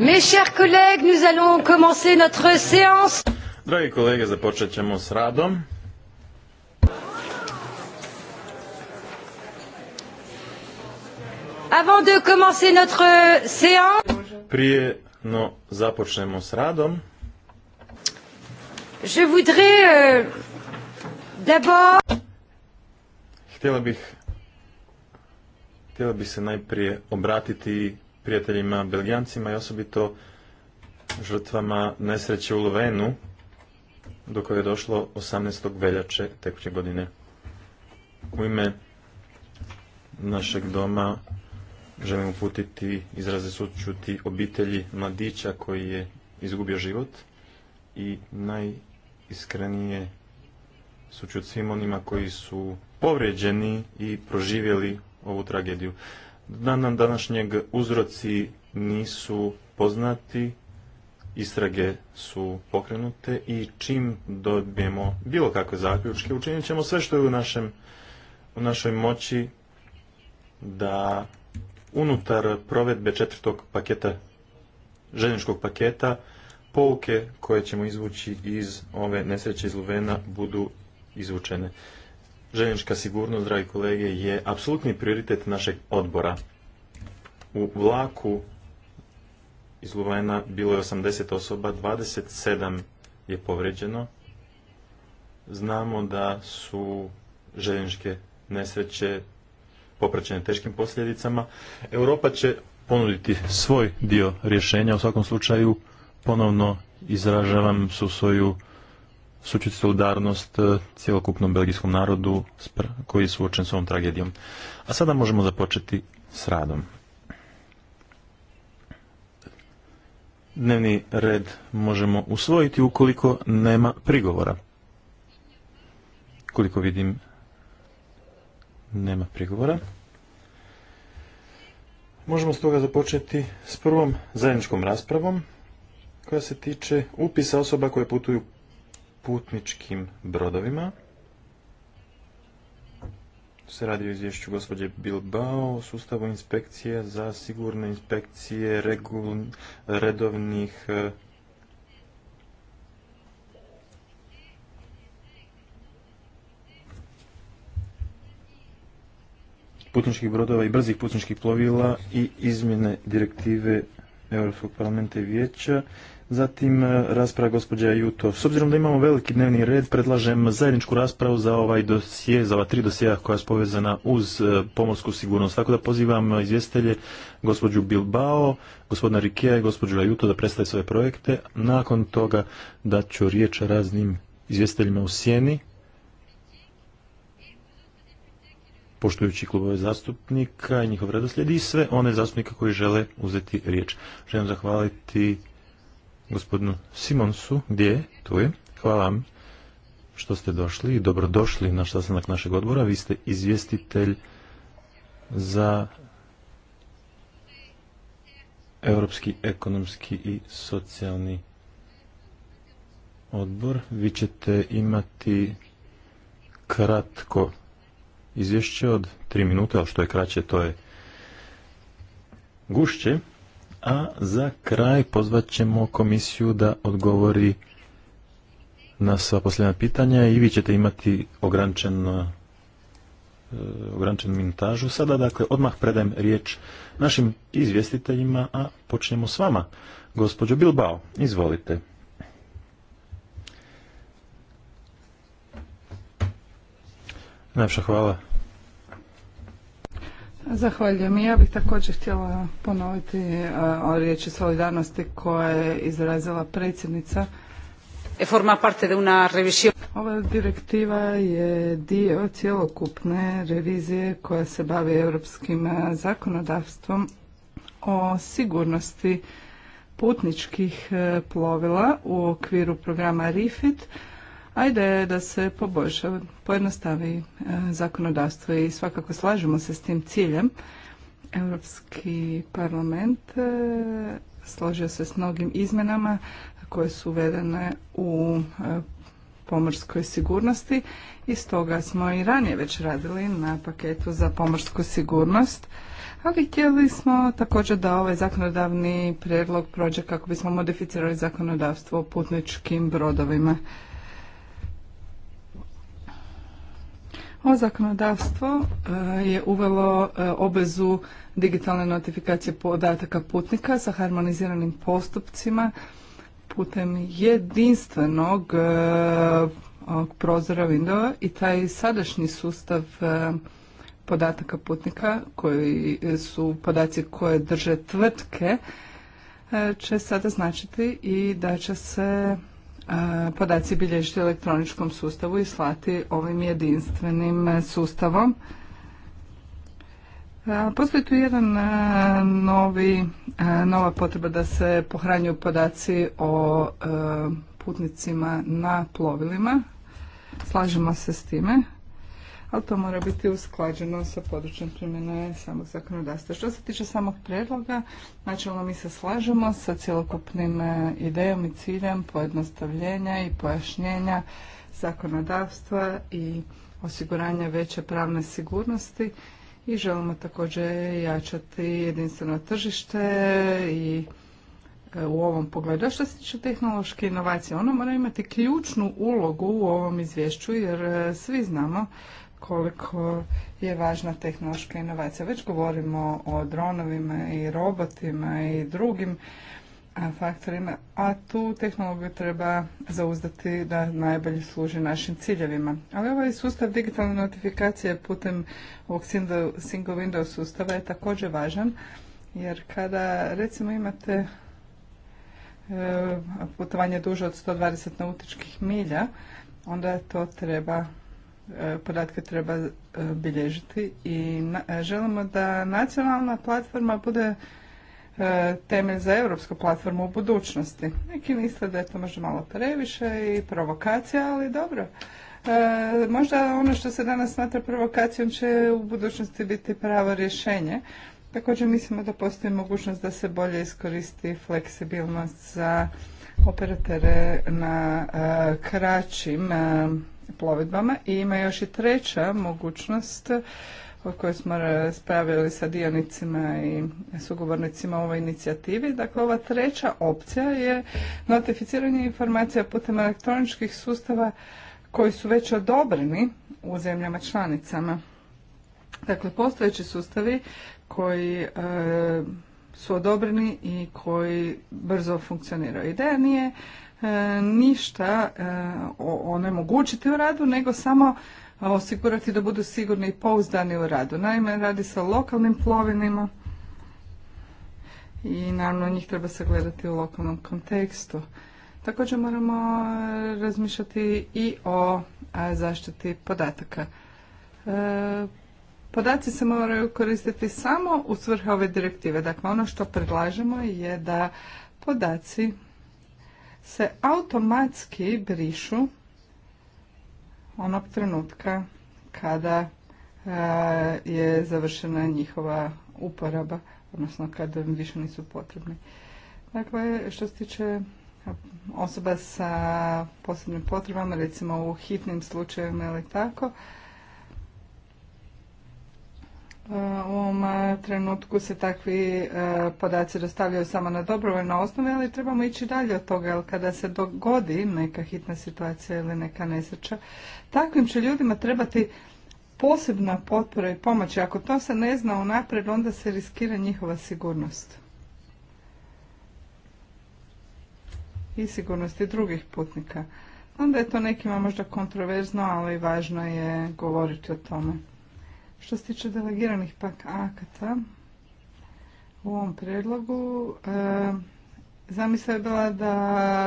Mes chers collègues, nous allons commencer notre séance. Dragi kolege, započet ćemo s radom. Avant de commencer notre séance, prije no započnemo s radom, je voudrais euh, d'abord Htjela bih htjela bih se najprije obratiti prijateljima Belgijancima i osobito žrtvama nesreće u Lovenu, do koje je došlo 18. veljače tekuće godine. U ime našeg doma želim uputiti izraze sučuti obitelji mladića koji je izgubio život i najiskrenije sučut svim onima koji su povrijeđeni i proživjeli ovu tragediju dan nam današnjeg uzroci nisu poznati, istrage su pokrenute i čim dobijemo bilo kakve zaključke, učinit ćemo sve što je u, našem, u našoj moći da unutar provedbe četvrtog paketa, željeničkog paketa, pouke koje ćemo izvući iz ove nesreće iz Luvena budu izvučene. Željenička sigurnost, dragi kolege, je apsolutni prioritet našeg odbora. U vlaku iz Luvena bilo je 80 osoba, 27 je povređeno. Znamo da su željezničke nesreće popraćene teškim posljedicama. Europa će ponuditi svoj dio rješenja. U svakom slučaju ponovno izražavam su svoju sučiti solidarnost e, cijelokupnom belgijskom narodu koji je suočen s ovom tragedijom. A sada možemo započeti s radom. Dnevni red možemo usvojiti ukoliko nema prigovora. Koliko vidim, nema prigovora. Možemo toga započeti s prvom zajedničkom raspravom koja se tiče upisa osoba koje putuju putničkim brodovima. Se radi o izvješću gospođe Bilbao o sustavu inspekcije za sigurne inspekcije redovnih eh, putničkih brodova i brzih putničkih plovila i izmjene direktive Europskog parlamenta i vijeća Zatim e, rasprava gospođa Juto. S obzirom da imamo veliki dnevni red, predlažem zajedničku raspravu za ovaj dosije, za ova tri dosija koja je povezana uz e, pomorsku sigurnost. Tako da pozivam e, izvjestitelje gospođu Bilbao, gospodina Rikija i gospođu Juto da predstavi svoje projekte. Nakon toga da ću riječ raznim izvjestiteljima u sjeni. poštujući klubove zastupnika i njihov redoslijed i sve one zastupnike koji žele uzeti riječ. Želim zahvaliti gospodinu Simonsu, gdje je? Tu je. Hvala vam što ste došli i dobrodošli na sastanak našeg odbora. Vi ste izvjestitelj za Europski ekonomski i socijalni odbor. Vi ćete imati kratko izvješće od tri minute, ali što je kraće, to je gušće a za kraj pozvat ćemo komisiju da odgovori na sva posljedna pitanja i vi ćete imati ograničen e, ograničenu minutažu. Sada, dakle, odmah predajem riječ našim izvjestiteljima, a počnemo s vama. Gospođo Bilbao, izvolite. Najpša hvala Zahvaljujem. Ja bih također htjela ponoviti e, o riječi solidarnosti koje je izrazila predsjednica. E, forma parte una Ova direktiva je dio cjelokupne revizije koja se bavi europskim e, zakonodavstvom o sigurnosti putničkih plovila u okviru programa RIFIT a ideja je da se poboljša, pojednostavi e, zakonodavstvo i svakako slažemo se s tim ciljem. Europski parlament e, složio se s mnogim izmjenama koje su uvedene u e, pomorskoj sigurnosti i stoga smo i ranije već radili na paketu za pomorsku sigurnost, ali htjeli smo također da ovaj zakonodavni prijedlog prođe kako bismo modificirali zakonodavstvo o putničkim brodovima. Ovo zakonodavstvo e, je uvelo e, obvezu digitalne notifikacije podataka putnika sa harmoniziranim postupcima putem jedinstvenog e, prozora Windova i taj sadašnji sustav podataka putnika koji su podaci koje drže tvrtke će sada značiti i da će se E, podaci bilježiti u elektroničkom sustavu i slati ovim jedinstvenim e, sustavom. E, postoji tu jedan novi, nova potreba da se pohranjuju podaci o putnicima na plovilima. Slažemo se s time ali to mora biti usklađeno sa područjem primjene samog zakonodavstva. Što se tiče samog predloga, načelno mi se slažemo sa cjelokupnim e, idejom i ciljem pojednostavljenja i pojašnjenja zakonodavstva i osiguranja veće pravne sigurnosti i želimo također jačati jedinstveno tržište i e, u ovom pogledu. što se tiče tehnološke inovacije, Ono mora imati ključnu ulogu u ovom izvješću jer e, svi znamo koliko je važna tehnološka inovacija. Već govorimo o dronovima i robotima i drugim faktorima, a tu tehnologiju treba zauzdati da najbolje služi našim ciljevima. Ali ovaj sustav digitalne notifikacije putem ovog single window sustava je također važan, jer kada recimo imate e, putovanje duže od 120 nautičkih milja, onda to treba E, podatke treba e, bilježiti i e, želimo da nacionalna platforma bude temelj za europsku platformu u budućnosti. Neki misle da je to možda malo previše i provokacija, ali dobro. možda ono što se danas smatra provokacijom će u budućnosti biti pravo rješenje. Također mislimo da postoji mogućnost da se bolje iskoristi fleksibilnost za operatere na kraćim plovidbama i ima još i treća mogućnost o kojoj smo raspravili sa dionicima i sugovornicima u ovoj inicijativi. Dakle, ova treća opcija je notificiranje informacija putem elektroničkih sustava koji su već odobreni u zemljama članicama. Dakle, postojeći sustavi koji e, su odobreni i koji brzo funkcioniraju. Ideja nije E, ništa e, onemogućiti u radu, nego samo osigurati da budu sigurni i pouzdani u radu. Naime, radi se o lokalnim plovinima i naravno njih treba sagledati u lokalnom kontekstu. Također moramo razmišljati i o zaštiti podataka. E, podaci se moraju koristiti samo u svrhe ove direktive. Dakle, ono što predlažemo je da podaci se automatski brišu onog trenutka kada e, je završena njihova uporaba, odnosno kada im više nisu potrebni. Dakle, što se tiče osoba sa posebnim potrebama, recimo u hitnim slučajevima ili tako, u ovom e, trenutku se takvi e, podaci dostavljaju samo na dobrovoljno osnovi, ali trebamo ići dalje od toga, jer kada se dogodi neka hitna situacija ili neka nesreća, takvim će ljudima trebati posebna potpora i pomoć. Ako to se ne zna unaprijed, onda se riskira njihova sigurnost. I sigurnosti drugih putnika. Onda je to nekima možda kontroverzno, ali važno je govoriti o tome. Što se tiče delegiranih pak akata, u ovom predlogu e, zamisla je bila da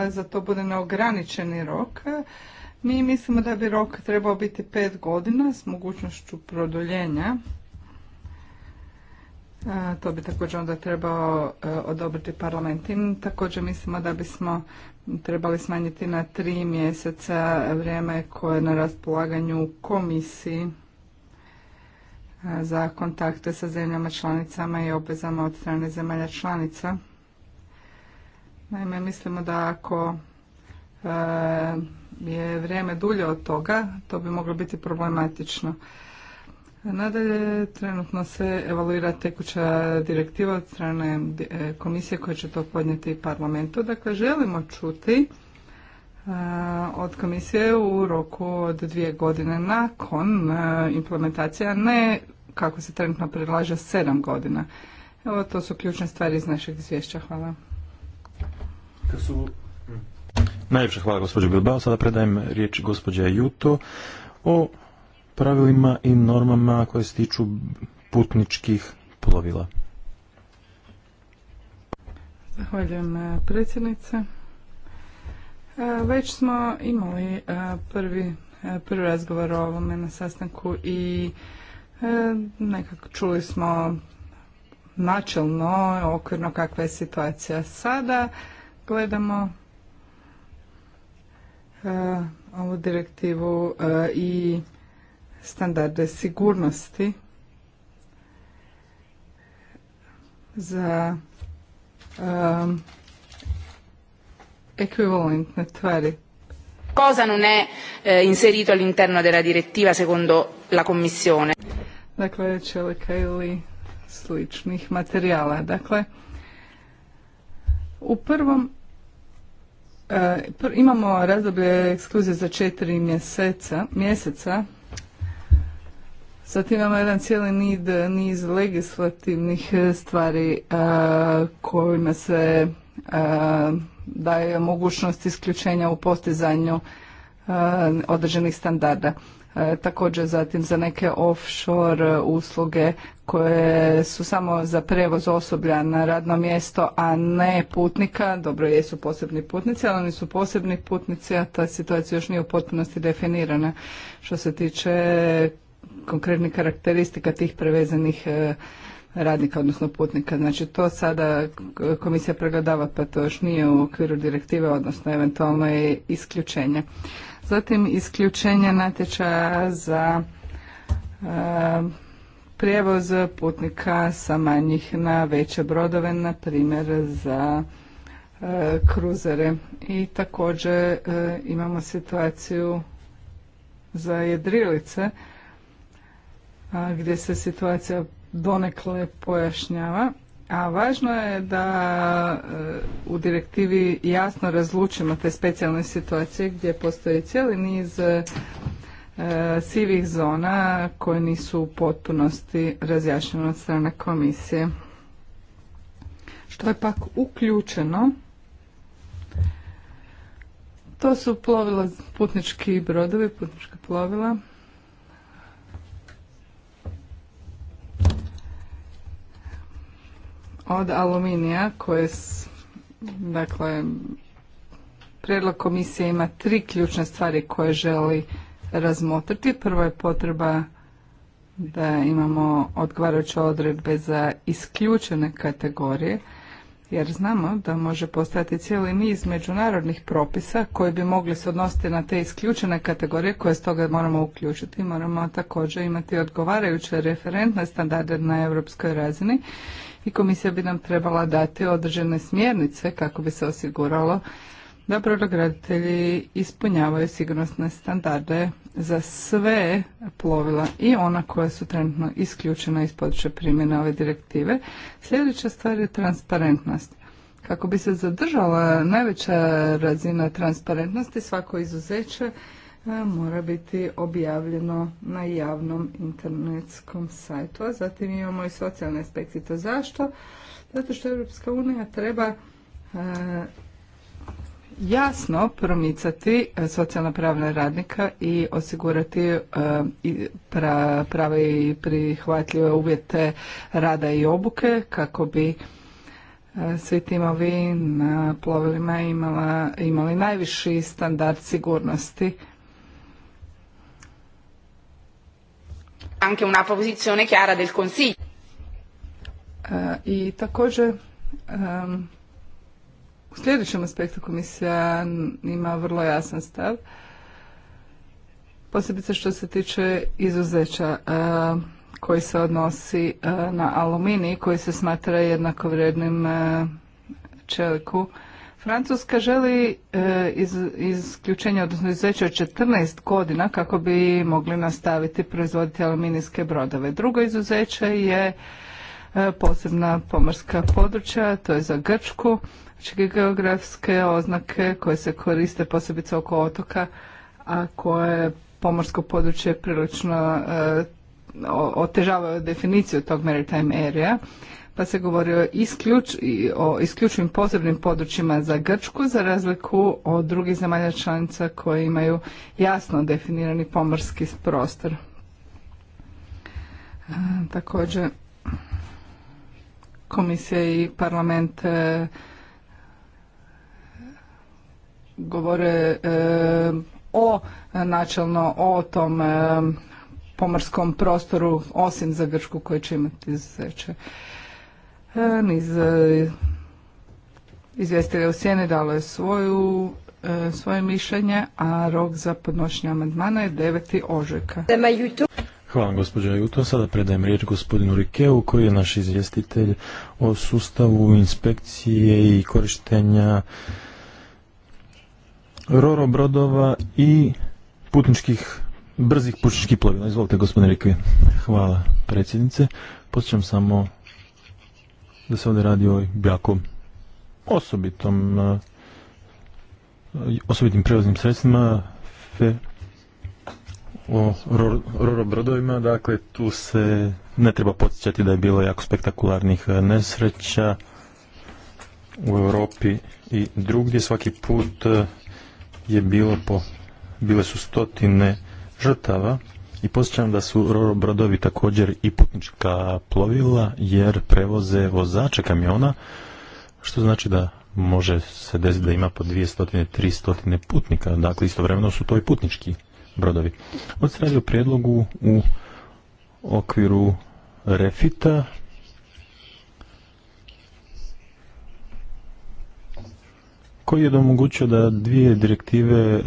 za to bude neograničeni rok. Mi mislimo da bi rok trebao biti pet godina s mogućnošću produljenja. E, to bi također onda trebao e, odobriti parlament. također mislimo da bismo trebali smanjiti na tri mjeseca vrijeme koje je na raspolaganju komisiji za kontakte sa zemljama članicama i obvezama od strane zemalja članica. Naime, mislimo da ako e, je vrijeme dulje od toga, to bi moglo biti problematično. Nadalje, trenutno se evaluira tekuća direktiva od strane e, komisije koja će to podnijeti parlamentu. Dakle, želimo čuti od komisije u roku od dvije godine nakon e, implementacija, ne kako se trenutno predlaže sedam godina. Evo, to su ključne stvari iz našeg izvješća. Hvala. Su... Mm. hvala gospođo Bilbao. Sada predajem riječ gospođe Juto o pravilima i normama koje se tiču putničkih plovila. Zahvaljujem e, predsjednice. E, već smo imali e, prvi, e, prvi razgovor o ovome na sastanku i nekako čuli smo načelno, okvirno kakva je situacija sada. Gledamo ovu direktivu i standarde sigurnosti za equivalentne tvari. Cosa non è eh, inserito all'interno della direttiva secondo la Commissione? Dakle, čelika ili sličnih materijala. Dakle, u prvom eh, imamo razdoblje ekskluzije za četiri mjeseca, mjeseca Zatim imamo jedan cijeli nid, niz legislativnih eh, stvari eh, kojima se daje mogućnost isključenja u postizanju eh, određenih standarda. Eh, također zatim za neke offshore usluge koje su samo za prevoz osoblja na radno mjesto, a ne putnika, dobro jesu posebni putnici, ali oni su posebni putnici, a ta situacija još nije u potpunosti definirana što se tiče konkretnih karakteristika tih prevezenih eh, radnika, odnosno putnika. Znači to sada komisija pregledava pa to još nije u okviru direktive, odnosno eventualno je isključenje. Zatim isključenje natječaja za eh, prijevoz putnika sa manjih na veće brodove, na primjer za eh, kruzere. I također eh, imamo situaciju za jedrilice, a, gdje se situacija donekle pojašnjava, a važno je da e, u direktivi jasno razlučimo te specijalne situacije gdje postoji cijeli niz e, sivih zona koje nisu u potpunosti razjašnjene od strane komisije. Što je pak uključeno to su plovila, putnički brodovi, putnička plovila od aluminija koje dakle prijedlog komisije ima tri ključne stvari koje želi razmotriti. Prvo je potreba da imamo odgovarajuće odredbe za isključene kategorije jer znamo da može postati cijeli niz međunarodnih propisa koji bi mogli se odnositi na te isključene kategorije koje stoga moramo uključiti. Moramo također imati odgovarajuće referentne standarde na europskoj razini i komisija bi nam trebala dati određene smjernice kako bi se osiguralo da brodograditelji ispunjavaju sigurnosne standarde za sve plovila i ona koja su trenutno isključena iz područja primjene ove direktive. Sljedeća stvar je transparentnost. Kako bi se zadržala najveća razina transparentnosti, svako izuzeće e, mora biti objavljeno na javnom internetskom sajtu. A zatim imamo i socijalne aspekte. To zašto? Zato što Europska unija treba e, jasno promicati e, socijalna pravna radnika i osigurati e, prave i prihvatljive uvjete rada i obuke kako bi e, svi timovi na plovilima imali najviši standard sigurnosti. Anche una posizione chiara del Consiglio. I također u sljedećem aspektu komisija ima vrlo jasan stav, posebice što se tiče izuzeća e, koji se odnosi e, na aluminij koji se smatra jednako vrednim e, čeliku. Francuska želi iz, isključenje, odnosno izuzeće od 14 godina kako bi mogli nastaviti proizvoditi aluminijske brodove. Drugo izuzeće je posebna pomorska područja, to je za Grčku geografske oznake koje se koriste posebice oko otoka, a koje pomorsko područje prilično e, otežavaju definiciju tog maritime area, pa se govori o, isključ, o isključivim posebnim područjima za Grčku za razliku od drugih zemalja članica koje imaju jasno definirani pomorski prostor. E, također, komisija i parlament e, govore eh, o načelno o tom eh, pomorskom prostoru osim za Grčku koji će imati izuzeće. Eh, niz izvjestitelja u sjeni dalo je svoju svoje mišljenje, a rok za podnošenje amandmana je 9. ožujka. Hvala vam gospođo Juto. Sada predajem riječ gospodinu Rikeu koji je naš izvjestitelj o sustavu inspekcije i korištenja roro brodova i putničkih, brzih putničkih plovila. Izvolite, gospodine Rikvi. Hvala, predsjednice. Posjećam samo da se ovdje radi o jako osobitom eh, osobitim prevoznim sredstvima fe, o roro brodovima, dakle tu se ne treba podsjećati da je bilo jako spektakularnih eh, nesreća u Europi i drugdje. Svaki put eh, je bilo po, bile su stotine žrtava i posjećam da su roro brodovi također i putnička plovila jer prevoze vozače kamiona, što znači da može se desiti da ima po dvije stotine tri stotine putnika, dakle istovremeno su to i putnički brodovi. Od se radi o prijedlogu u okviru refita, koji je omogućio da dvije direktive e,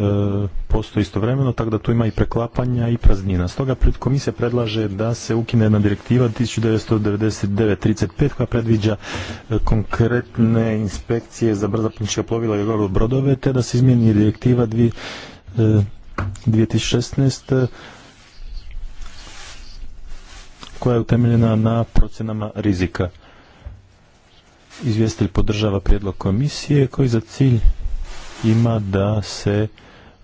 postoje istovremeno, tako da tu ima i preklapanja i praznina. Stoga komisija predlaže da se ukine jedna direktiva 1999-35 koja predviđa e, konkretne inspekcije za brza putnička plovila i goru brodove, te da se izmijeni direktiva 2016 e, koja je utemeljena na procenama rizika izvjestitelj podržava prijedlog komisije koji za cilj ima da se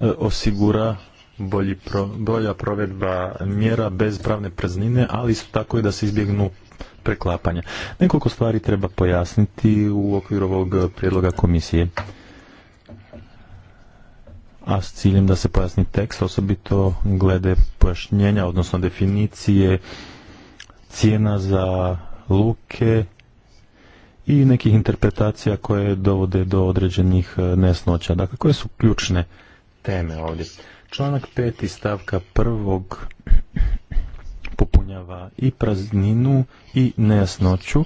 e, osigura bolji bolja provedba mjera bez pravne praznine, ali isto tako i da se izbjegnu preklapanja. Nekoliko stvari treba pojasniti u okviru ovog prijedloga komisije. A s ciljem da se pojasni tekst, osobito glede pojašnjenja, odnosno definicije cijena za luke i nekih interpretacija koje dovode do određenih e, nesnoća. Dakle, koje su ključne teme ovdje? Članak 5. stavka prvog popunjava i prazninu i nejasnoću.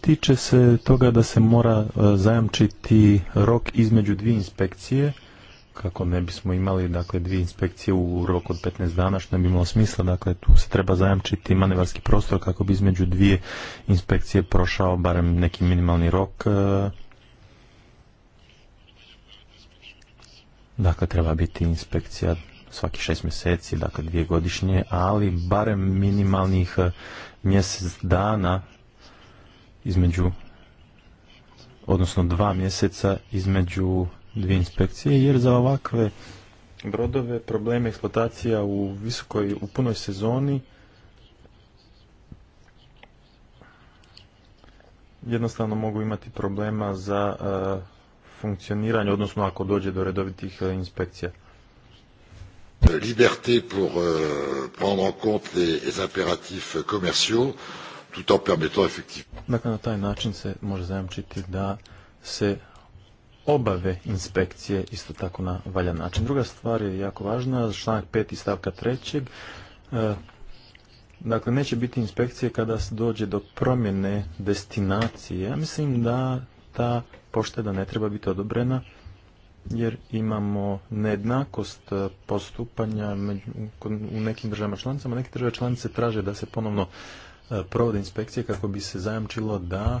Tiče se toga da se mora e, zajamčiti rok između dvije inspekcije kako ne bismo imali dakle dvije inspekcije u roku od 15 dana što ne bi imalo smisla dakle tu se treba zajamčiti manevarski prostor kako bi između dvije inspekcije prošao barem neki minimalni rok e, dakle treba biti inspekcija svaki šest mjeseci dakle dvije godišnje ali barem minimalnih e, mjesec dana između odnosno dva mjeseca između dvije inspekcije, jer za ovakve brodove probleme eksploatacija u visokoj, u punoj sezoni jednostavno mogu imati problema za e, funkcioniranje, odnosno ako dođe do redovitih e, inspekcija. Liberté pour e, prendre en compte les impératifs commerciaux, tout en permettant effectivement. Dakle, na taj način se može zajamčiti da se obave inspekcije isto tako na valjan način. Druga stvar je jako važna, članak 5. stavka 3. E, dakle, neće biti inspekcije kada se dođe do promjene destinacije. Ja mislim da ta pošteda ne treba biti odobrena jer imamo nejednakost postupanja u nekim državama članicama. Neke države članice traže da se ponovno e, provode inspekcije kako bi se zajamčilo da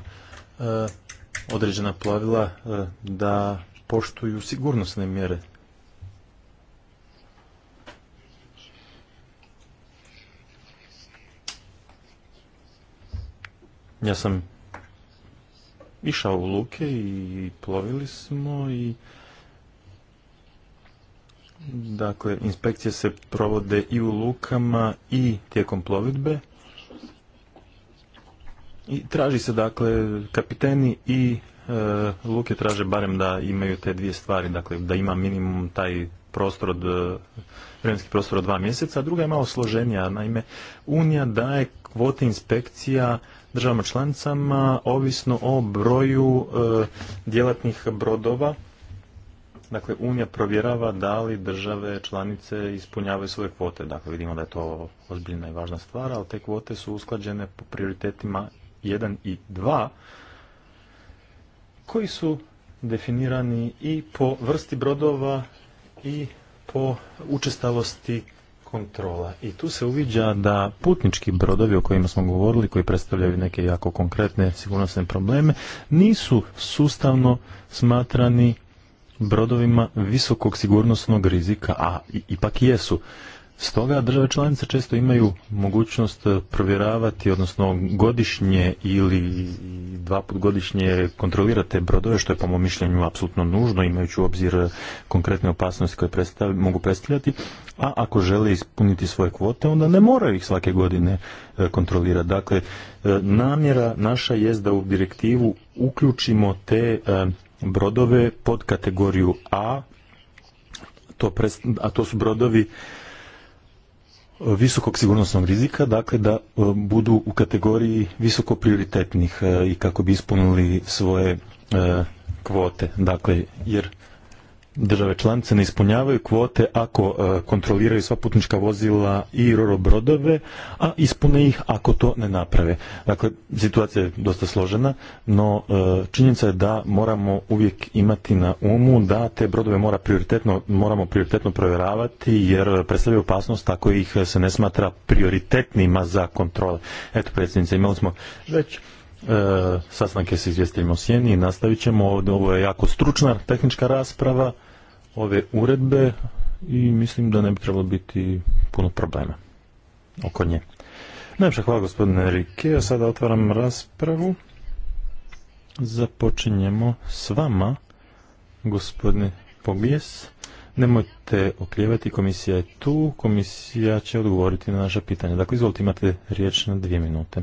e, određena plovila e, da poštuju sigurnosne mjere. Ja sam išao u luke i plovili smo i dakle inspekcije se provode i u lukama i tijekom plovidbe. I traži se dakle kapiteni i e, luke traže barem da imaju te dvije stvari, dakle da ima minimum taj prostor od e, vremenski prostor od dva mjeseca, a druga je malo složenija. Naime, Unija daje kvote inspekcija državama članicama ovisno o broju e, djelatnih brodova. Dakle, Unija provjerava da li države članice ispunjavaju svoje kvote. Dakle, vidimo da je to ozbiljna i važna stvar, ali te kvote su usklađene po prioritetima 1 i 2 koji su definirani i po vrsti brodova i po učestalosti kontrola. I tu se uviđa da putnički brodovi o kojima smo govorili, koji predstavljaju neke jako konkretne sigurnosne probleme, nisu sustavno smatrani brodovima visokog sigurnosnog rizika, a ipak jesu. Stoga države članice često imaju mogućnost e, provjeravati, odnosno godišnje ili dva put godišnje kontrolirate brodove, što je po mom mišljenju apsolutno nužno, imajući u obzir konkretne opasnosti koje mogu predstavljati, a ako žele ispuniti svoje kvote, onda ne moraju ih svake godine e, kontrolirati. Dakle, e, namjera naša jest da u direktivu uključimo te brodove pod kategoriju A, a to su brodovi visokog sigurnosnog rizika, dakle da e, budu u kategoriji visoko prioritetnih e, i kako bi ispunili svoje e, kvote. Dakle, jer države članice ne ispunjavaju kvote ako e, kontroliraju sva putnička vozila i roro brodove, a ispune ih ako to ne naprave. Dakle, situacija je dosta složena, no e, činjenica je da moramo uvijek imati na umu da te brodove mora prioritetno, moramo prioritetno provjeravati jer predstavljaju opasnost ako ih se ne smatra prioritetnima za kontrole. Eto predsjednice, imali smo već e, sastanke s izvjestiteljima u Sjeni i nastavit ćemo. Ovo je jako stručna tehnička rasprava ove uredbe i mislim da ne bi trebalo biti puno problema oko nje. Najpša hvala gospodine Rike, a sada otvaram raspravu. Započinjemo s vama, gospodine Pobijes. Nemojte okljevati, komisija je tu, komisija će odgovoriti na naša pitanja. Dakle, izvolite, imate riječ na dvije minute.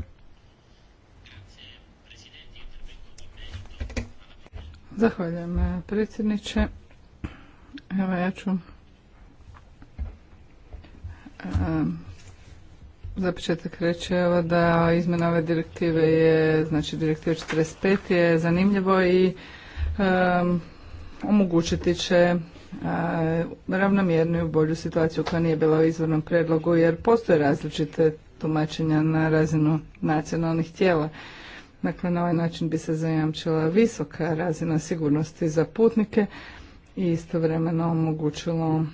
Zahvaljujem predsjedniče. Evo ja ću za početak reći da izmjena ove direktive je, znači direktiva 45 je zanimljivo i omogućiti će ravnomjerniju bolju situaciju koja nije bila u izvornom predlogu jer postoje različite tumačenja na razinu nacionalnih tijela. Dakle, na ovaj način bi se zajamčila visoka razina sigurnosti za putnike, i istovremeno omogućilo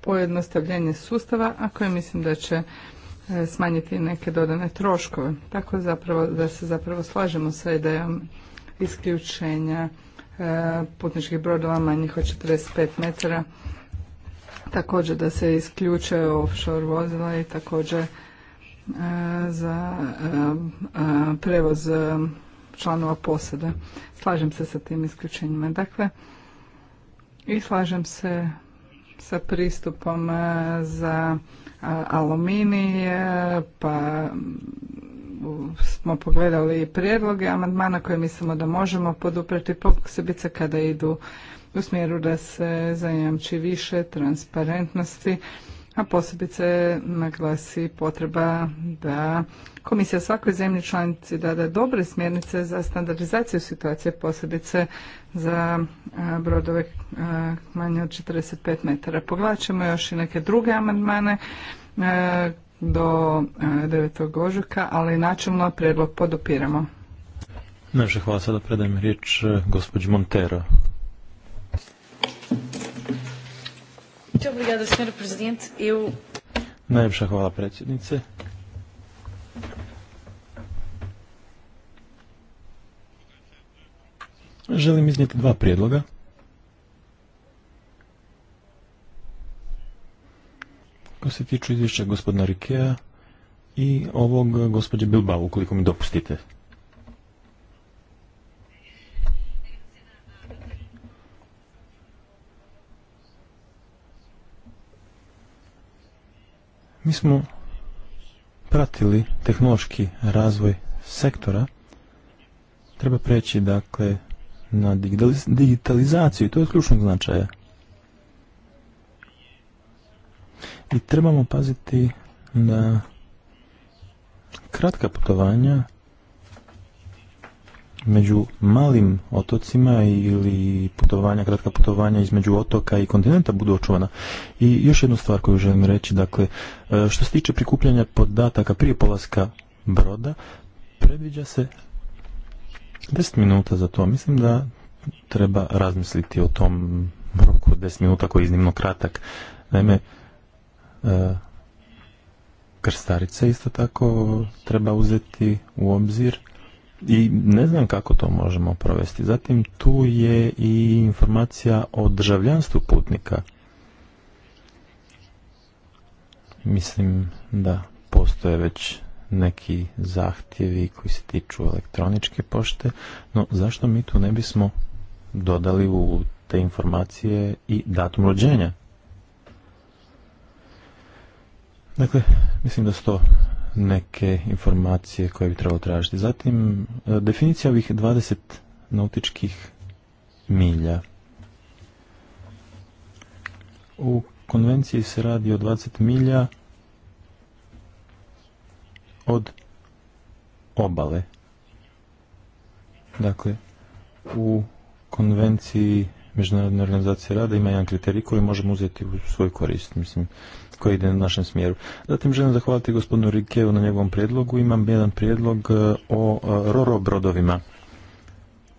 pojednostavljenje sustava, a koje mislim da će e, smanjiti neke dodane troškove. Tako zapravo da se zapravo slažemo sa idejom isključenja e, putničkih brodova manjih od 45 metara, također da se isključe offshore vozila i također e, za prevoz članova posada. Slažem se sa tim isključenjima. Dakle, i slažem se sa pristupom e, za aluminije, pa smo pogledali prijedloge amandmana koje mislimo da možemo poduprijeti posebice kada idu u smjeru da se zajamči više transparentnosti a posebice naglasi potreba da komisija svakoj zemlji članici dada dobre smjernice za standardizaciju situacije, posebice za brodove manje od 45 metara. Poglačimo još i neke druge amandmane do 9. ožujka, ali načelno predlog podopiramo. Najviše hvala sada predajem riječ gospođi Montero. Najljepša hvala predsjednice. Želim iznijeti dva prijedloga. Ko se tiču izvješća gospodina Rikea i ovog gospođe Bilbao, ukoliko mi dopustite. Mi smo pratili tehnološki razvoj sektora. Treba preći, dakle, na digitalizaciju i to je od ključnog značaja. I trebamo paziti na kratka putovanja među malim otocima ili putovanja, kratka putovanja između otoka i kontinenta budu očuvana. I još jednu stvar koju želim reći, dakle, e, što se tiče prikupljanja podataka prije polaska broda, predviđa se 10 minuta za to. Mislim da treba razmisliti o tom roku 10 minuta koji je iznimno kratak. Naime, e, krstarice isto tako treba uzeti u obzir i ne znam kako to možemo provesti. Zatim tu je i informacija o državljanstvu putnika. Mislim da postoje već neki zahtjevi koji se tiču elektroničke pošte, no zašto mi tu ne bismo dodali u te informacije i datum rođenja? Dakle, mislim da su to neke informacije koje bi trebalo tražiti. Zatim, e, definicija ovih 20 nautičkih milja. U konvenciji se radi o 20 milja od obale. Dakle, u konvenciji Međunarodne organizacije rada ima jedan kriterij koji možemo uzeti u svoj korist. Mislim, koji ide na našem smjeru. Zatim želim zahvaliti gospodinu Rikeu na njegovom prijedlogu. Imam jedan prijedlog e, o e, roro brodovima.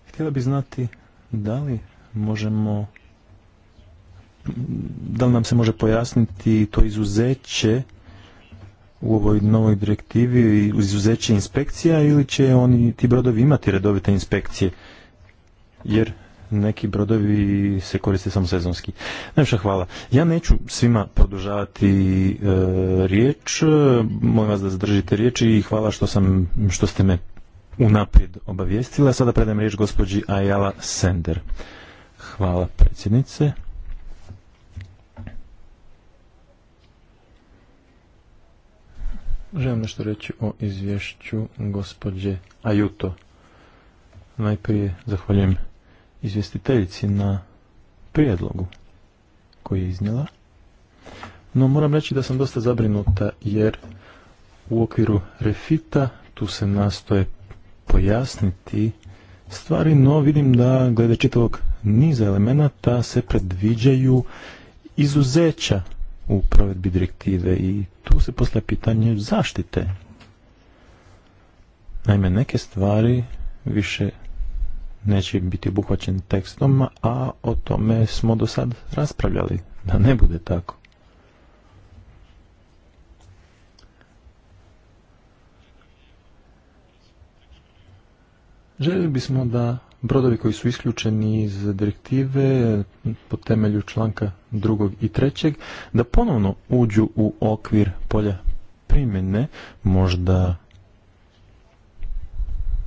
Htjela bi znati da li možemo da li nam se može pojasniti to izuzeće u ovoj novoj direktivi izuzeće inspekcija ili će oni ti brodovi imati redovite inspekcije jer neki brodovi se koriste samo sezonski. Najviše hvala. Ja neću svima produžavati e, riječ, e, molim vas da zadržite riječ i hvala što, sam, što ste me unaprijed obavijestila. Sada predajem riječ gospođi Ajala Sender. Hvala predsjednice. Želim nešto reći o izvješću gospođe Ajuto. Najprije zahvaljujem izvjestiteljici na prijedlogu koji je iznijela. No moram reći da sam dosta zabrinuta jer u okviru refita tu se nastoje pojasniti stvari, no vidim da glede čitavog niza elemenata se predviđaju izuzeća u provedbi direktive i tu se postaje pitanje zaštite. Naime, neke stvari više neće biti obuhvaćen tekstom, a o tome smo do sad raspravljali, da ne bude tako. Željeli bismo da brodovi koji su isključeni iz direktive po temelju članka drugog i trećeg, da ponovno uđu u okvir polja primjene, možda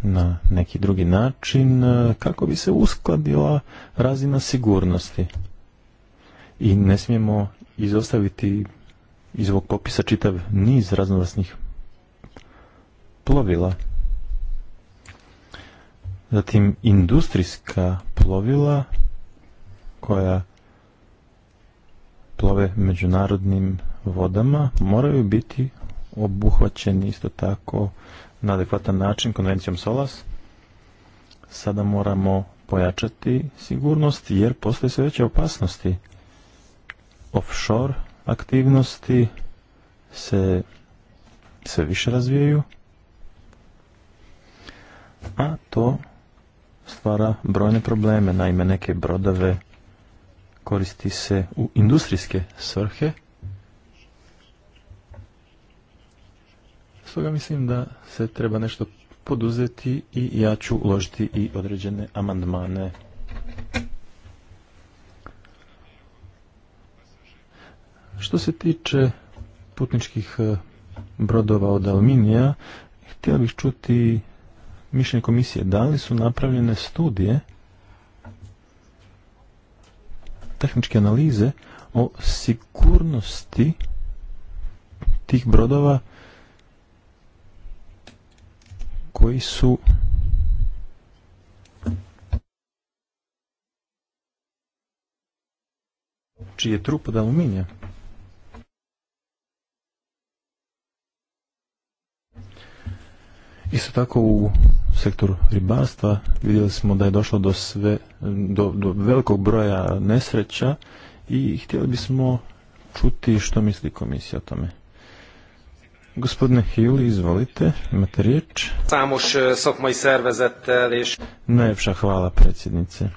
na neki drugi način e, kako bi se uskladila razina sigurnosti. I ne smijemo izostaviti iz ovog popisa čitav niz raznovrsnih plovila. Zatim industrijska plovila koja plove međunarodnim vodama moraju biti obuhvaćeni isto tako na adekvatan način konvencijom SOLAS. Sada moramo pojačati sigurnost jer postoje sve veće opasnosti. Offshore aktivnosti se sve više razvijaju, a to stvara brojne probleme. Naime, neke brodove koristi se u industrijske svrhe, Stoga mislim da se treba nešto poduzeti i ja ću uložiti i određene amandmane. Što se tiče putničkih e, brodova od Alminija, htio bih čuti mišljenje komisije. Da li su napravljene studije, tehničke analize o sigurnosti tih brodova koji su čiji je trup od aluminija. Isto tako u sektoru ribarstva vidjeli smo da je došlo do, sve, do, do velikog broja nesreća i htjeli bismo čuti što misli komisija o tome. Gospodine Hill, izvolite, imate riječ. Samoš eh, Najljepša hvala, predsjednice.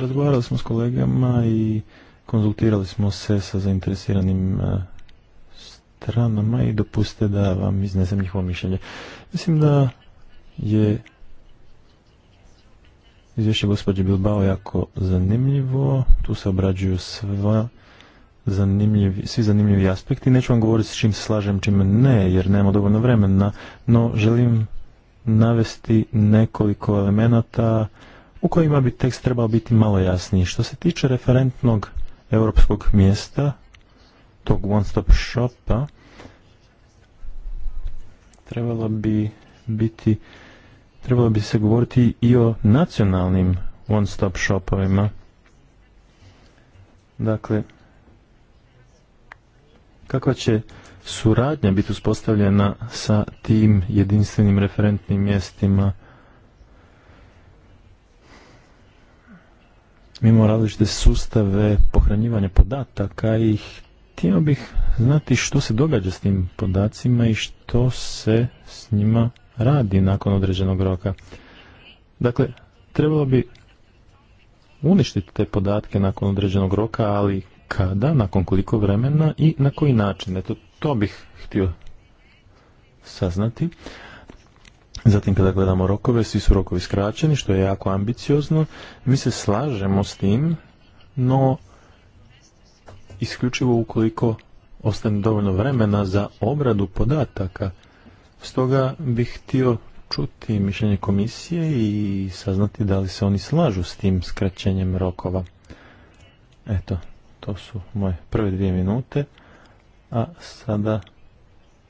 Razgovarali smo s kolegama i konzultirali smo se sa zainteresiranim eh, stranama i dopuste da vam iznesem njihovo mišljenje. Mislim da je izvješće gospođe Bilbao jako zanimljivo. Tu se obrađuju sva zanimljivi, svi zanimljivi aspekti. Neću vam govoriti s čim se slažem, čim ne, jer nema dovoljno vremena, no želim navesti nekoliko elemenata u kojima bi tekst trebao biti malo jasniji. Što se tiče referentnog europskog mjesta, tog one-stop shopa, trebalo bi biti trebalo bi se govoriti i o nacionalnim one-stop shopovima. Dakle, kakva će suradnja biti uspostavljena sa tim jedinstvenim referentnim mjestima? Mi imamo različite sustave pohranjivanja podataka i htio bih znati što se događa s tim podacima i što se s njima radi nakon određenog roka. Dakle, trebalo bi uništiti te podatke nakon određenog roka, ali kada, nakon koliko vremena i na koji način. Eto, to bih htio saznati. Zatim kada gledamo rokove, svi su rokovi skraćeni, što je jako ambiciozno. Mi se slažemo s tim, no isključivo ukoliko ostane dovoljno vremena za obradu podataka. Stoga bih htio čuti mišljenje komisije i saznati da li se oni slažu s tim skraćenjem rokova. Eto, to su moje prve dvije minute, a sada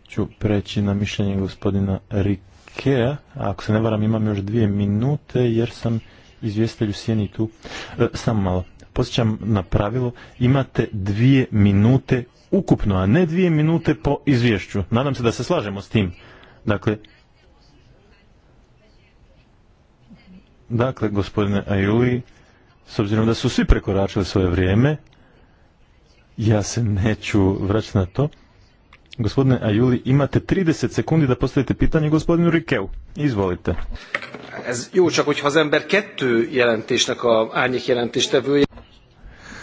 ću preći na mišljenje gospodina Rikea. A ako se ne varam imam još dvije minute jer sam izvjestelju sjeni tu. E, samo malo, posjećam na pravilo, imate dvije minute ukupno, a ne dvije minute po izvješću. Nadam se da se slažemo s tim. Dakle, dakle gospodine Ajuli, s obzirom da su svi prekoračili svoje vrijeme, ja se neću vraćati na to. Gospodine Ajuli, imate 30 sekundi da postavite pitanje gospodinu Rikeu. Izvolite. Ez jó, csak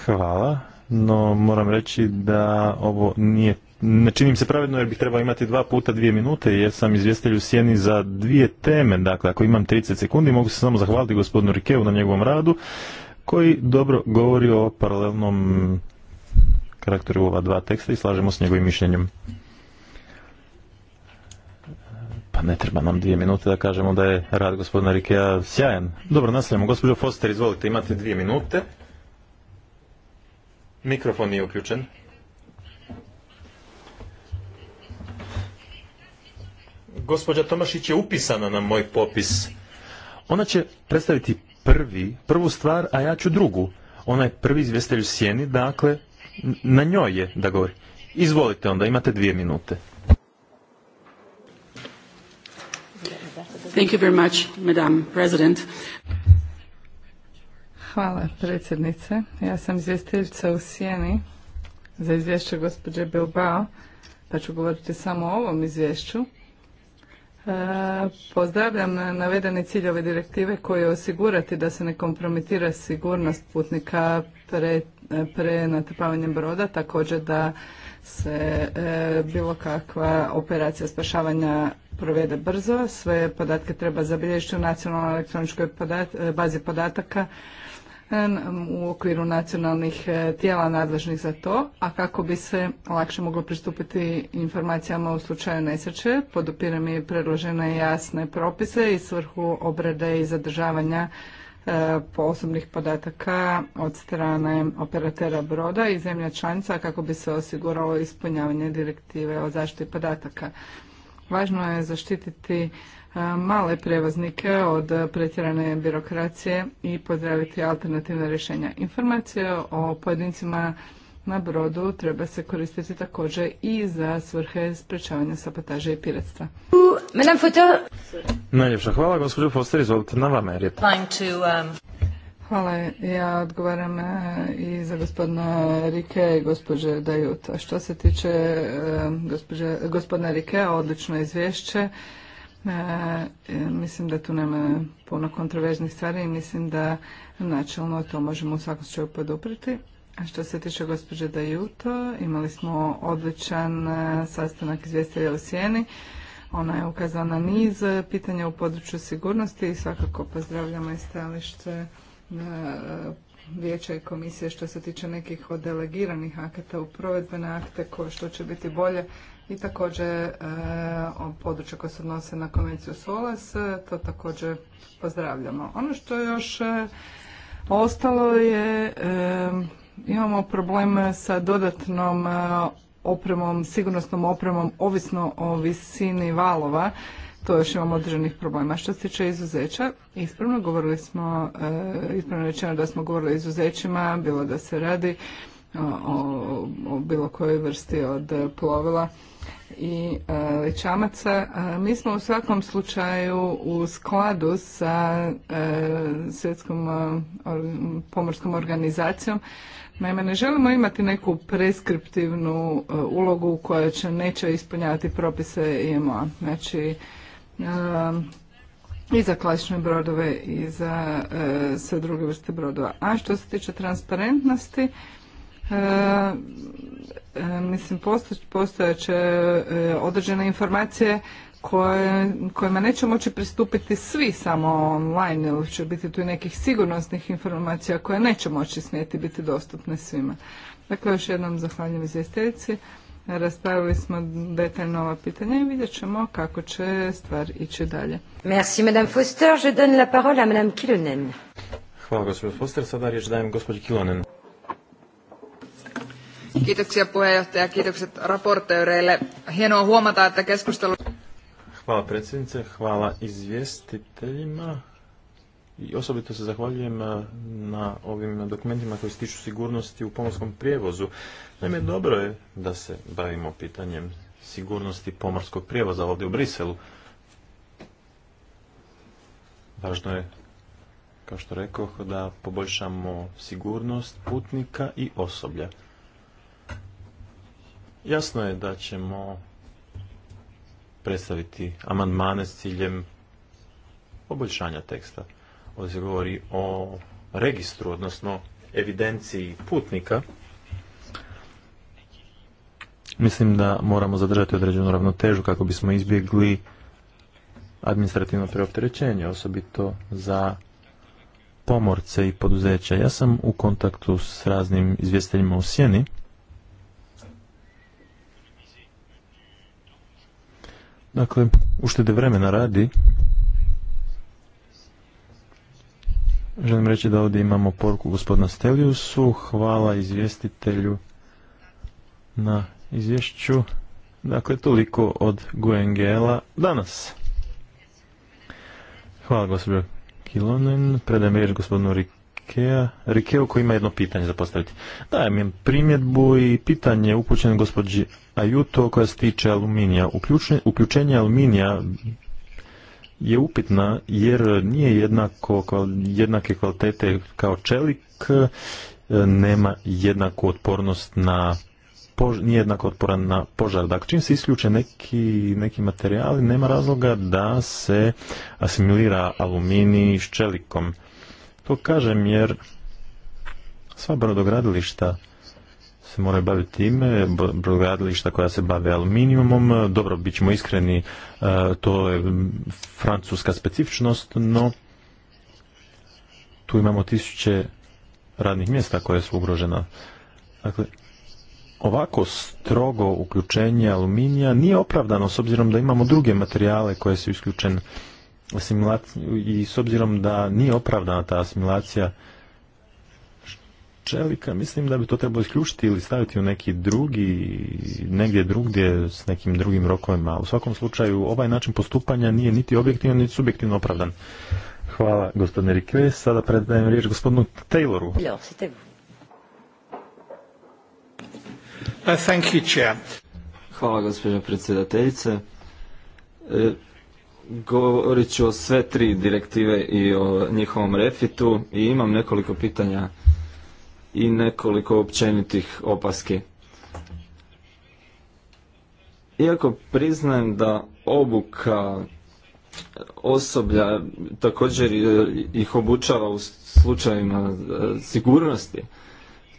Hvala, no moram reći da ovo nije ne činim se pravedno jer bih trebao imati dva puta dvije minute jer sam izvjestelj u sjeni za dvije teme. Dakle, ako imam 30 sekundi mogu se samo zahvaliti gospodinu Rikeu na njegovom radu koji dobro govori o paralelnom karakteru ova dva teksta i slažemo s njegovim mišljenjem. Pa ne treba nam dvije minute da kažemo da je rad gospodina Rikea sjajan. Dobro, nastavljamo. Gospodin Foster, izvolite, imate dvije minute. Mikrofon nije uključen. Gospođa Tomašić je upisana na moj popis. Ona će predstaviti prvi, prvu stvar, a ja ću drugu. Ona je prvi izvjestelj u sjeni, dakle, na njoj je da govori. Izvolite onda, imate dvije minute. Thank you very much, Madam President. Hvala predsjednice. Ja sam izvjestiteljica u Sijeni za izvješće gospođe Bilbao, pa ću govoriti samo o ovom izvješću. E, pozdravljam navedene ciljeve direktive koje osigurati da se ne kompromitira sigurnost putnika pred prenatrpavanjem broda, također da se e, bilo kakva operacija spašavanja provede brzo. Sve podatke treba zabilježiti u nacionalnoj elektroničkoj e, bazi podataka e, u okviru nacionalnih tijela nadležnih za to, a kako bi se lakše moglo pristupiti informacijama u slučaju nesreće, podupiram i predložene jasne propise i svrhu obrade i zadržavanja E, osobnih podataka od strane operatera broda i zemlja članica kako bi se osiguralo ispunjavanje direktive o zaštiti podataka. Važno je zaštititi e, male prevoznike od pretjerane birokracije i pozdraviti alternativne rješenja. Informacije o pojedincima na brodu treba se koristiti također i za svrhe sprečavanja sabotaže i piratstva. Najljepša hvala, gospođo Foster, izvolite na vama um, Hvala, ja odgovaram e, i za gospodina Rike i gospođe A Što se tiče e, gospodina Rike, odlično izvješće. E, mislim da tu nema puno kontroverznih stvari i mislim da načelno to možemo u svakom slučaju podupriti. A Što se tiče gospođe Dajuto, imali smo odličan e, sastanak izvjestelja u Sjeni. Ona je ukazala na niz e, pitanja u području sigurnosti i svakako pozdravljamo i stajalište e, vijeća i komisije što se tiče nekih od delegiranih akata u provedbene akte koje što će biti bolje i također e, područja koja se odnose na konvenciju SOLAS, to također pozdravljamo. Ono što još ostalo je imamo problem sa dodatnom e, opremom, sigurnosnom opremom, ovisno o visini valova. To još imamo određenih problema. Što se tiče izuzeća, ispravno govorili smo, e, ispravno rečeno da smo govorili o izuzećima, bilo da se radi e, o, bilo kojoj vrsti od plovila i ličamaca. Mi smo u svakom slučaju u skladu sa svjetskom pomorskom organizacijom Naime, ne želimo imati neku preskriptivnu e, ulogu koja će neće ispunjavati propise IMO-a. Znači, e, i za klasične brodove i za e, sve druge vrste brodova. A što se tiče transparentnosti, mislim, postojeće određene informacije kojima neće moći pristupiti svi samo online ili će biti tu i nekih sigurnosnih informacija koje neće moći smijeti biti dostupne svima. Dakle, još jednom zahvaljujem izvjestiteljici. Raspravili smo detaljno ova pitanja i vidjet ćemo kako će stvar ići dalje. Merci, Madame Foster. Je donne la parole à Madame Kilonen. Hvala, gospođo Foster. Sada riječ dajem Kilonen. kiitokset Hienoa huomata, että keskustelu... Hvala predsjednice, hvala izvjestiteljima i osobito se zahvaljujem e, na ovim dokumentima koji se tiču sigurnosti u pomorskom prijevozu. Naime, dobro je da se bavimo pitanjem sigurnosti pomorskog prijevoza ovdje u Briselu. Važno je, kao što rekao, da poboljšamo sigurnost putnika i osoblja. Jasno je da ćemo predstaviti amandmane s ciljem poboljšanja teksta. Ovdje se govori o registru, odnosno evidenciji putnika. Mislim da moramo zadržati određenu ravnotežu kako bismo izbjegli administrativno preopterećenje, osobito za pomorce i poduzeća. Ja sam u kontaktu s raznim izvjestiteljima u Sjeni Dakle, uštede vremena radi. Želim reći da ovdje imamo poruku gospodina Steliusu. Hvala izvjestitelju na izvješću. Dakle, toliko od Guengela danas. Hvala gospodinu Kilonen. Predajem riječ gospodinu Rik Rikea, Rikeo koji ima jedno pitanje za postaviti. Dajem im primjedbu i pitanje upućeno gospođi Ajuto koja se tiče aluminija. Uključenje, aluminija je upitna jer nije jednako, jednake kvalitete kao čelik, e, nema jednaku otpornost na nije jednako otporan na požar. Dakle, čim se isključe neki, neki materijali, nema razloga da se asimilira aluminij s čelikom. To kažem jer sva brodogradilišta se moraju baviti time, brodogradilišta koja se bave aluminijumom, dobro, bit ćemo iskreni, e, to je francuska specifičnost, no tu imamo tisuće radnih mjesta koje su ugrožena. Dakle, ovako strogo uključenje aluminija nije opravdano s obzirom da imamo druge materijale koje su isključene i s obzirom da nije opravdana ta asimilacija čelika, mislim da bi to trebalo isključiti ili staviti u neki drugi, negdje drugdje s nekim drugim rokovima. U svakom slučaju, ovaj način postupanja nije niti objektivno, niti subjektivno opravdan. Hvala, gospodine Rikve. Sada predajem riječ gospodinu Tayloru. Uh, Hvala, gospođo predsjedateljice. E, Govorit ću o sve tri direktive i o njihovom refitu i imam nekoliko pitanja i nekoliko općenitih opaski. Iako priznajem da obuka osoblja također e, ih obučava u slučajevima e, sigurnosti,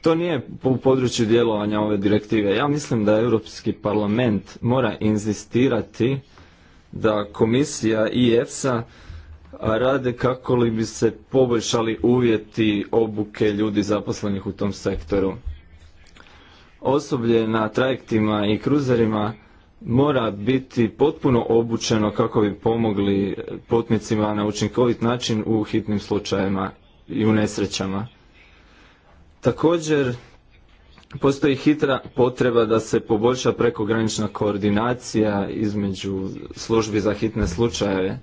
to nije u području djelovanja ove direktive. Ja mislim da Europski parlament mora inzistirati da komisija i EFSA rade kako li bi se poboljšali uvjeti obuke ljudi zaposlenih u tom sektoru. Osoblje na trajektima i kruzerima mora biti potpuno obučeno kako bi pomogli putnicima na učinkovit način u hitnim slučajevima i u nesrećama. Također Postoji hitra potreba da se poboljša prekogranična koordinacija između službi za hitne slučajeve.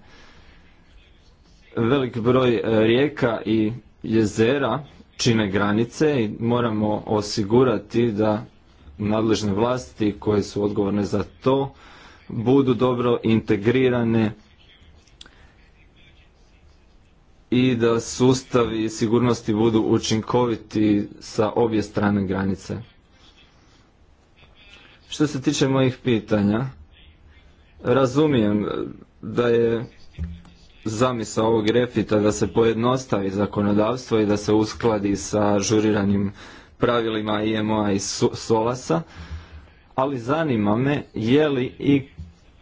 Velik broj e, rijeka i jezera čine granice i moramo osigurati da nadležne vlasti koje su odgovorne za to budu dobro integrirane i da sustavi sigurnosti budu učinkoviti sa obje strane granice. Što se tiče mojih pitanja, razumijem da je zamisa ovog refita da se pojednostavi zakonodavstvo i da se uskladi sa žuriranim pravilima IMO-a i Solasa, ali zanima me je li i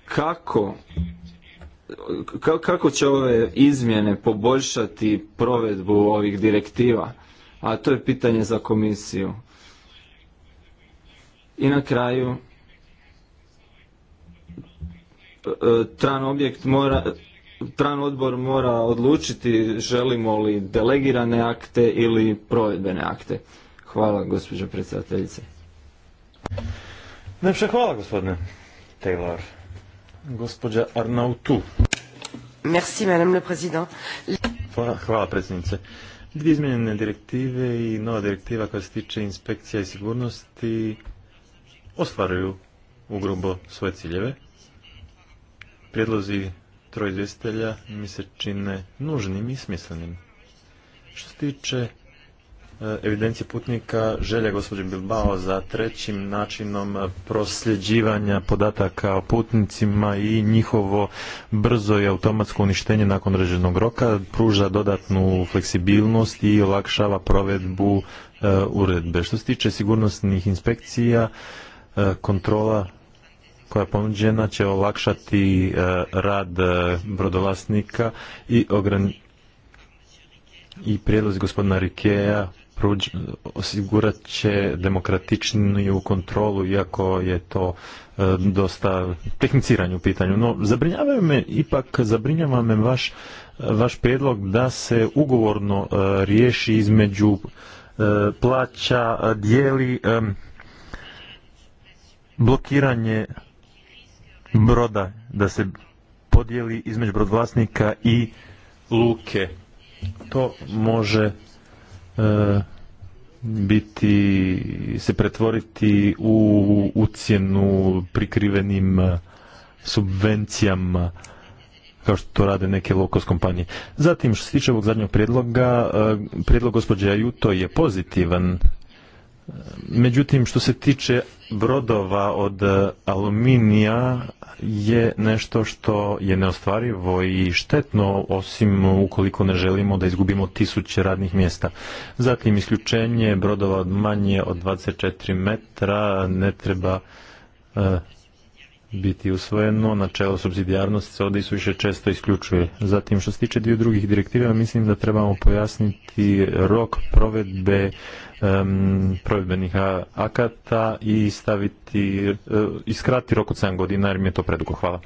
kako kako će ove izmjene poboljšati provedbu ovih direktiva? A to je pitanje za komisiju. I na kraju, e, tran objekt mora, tran odbor mora odlučiti želimo li delegirane akte ili provedbene akte. Hvala, gospođo predsjedateljice. Najpše hvala, gospodine Taylor. Gospođa Arnautu. Hvala, predsjednice. Dvije izmjenjene direktive i nova direktiva koja se tiče inspekcija i sigurnosti ostvaruju grubo svoje ciljeve. Prijedlozi troje mi se čine nužnim i smislenim. Što se tiče evidencije putnika želja gospođe Bilbao za trećim načinom prosljeđivanja podataka o putnicima i njihovo brzo i automatsko uništenje nakon određenog roka pruža dodatnu fleksibilnost i olakšava provedbu e, uredbe. Što se tiče sigurnosnih inspekcija, e, kontrola koja je ponuđena će olakšati e, rad brodovlasnika i, i prijedlozi gospodina Rikeja osigurat će demokratičniju kontrolu, iako je to e, dosta tehniciranje u pitanju. No, zabrinjava me ipak, zabrinjava me vaš, vaš prijedlog da se ugovorno e, riješi između e, plaća, dijeli blokiranje broda, da se podijeli između brodvlasnika i luke. To može E, biti, se pretvoriti u ucjenu prikrivenim e, subvencijama kao što to rade neke lokos kompanije. Zatim, što se tiče ovog zadnjeg prijedloga, e, prijedlog gospođe Ajuto je pozitivan Međutim, što se tiče brodova od e, aluminija je nešto što je neostvarivo i štetno, osim ukoliko ne želimo da izgubimo tisuće radnih mjesta. Zatim, isključenje brodova od manje od 24 metra ne treba e, biti usvojeno, načelo subsidijarnosti se ovdje više često isključuje. Zatim što se tiče dvije drugih direktiva, mislim da trebamo pojasniti rok provedbe um, provedbenih akata i staviti, uh, e, iskrati rok od 7 godina jer mi je to predugo. Hvala.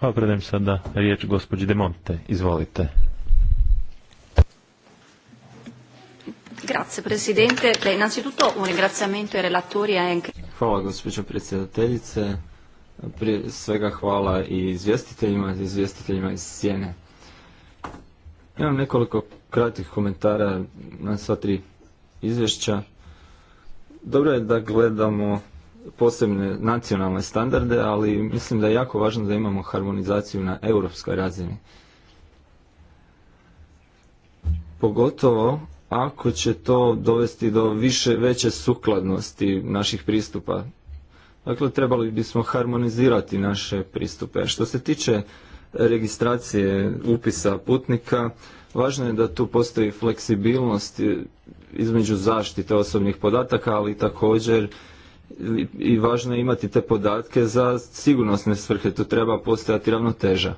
Hvala, predajem sada riječ gospođi Demonte. Izvolite. Grazie Presidente, Beh, innanzitutto un ringraziamento ai relatori e anche. Hvala gospođo predsjedateljice, prije svega hvala i izvjestiteljima izvjestiteljima iz Sjene. Imam nekoliko kratkih komentara na sva tri izvješća. Dobro je da gledamo posebne nacionalne standarde, ali mislim da je jako važno da imamo harmonizaciju na europskoj razini. Pogotovo ako će to dovesti do više veće sukladnosti naših pristupa. Dakle, trebali bismo harmonizirati naše pristupe. Što se tiče registracije upisa putnika, važno je da tu postoji fleksibilnost između zaštite osobnih podataka, ali također i važno je imati te podatke za sigurnosne svrhe, tu treba postojati ravnoteža.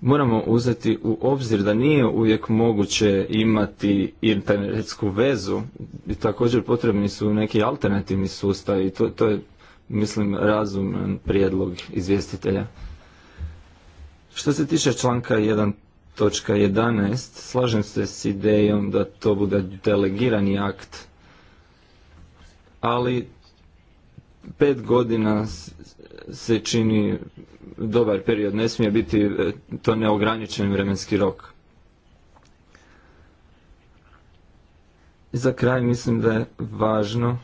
Moramo uzeti u obzir da nije uvijek moguće imati internetsku vezu i također potrebni su neki alternativni sustavi. To, to je, mislim, razuman prijedlog izvjestitelja. Što se tiče članka 1 točka 11. Slažem se s idejom da to bude delegirani akt, ali pet godina se čini dobar period, ne smije biti e, to neograničen vremenski rok. Za kraj mislim da je važno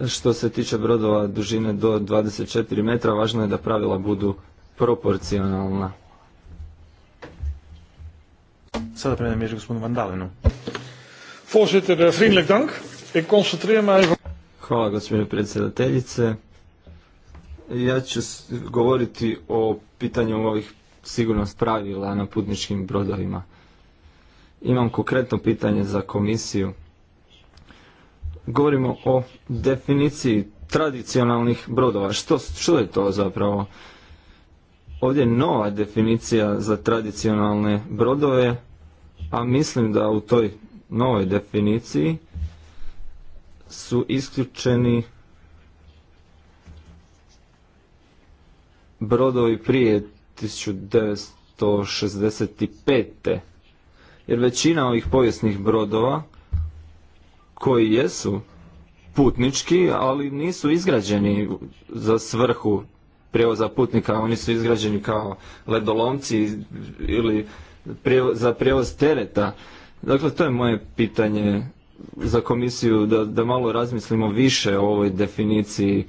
Što se tiče brodova dužine do 24 metra, važno je da pravila budu proporcionalna. Sada prema ježi gospodinu Vandalinu. Voorzitter, eh, vriendelijk dank. Ik concentreer Hvala gospodine predsjedateljice. Ja ću govoriti o pitanju ovih sigurnost pravila na putničkim brodovima. Imam konkretno pitanje za komisiju govorimo o definiciji tradicionalnih brodova. Što, što je to zapravo? Ovdje je nova definicija za tradicionalne brodove, a mislim da u toj novoj definiciji su isključeni brodovi prije 1965. Jer većina ovih povijesnih brodova koji jesu putnički, ali nisu izgrađeni za svrhu prijevoza putnika, oni su izgrađeni kao ledolomci ili za prijevoz tereta. Dakle, to je moje pitanje za komisiju da, da malo razmislimo više o ovoj definiciji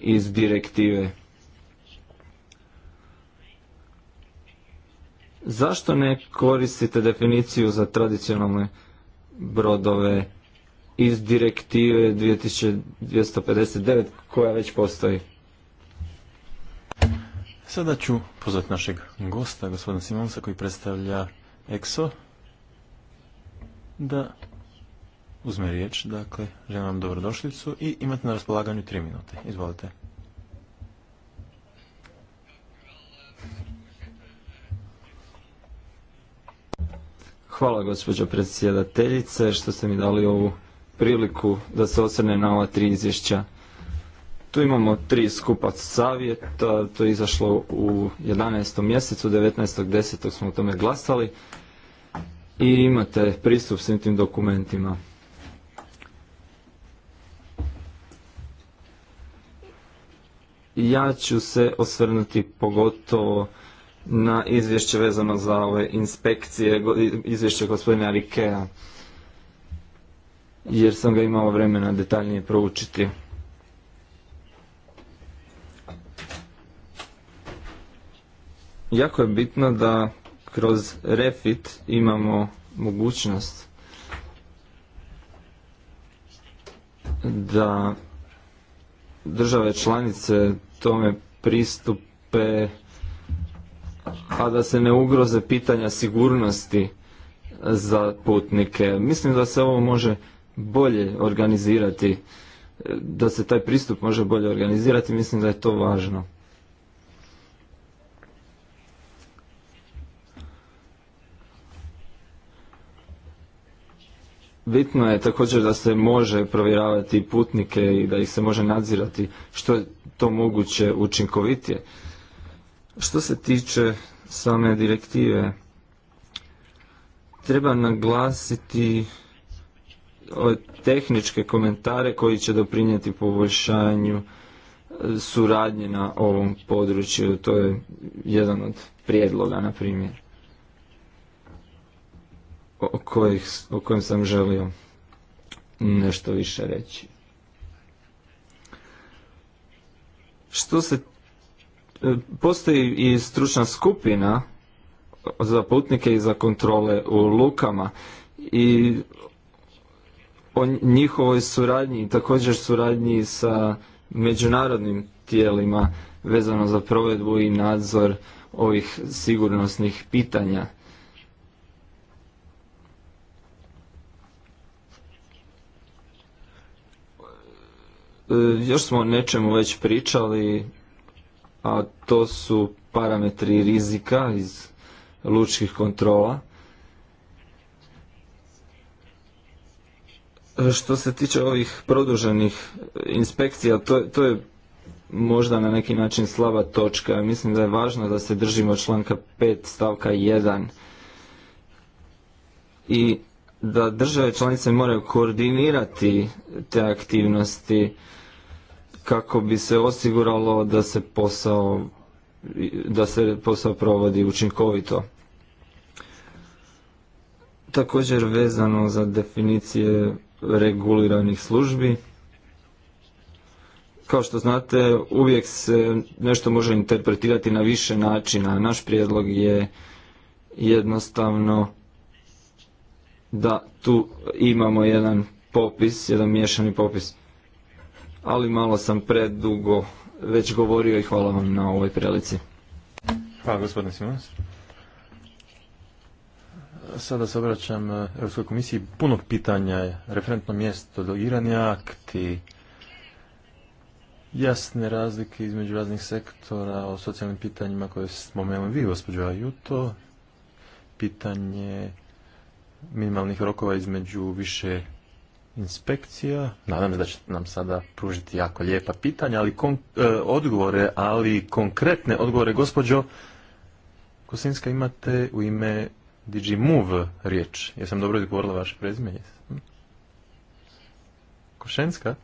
iz direktive. Zašto ne koristite definiciju za tradicionalne brodove iz direktive 2259 koja već postoji. Sada ću pozvati našeg gosta, gospodina Simonsa, koji predstavlja EXO, da uzme riječ. Dakle, želim vam dobrodošlicu i imate na raspolaganju tri minute. Izvolite. Hvala gospođo predsjedateljice što ste mi dali ovu priliku da se osvrne na ova tri izvješća. Tu imamo tri skupa savjeta, to je izašlo u 11. mjesecu, 19.10. smo o tome glasali i imate pristup svim tim dokumentima. Ja ću se osvrnuti pogotovo na izvješće vezano za ove inspekcije, izvješće gospodina Rikea jer sam ga imao vremena detaljnije proučiti. Jako je bitno da kroz refit imamo mogućnost da države članice tome pristupe a da se ne ugroze pitanja sigurnosti za putnike. Mislim da se ovo može bolje organizirati, e, da se taj pristup može bolje organizirati, mislim da je to važno. Bitno je također da se može provjeravati putnike i da ih se može nadzirati što je to moguće učinkovitije. Što se tiče same direktive, treba naglasiti tehničke komentare koji će doprinijeti poboljšanju e, suradnje na ovom području. To je jedan od prijedloga, na primjer, o, kojih, o kojem sam želio nešto više reći. Što se e, postoji i stručna skupina za putnike i za kontrole u lukama i o njihovoj suradnji i također suradnji sa međunarodnim tijelima vezano za provedbu i nadzor ovih sigurnosnih pitanja. E, još smo o nečemu već pričali, a to su parametri rizika iz lučkih kontrola. Što se tiče ovih produženih inspekcija, to, to je možda na neki način slaba točka. Mislim da je važno da se držimo članka 5 stavka 1 i da države članice moraju koordinirati te aktivnosti kako bi se osiguralo da se posao da se posao provodi učinkovito. Također vezano za definicije reguliranih službi. Kao što znate, uvijek se nešto može interpretirati na više načina. Naš prijedlog je jednostavno da tu imamo jedan popis, jedan miješani popis. Ali malo sam predugo već govorio i hvala vam na ovoj prilici. Hvala gospodine Sada se obraćam eh, Europskoj komisiji. Puno pitanja je. Referentno mjesto, delegirani akti, jasne razlike između raznih sektora o socijalnim pitanjima koje spomenuli vi, gospođo Ajuto, pitanje minimalnih rokova između više inspekcija. Nadam se da će nam sada pružiti jako lijepa pitanja, ali eh, odgovore, ali konkretne odgovore. Gospođo Kosinska, imate u ime Digimove riječ. Jesam dobro izgovorila vaše prezime? Jesam. Košenska?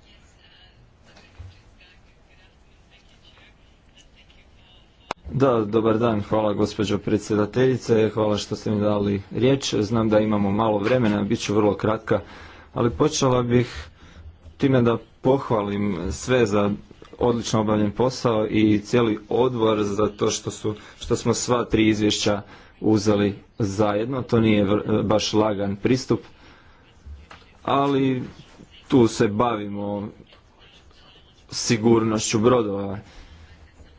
Da, dobar dan, hvala gospođo predsjedateljice, hvala što ste mi dali riječ. Znam da imamo malo vremena, bit ću vrlo kratka, ali počela bih time da pohvalim sve za odlično obavljen posao i cijeli odvor za to što, što smo sva tri izvješća uzeli zajedno. To nije e, baš lagan pristup, ali tu se bavimo sigurnošću brodova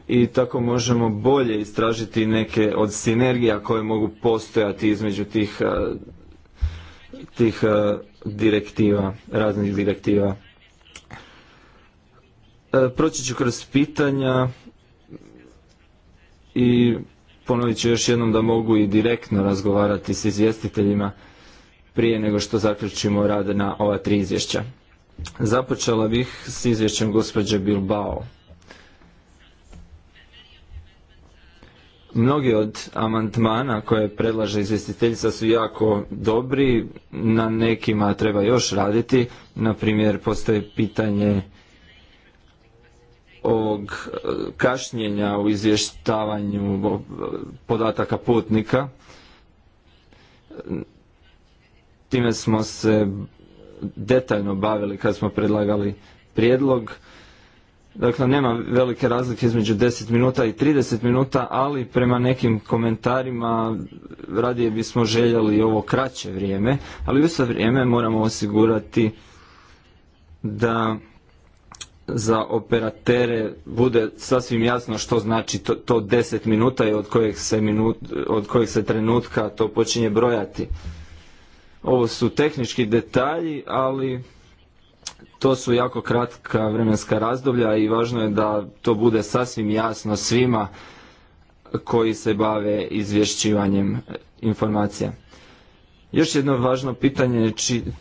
i tako možemo bolje istražiti neke od sinergija koje mogu postojati između tih, e, tih e, direktiva, raznih direktiva. Proći ću kroz pitanja i ponovit ću još jednom da mogu i direktno razgovarati s izvjestiteljima prije nego što zaključimo rad na ova tri izvješća. Započela bih s izvješćem gospođe Bilbao. Mnogi od amandmana koje predlaže izvjestiteljica su jako dobri, na nekima treba još raditi, na primjer postoji pitanje ovog e, kašnjenja u izvještavanju e, podataka putnika. Time smo se detaljno bavili kad smo predlagali prijedlog. Dakle, nema velike razlike između 10 minuta i 30 minuta, ali prema nekim komentarima radije bismo željeli ovo kraće vrijeme, ali u isto vrijeme moramo osigurati da za operatere bude sasvim jasno što znači to, to 10 minuta i od kojeg, se od se trenutka to počinje brojati. Ovo su tehnički detalji, ali to su jako kratka vremenska razdoblja i važno je da to bude sasvim jasno svima koji se bave izvješćivanjem informacija. Još jedno važno pitanje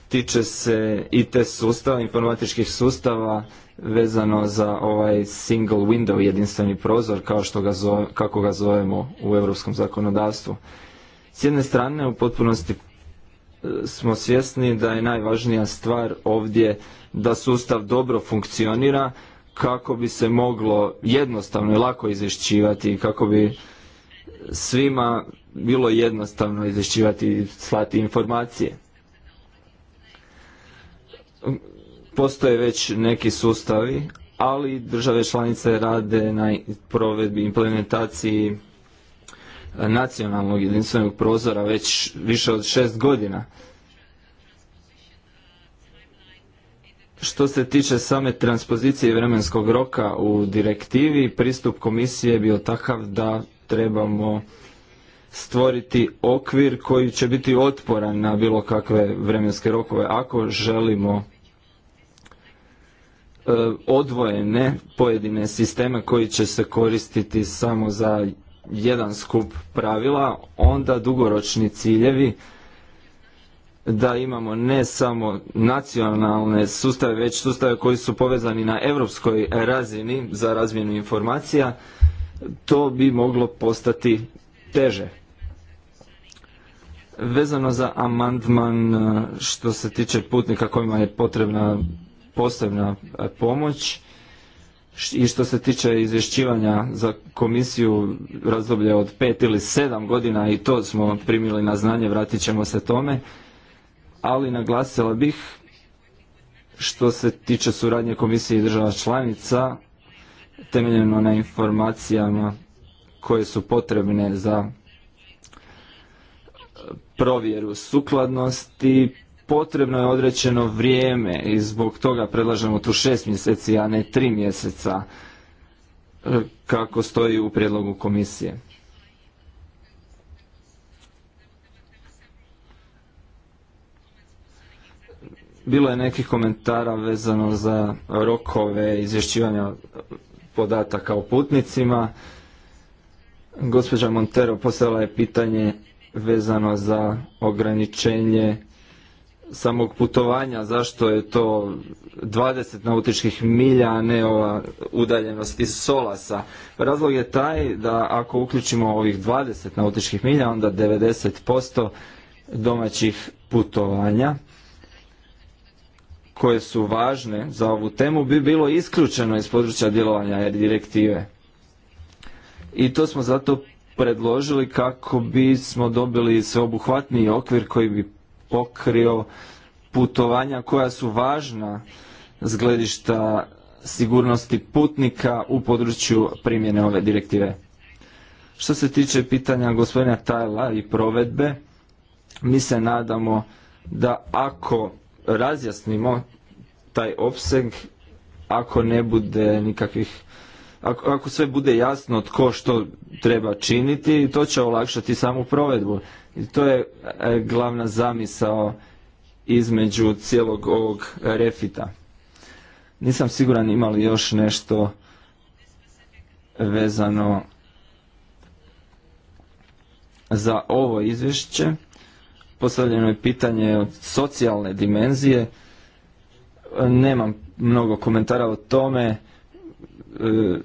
tiče se IT sustava, informatičkih sustava vezano za ovaj single window, jedinstveni prozor, kao što ga kako ga zovemo u europskom zakonodavstvu. S jedne strane, u potpunosti e, smo svjesni da je najvažnija stvar ovdje da sustav dobro funkcionira kako bi se moglo jednostavno i lako izvješćivati i kako bi svima bilo jednostavno izvješćivati i slati informacije Postoje već neki sustavi, ali države članice rade na provedbi implementaciji e, nacionalnog jedinstvenog prozora već više od šest godina. Što se tiče same transpozicije vremenskog roka u direktivi, pristup komisije je bio takav da trebamo stvoriti okvir koji će biti otporan na bilo kakve vremenske rokove ako želimo E, odvojene pojedine sisteme koji će se koristiti samo za jedan skup pravila, onda dugoročni ciljevi da imamo ne samo nacionalne sustave, već sustave koji su povezani na europskoj razini za razmjenu informacija, to bi moglo postati teže. Vezano za amandman e, što se tiče putnika kojima je potrebna posebna e, pomoć i što se tiče izvješćivanja za komisiju razdoblje od pet ili sedam godina i to smo primili na znanje, vratit ćemo se tome, ali naglasila bih što se tiče suradnje komisije i država članica temeljeno na informacijama koje su potrebne za provjeru sukladnosti, potrebno je određeno vrijeme i zbog toga predlažemo tu šest mjeseci, a ne tri mjeseca e, kako stoji u prijedlogu komisije. Bilo je nekih komentara vezano za rokove izvješćivanja podataka o putnicima. Gospođa Montero postavila je pitanje vezano za ograničenje samog putovanja, zašto je to 20 nautičkih milja, a ne ova udaljenost iz Solasa. Pa razlog je taj da ako uključimo ovih 20 nautičkih milja, onda 90% domaćih putovanja koje su važne za ovu temu bi bilo isključeno iz područja djelovanja direktive. I to smo zato predložili kako bismo dobili sveobuhvatniji okvir koji bi pokrio putovanja koja su važna zgledišta sigurnosti putnika u području primjene ove direktive. Što se tiče pitanja gospodina Tajla i provedbe, mi se nadamo da ako razjasnimo taj opseg, ako ne bude nikakvih ako, ako sve bude jasno tko što treba činiti, to će olakšati samu provedbu. I to je e, glavna zamisao između cijelog ovog refita. Nisam siguran imali još nešto vezano za ovo izvješće. Postavljeno je pitanje od socijalne dimenzije. Nemam mnogo komentara o tome. E,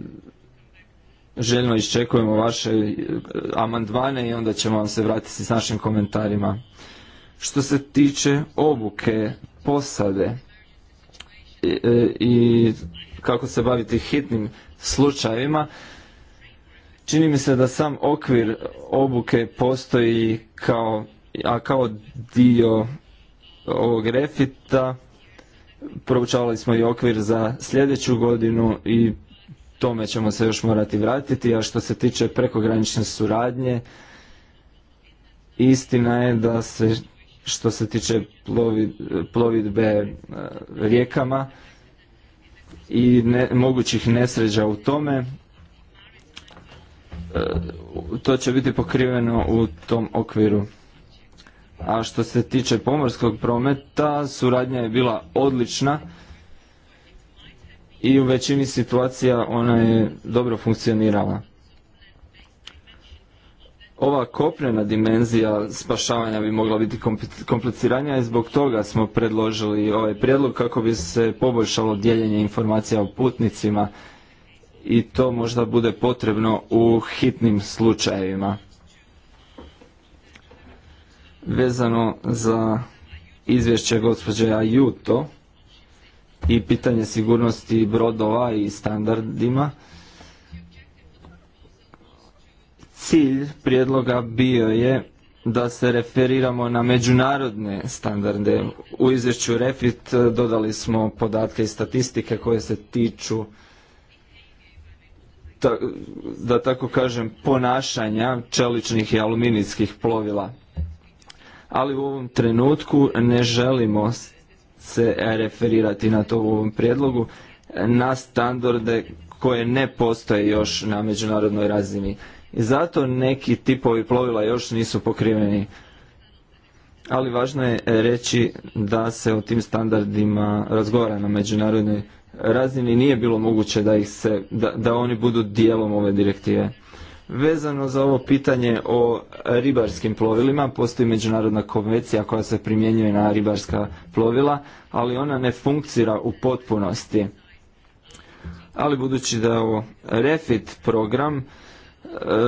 željno iščekujemo vaše e, amandmane i onda ćemo vam se vratiti s našim komentarima. Što se tiče obuke, posade e, i, kako se baviti hitnim slučajevima, čini mi se da sam okvir obuke postoji kao, a kao dio ovog refita. Proučavali smo i okvir za sljedeću godinu i tome ćemo se još morati vratiti, a što se tiče prekogranične suradnje, istina je da se što se tiče plovidbe e, rijekama i ne, mogućih nesređa u tome, e, to će biti pokriveno u tom okviru. A što se tiče pomorskog prometa, suradnja je bila odlična i u većini situacija ona je dobro funkcionirala. Ova kopnena dimenzija spašavanja bi mogla biti kompliciranja i zbog toga smo predložili ovaj prijedlog kako bi se poboljšalo dijeljenje informacija o putnicima i to možda bude potrebno u hitnim slučajevima. Vezano za izvješće gospođe Ajuto, i pitanje sigurnosti brodova i standardima. Cilj prijedloga bio je da se referiramo na međunarodne standarde. U izvješću REFIT eh, dodali smo podatke i statistike koje se tiču da tako kažem ponašanja čeličnih i aluminijskih plovila. Ali u ovom trenutku ne želimo se referirati na to u ovom prijedlogu, na standarde koje ne postoje još na međunarodnoj razini. I zato neki tipovi plovila još nisu pokriveni. Ali važno je reći da se o tim standardima razgovara na međunarodnoj razini. Nije bilo moguće da, ih se, da, da oni budu dijelom ove direktive. Vezano za ovo pitanje o ribarskim plovilima, postoji međunarodna konvencija koja se primjenjuje na ribarska plovila, ali ona ne funkcira u potpunosti. Ali budući da je ovo REFIT program, e,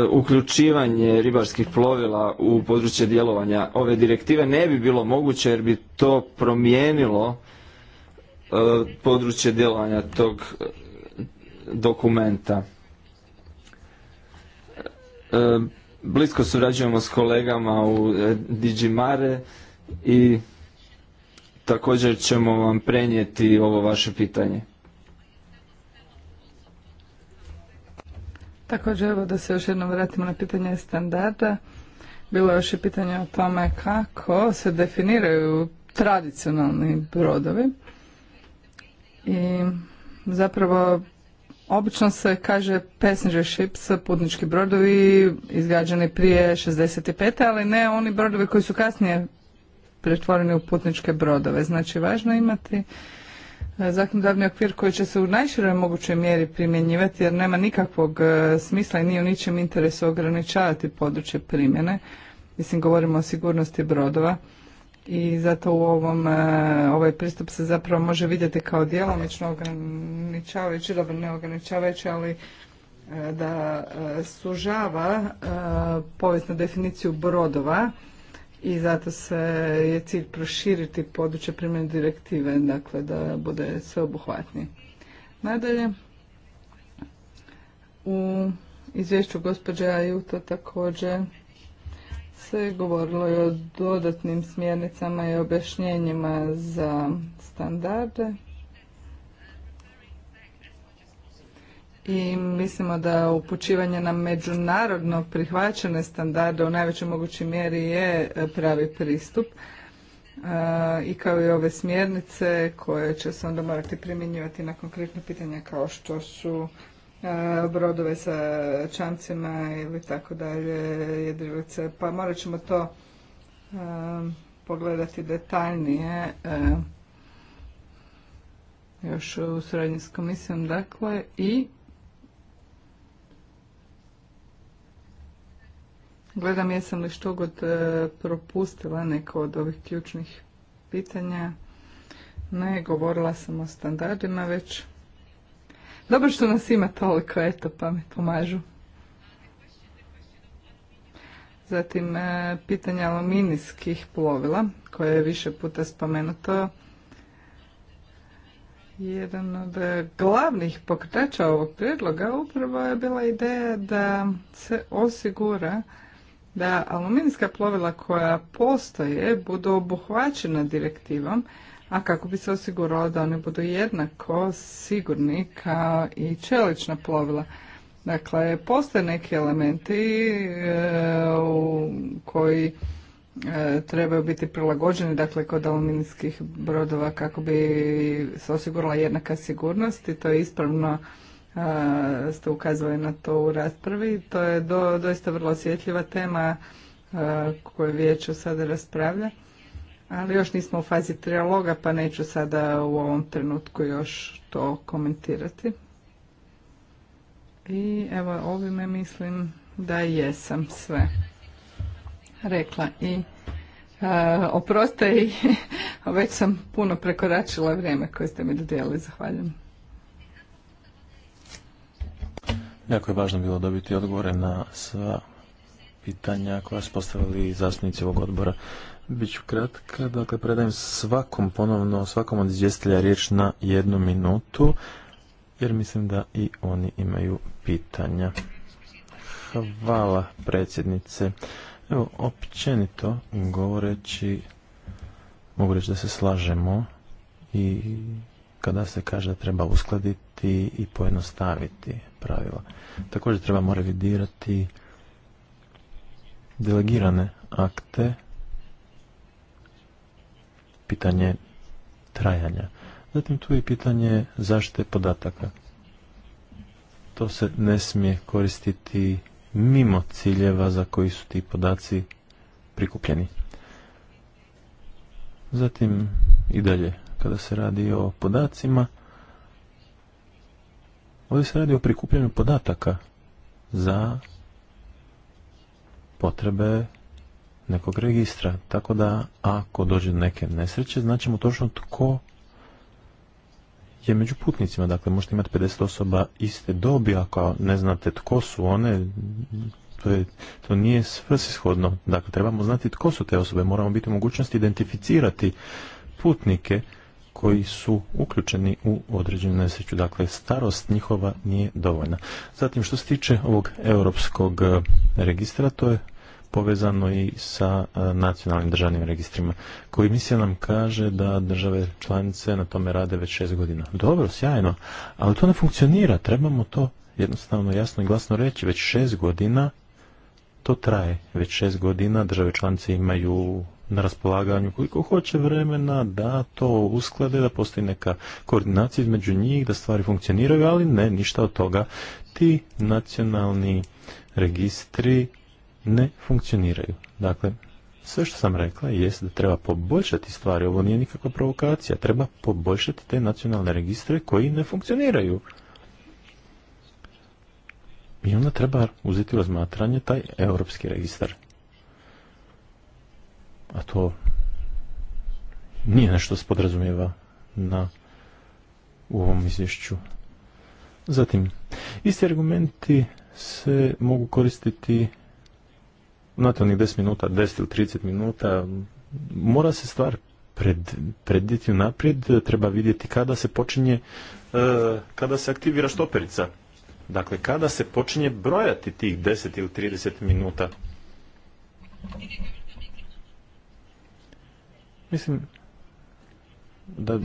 uključivanje ribarskih plovila u područje djelovanja ove direktive ne bi bilo moguće jer bi to promijenilo e, područje djelovanja tog e, dokumenta. E, blisko surađujemo s kolegama u e, Digimare i također ćemo vam prenijeti ovo vaše pitanje. Također evo da se još jednom vratimo na pitanje standarda. Bilo je još i pitanje o tome kako se definiraju tradicionalni brodovi. I zapravo Obično se kaže passenger ships, putnički brodovi izgrađeni prije 65. ali ne oni brodovi koji su kasnije pretvoreni u putničke brodove. Znači važno je imati e, zakonodavni okvir koji će se u najširoj mogućoj mjeri primjenjivati jer nema nikakvog e, smisla i nije u ničem interesu ograničavati područje primjene. Mislim, govorimo o sigurnosti brodova i zato u ovom, e, ovaj pristup se zapravo može vidjeti kao djelomično ograničavajući, dobro ne ograničavajući, ali e, da e, sužava povijesnu definiciju brodova i zato se je cilj proširiti područje primjene direktive, dakle da bude sveobuhvatniji. Nadalje, u izvješću gospođa Juto također se govorilo i o dodatnim smjernicama i objašnjenjima za standarde. I mislimo da upućivanje na međunarodno prihvaćene standarde u najvećoj mogućoj mjeri je pravi pristup i kao i ove smjernice koje će se onda morati primjenjivati na konkretna pitanja kao što su E, brodove sa čamcima ili tako dalje, jedrilice, pa morat ćemo to e, pogledati detaljnije e, još u suradnji s komisijom, dakle, i gledam jesam li što god propustila neko od ovih ključnih pitanja. Ne, govorila sam o standardima već. Dobro što nas ima toliko, eto, pa mi pomažu. Zatim, e, pitanje aluminijskih plovila, koje je više puta spomenuto. Jedan od glavnih pokretača ovog prijedloga upravo je bila ideja da se osigura da aluminijska plovila koja postoje budu obuhvaćena direktivom, a kako bi se osiguralo da one budu jednako sigurni kao i čelična plovila. Dakle, postoje neki elementi e, u koji e, trebaju biti prilagođeni, dakle, kod aluminijskih brodova kako bi se osigurala jednaka sigurnost i to je ispravno e, ste ukazali na to u raspravi. To je doista vrlo osjetljiva tema e, koju vijeću sada raspravlja ali još nismo u fazi trijaloga pa neću sada u ovom trenutku još to komentirati. I evo ovime mislim da jesam sve rekla i e, oproste i već sam puno prekoračila vrijeme koje ste mi dodijeli. Zahvaljujem. Jako je važno bilo dobiti odgovore na sva pitanja koja su postavili zastupnici ovog odbora. Bit ću kratka, dakle predajem svakom ponovno, svakom od izvjestitelja riječ na jednu minutu, jer mislim da i oni imaju pitanja. Hvala predsjednice. Evo, općenito govoreći, mogu reći da se slažemo i kada se kaže da treba uskladiti i pojednostaviti pravila. Također trebamo revidirati delegirane akte pitanje trajanja. Zatim tu je pitanje zaštite podataka. To se ne smije koristiti mimo ciljeva za koji su ti podaci prikupljeni. Zatim i dalje, kada se radi o podacima, ovdje se radi o prikupljanju podataka za potrebe nekog registra. Tako da ako dođe do neke nesreće, znači mu točno tko je među putnicima. Dakle, možete imati 50 osoba iste dobi, ako ne znate tko su one, to, je, to nije svrsishodno. Dakle, trebamo znati tko su te osobe, moramo biti u mogućnosti identificirati putnike koji su uključeni u određenu nesreću. Dakle, starost njihova nije dovoljna. Zatim, što se tiče ovog europskog eh, registra, to je povezano i sa e, nacionalnim državnim registrima. Koji nam kaže da države članice na tome rade već šest godina. Dobro, sjajno, ali to ne funkcionira. Trebamo to jednostavno jasno i glasno reći. Već šest godina to traje. Već šest godina države članice imaju na raspolaganju koliko hoće vremena da to usklade, da postoji neka koordinacija između njih, da stvari funkcioniraju, ali ne, ništa od toga. Ti nacionalni registri ne funkcioniraju. Dakle, sve što sam rekla jest da treba poboljšati stvari, ovo nije nikakva provokacija, treba poboljšati te nacionalne registre koji ne funkcioniraju. I onda treba uzeti u razmatranje taj europski registar. A to nije nešto se podrazumijeva na, u ovom izvješću. Zatim, isti argumenti se mogu koristiti Znate, onih 10 minuta, 10 ili 30 minuta, mora se stvar pred, prediti naprijed, treba vidjeti kada se počinje, e, kada se aktivira štoperica. Dakle, kada se počinje brojati tih 10 ili 30 minuta. Mislim da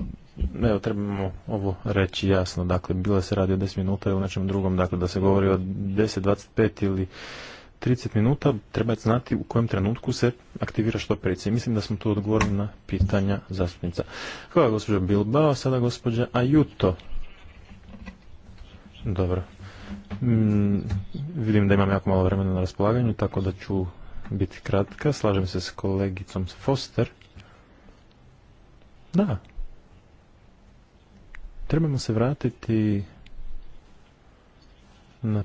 evo, trebamo ovo reći jasno. Dakle, bilo se radi o 10 minuta ili nečem drugom. Dakle, da se govori o 10, 25 ili 30 minuta treba znati u kojem trenutku se aktivira što predsjednik. Mislim da smo tu odgovorili na pitanja zastupnica. Hvala gospođa Bilbao, sada gospođa Ajuto. Dobro. Mm, vidim da imam jako malo vremena na raspolaganju, tako da ću biti kratka. Slažem se s kolegicom Foster. Da. Trebamo se vratiti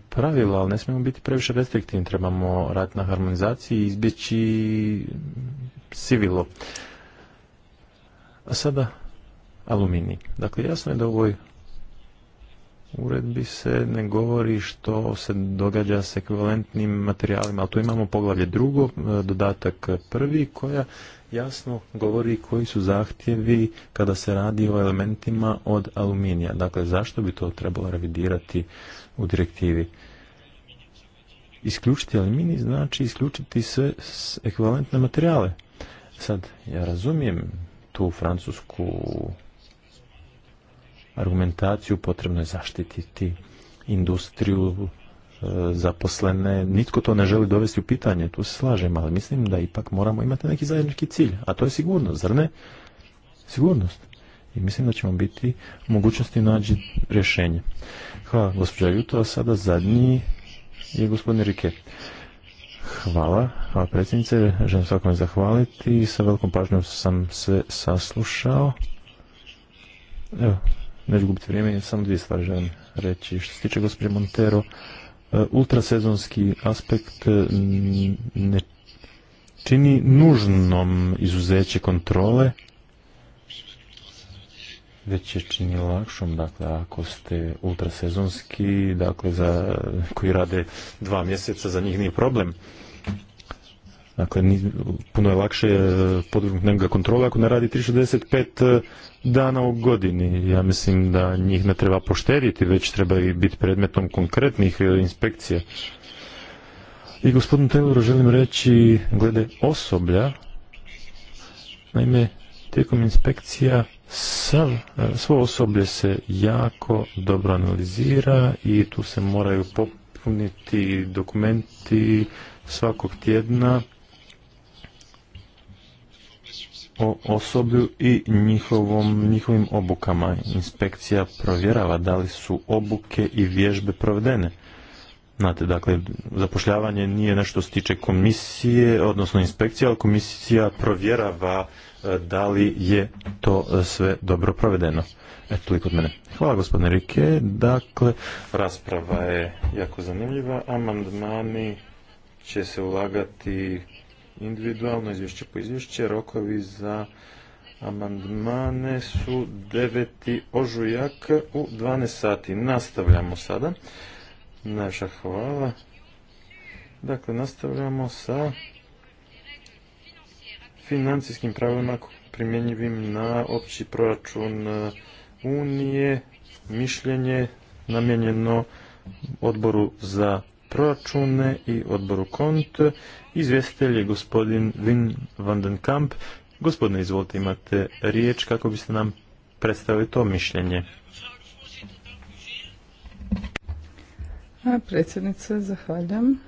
pravila, ali ne smijemo biti previše restriktivni. Trebamo raditi na harmonizaciji i izbjeći civilo. A sada aluminij. Dakle, jasno je da u ovoj uredbi se ne govori što se događa s ekvivalentnim materijalima, ali tu imamo poglavlje drugo, e, dodatak prvi, koja jasno govori koji su zahtjevi kada se radi o elementima od aluminija. Dakle, zašto bi to trebalo revidirati u direktivi. Isključiti alimini znači isključiti sve ekvivalentne materijale. Sad, ja razumijem tu francusku argumentaciju, potrebno je zaštititi industriju, e, zaposlene, nitko to ne želi dovesti u pitanje, tu se slažem, ali mislim da ipak moramo imati neki zajednički cilj, a to je sigurnost, zar ne? Sigurnost i mislim da ćemo biti u mogućnosti naći rješenje. Hvala gospođa Juto, a sada zadnji je gospodin Rike. Hvala, hvala predsjednice, želim svakome zahvaliti sa velikom pažnjom sam sve saslušao. Evo, neću gubiti vrijeme, samo dvije stvari želim reći. Što se tiče gospođe Montero, e, ultrasezonski aspekt e, ne čini nužnom izuzeće kontrole već je čini lakšom, dakle, ako ste ultrasezonski, dakle, za, koji rade dva mjeseca, za njih nije problem. Dakle, puno je lakše e, podvrgnut nekoga kontrola ako ne radi 365 e, dana u godini. Ja mislim da njih ne treba poštediti, već treba i biti predmetom konkretnih e, inspekcija. I gospodinu Taylor želim reći glede osoblja. Naime, tijekom inspekcija Sav, e, svo osoblje se jako dobro analizira i tu se moraju popuniti dokumenti svakog tjedna o osoblju i njihovom, njihovim obukama. Inspekcija provjerava da li su obuke i vježbe provedene. Znate, dakle, zapošljavanje nije nešto se tiče komisije, odnosno inspekcija, ali komisija provjerava da li je to e, sve dobro provedeno. Eto, toliko od mene. Hvala gospodine Rike. Dakle, rasprava je jako zanimljiva. Amandmani će se ulagati individualno izvješće po izvješće. Rokovi za amandmane su 9. ožujak u 12 sati. Nastavljamo sada. Naša hvala. Dakle, nastavljamo sa financijskim pravilima primjenjivim na opći proračun e, Unije, mišljenje namjenjeno odboru za proračune i odboru kont. Izvjestitelj gospodin Wim van den Kamp. Gospodine, izvolite, imate riječ kako biste nam predstavili to mišljenje. A, predsjednice, zahvaljam.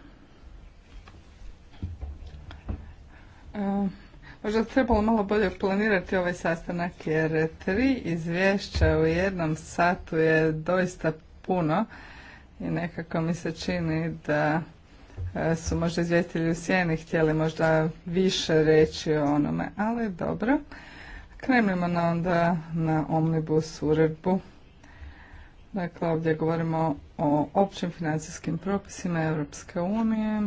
A... Možda trebalo malo bolje planirati ovaj sastanak jer tri izvješća u jednom satu je doista puno i nekako mi se čini da e, su možda izvjestitelji u sjeni htjeli možda više reći o onome, ali dobro. Krenimo na onda na omnibus uredbu. Dakle, ovdje govorimo o općim financijskim propisima Europske unije,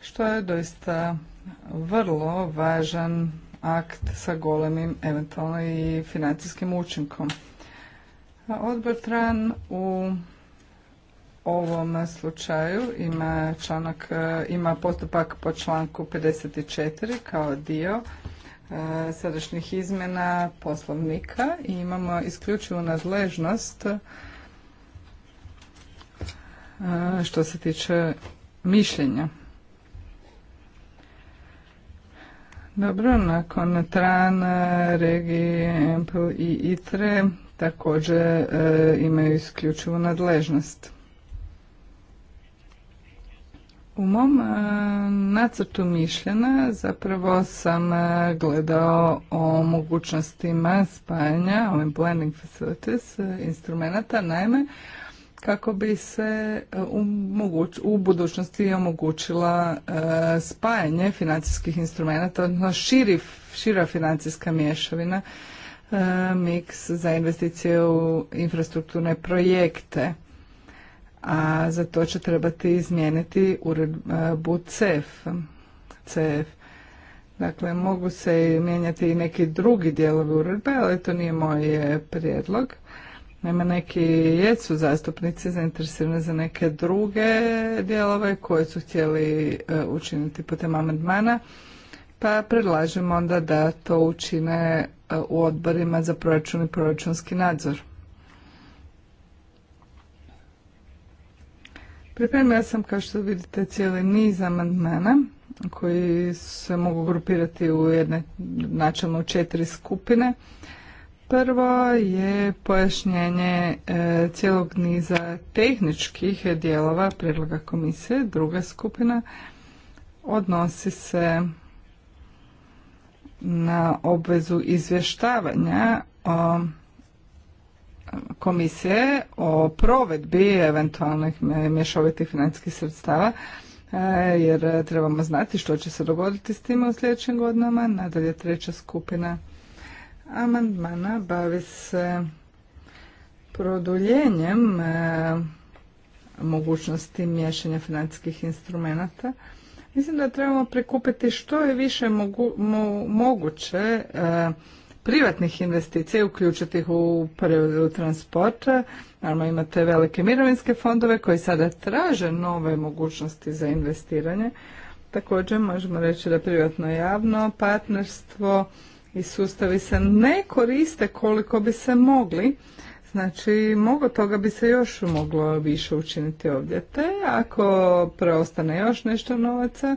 što je doista vrlo važan akt sa golemim eventualno i financijskim učinkom. Odbor Tran u ovom slučaju ima, članak, ima postupak po članku 54 kao dio e, sadašnjih izmjena poslovnika i imamo isključivu nadležnost e, što se tiče mišljenja. Dobro, nakon Tran, Regi, Empel i Itre također e, imaju isključivu nadležnost. U mom e, nacrtu mišljena zapravo sam e, gledao o mogućnostima spajanja ovim planning facilities e, instrumenta. Naime, kako bi se e, u budućnosti omogućila e, spajanje financijskih instrumenata, odnosno šira financijska mješavina, e, miks za investicije u infrastrukturne projekte. A za to će trebati izmijeniti uredbu CEF. CEF. Dakle, mogu se mijenjati i neki drugi dijelovi uredbe, ali to nije moj prijedlog. Naime, neki jesu zastupnici zainteresirani za neke druge dijelove koje su htjeli e, učiniti putem amandmana, pa predlažem onda da to učine e, u odborima za proračun i proračunski nadzor. Pripremila sam, kao što vidite, cijeli niz amandmana koji se mogu grupirati u jedne načelno u četiri skupine – Prvo je pojašnjenje e, cijelog niza tehničkih dijelova predloga komisije. Druga skupina odnosi se na obvezu izvještavanja komisije o provedbi eventualnih mješovitih financijskih sredstava e, jer trebamo znati što će se dogoditi s tim u sljedećim godinama. Nadalje treća skupina amandmana bavi se produljenjem e, mogućnosti miješanja financijskih instrumenata. Mislim da trebamo prikupiti što je više moguće e, privatnih investicija i uključiti ih u periodu transporta. Naravno imate velike mirovinske fondove koji sada traže nove mogućnosti za investiranje. Također možemo reći da privatno javno partnerstvo i sustavi se ne koriste koliko bi se mogli. Znači, mogo toga bi se još moglo više učiniti ovdje. Te ako preostane još nešto novaca,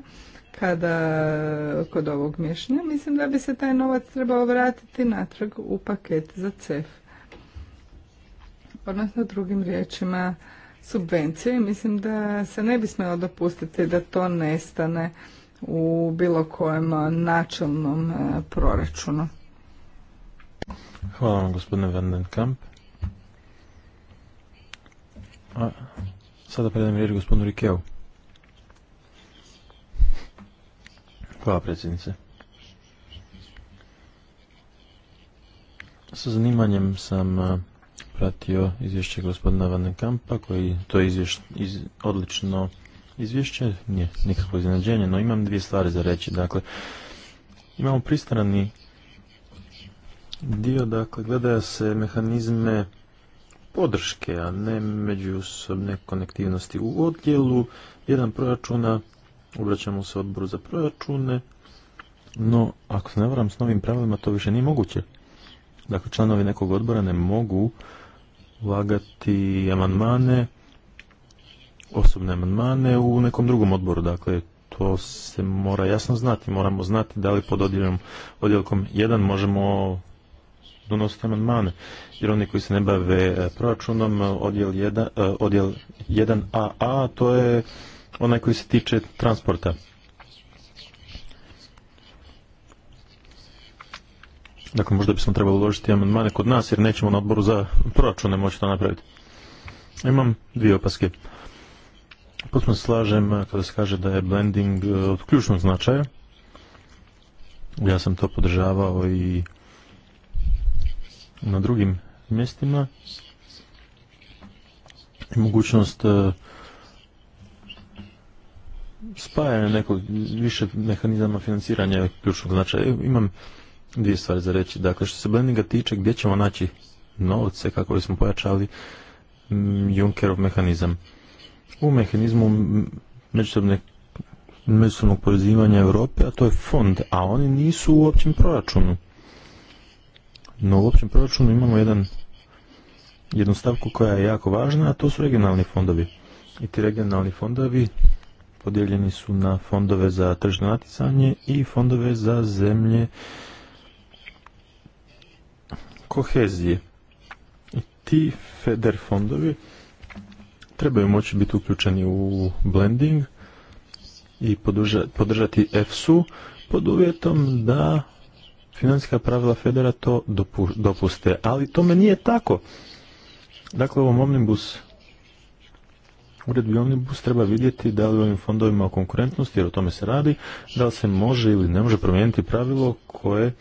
kada kod ovog mješanja, mislim da bi se taj novac trebao vratiti natrag u paket za CEF. Odnosno drugim riječima subvencije. Mislim da se ne bi smjelo dopustiti da to nestane u bilo kojem načelnom e, proračunu. Hvala vam gospodine Vandenkamp. A, sada predajem riječ gospodinu Rikeu. Hvala predsjednice. Sa zanimanjem sam e, pratio izvješće gospodina Kampa koji to izvješće iz, odlično izvješće nije nikakvo iznenađenje, no imam dvije stvari za reći. Dakle, imamo pristrani dio, dakle, gledaju se mehanizme podrške, a ne međusobne konektivnosti. U odjelu jedan proračuna, obraćamo se odboru za proračune, no ako se ne varam s novim pravilima to više nije moguće. Dakle, članovi nekog odbora ne mogu ulagati amandmane osobne amandmane u nekom drugom odboru. Dakle, to se mora jasno znati. Moramo znati da li pod odjelom, odjelkom 1 možemo donositi amandmane. Jer oni koji se ne bave e, proračunom, e, odjel 1, e, odjel 1AA, to je onaj koji se tiče transporta. Dakle, možda bismo trebali uložiti amandmane kod nas, jer nećemo na odboru za proračune moći to napraviti. Imam dvije opaske. Potpuno slažem kada se kaže da je blending e, od ključnog značaja. Ja sam to podržavao i na drugim mjestima. I mogućnost e, spajanja nekog, više mehanizama financiranja ključnog značaja. E, imam dvije stvari za reći. Dakle, što se blendinga tiče, gdje ćemo naći novce kako bismo pojačali Junckerov mehanizam u mehanizmu međusobne međusobnog povezivanja Europe, a to je fond, a oni nisu u općem proračunu. No u općem proračunu imamo jedan, jednu stavku koja je jako važna, a to su regionalni fondovi. I ti regionalni fondovi podijeljeni su na fondove za tržno natjecanje i fondove za zemlje kohezije. I ti FEDER fondovi trebaju moći biti uključeni u blending i podržati EFSU pod uvjetom da financijska pravila Federa to dopuste. Ali tome nije tako. Dakle, u ovom omnibus uredbi Omnibus treba vidjeti da li ovim fondovima o konkurentnosti, jer o tome se radi, da li se može ili ne može promijeniti pravilo koje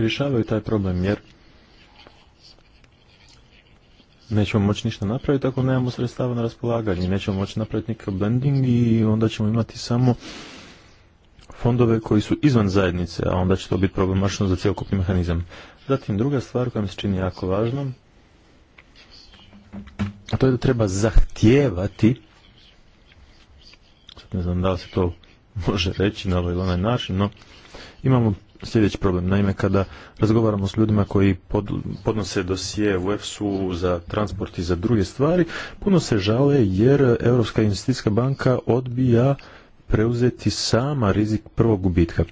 rješavaju taj problem, jer nećemo moći ništa napraviti ako nemamo sredstava na raspolaganju, nećemo moći napraviti nikakav blending i onda ćemo imati samo fondove koji su izvan zajednice, a onda će to biti problemačno za cijelokupni mehanizam. Zatim druga stvar koja mi se čini jako važnom, a to je da treba zahtijevati, sad ne znam da li se to može reći na ovaj ili onaj način, no imamo sljedeći problem. Naime, kada razgovaramo s ljudima koji podnose dosije u EFSU za transport i za druge stvari, puno se žale jer Europska investicijska banka odbija preuzeti sama rizik prvog gubitka.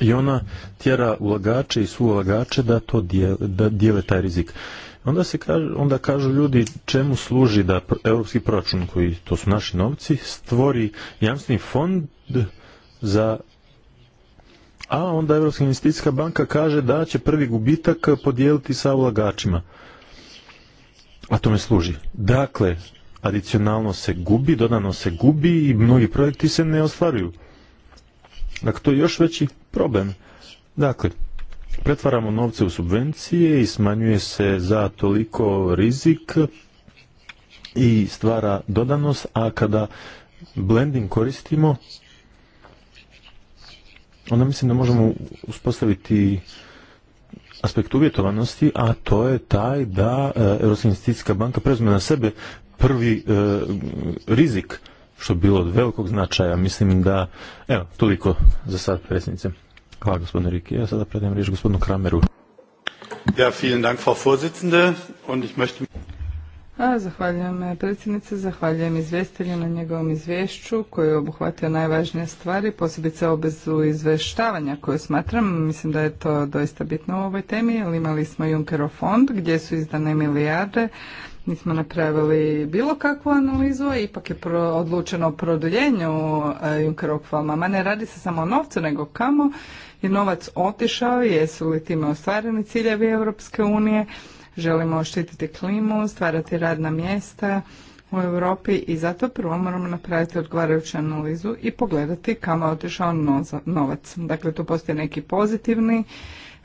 I ona tjera ulagače i ulagače da to dijele, da dijele taj rizik. Onda, se kažu, onda kažu ljudi čemu služi da europski proračun, koji to su naši novci, stvori jamstveni fond za a onda Europska investicijska banka kaže da će prvi gubitak podijeliti sa ulagačima. A tome služi. Dakle, adicionalno se gubi, dodano se gubi i mnogi projekti se ne ostvaruju. Dakle, to je još veći problem. Dakle, pretvaramo novce u subvencije i smanjuje se za toliko rizik i stvara dodanost, a kada blending koristimo, onda mislim da možemo uspostaviti aspekt uvjetovanosti, a to je taj da e, Europska investicijska banka preuzme na sebe prvi e, rizik, što bi bilo od velikog značaja. Mislim da, evo, toliko za sad, predsjednice. Hvala, gospodine Riki. Ja sada predajem riječ gospodinu Krameru. Ja, vielen Dank, Frau Vorsitzende. Zahvaljujem eh, predsjednice, zahvaljujem izvjestelju na njegovom izvješću koji je obuhvatio najvažnije stvari, posebice obezu izveštavanja koju smatram. Mislim da je to doista bitno u ovoj temi, jer imali smo Juncker fond gdje su izdane milijarde, nismo napravili bilo kakvu analizu, ipak je odlučeno o produljenju eh, Junkerovog fonda. Ne radi se samo o novcu, nego kamo je novac otišao, jesu li time ostvareni ciljevi Europske unije, želimo štititi klimu, stvarati radna mjesta u Europi i zato prvo moramo napraviti odgovarajuću analizu i pogledati kamo je otišao novac. Dakle, tu postoje neki pozitivni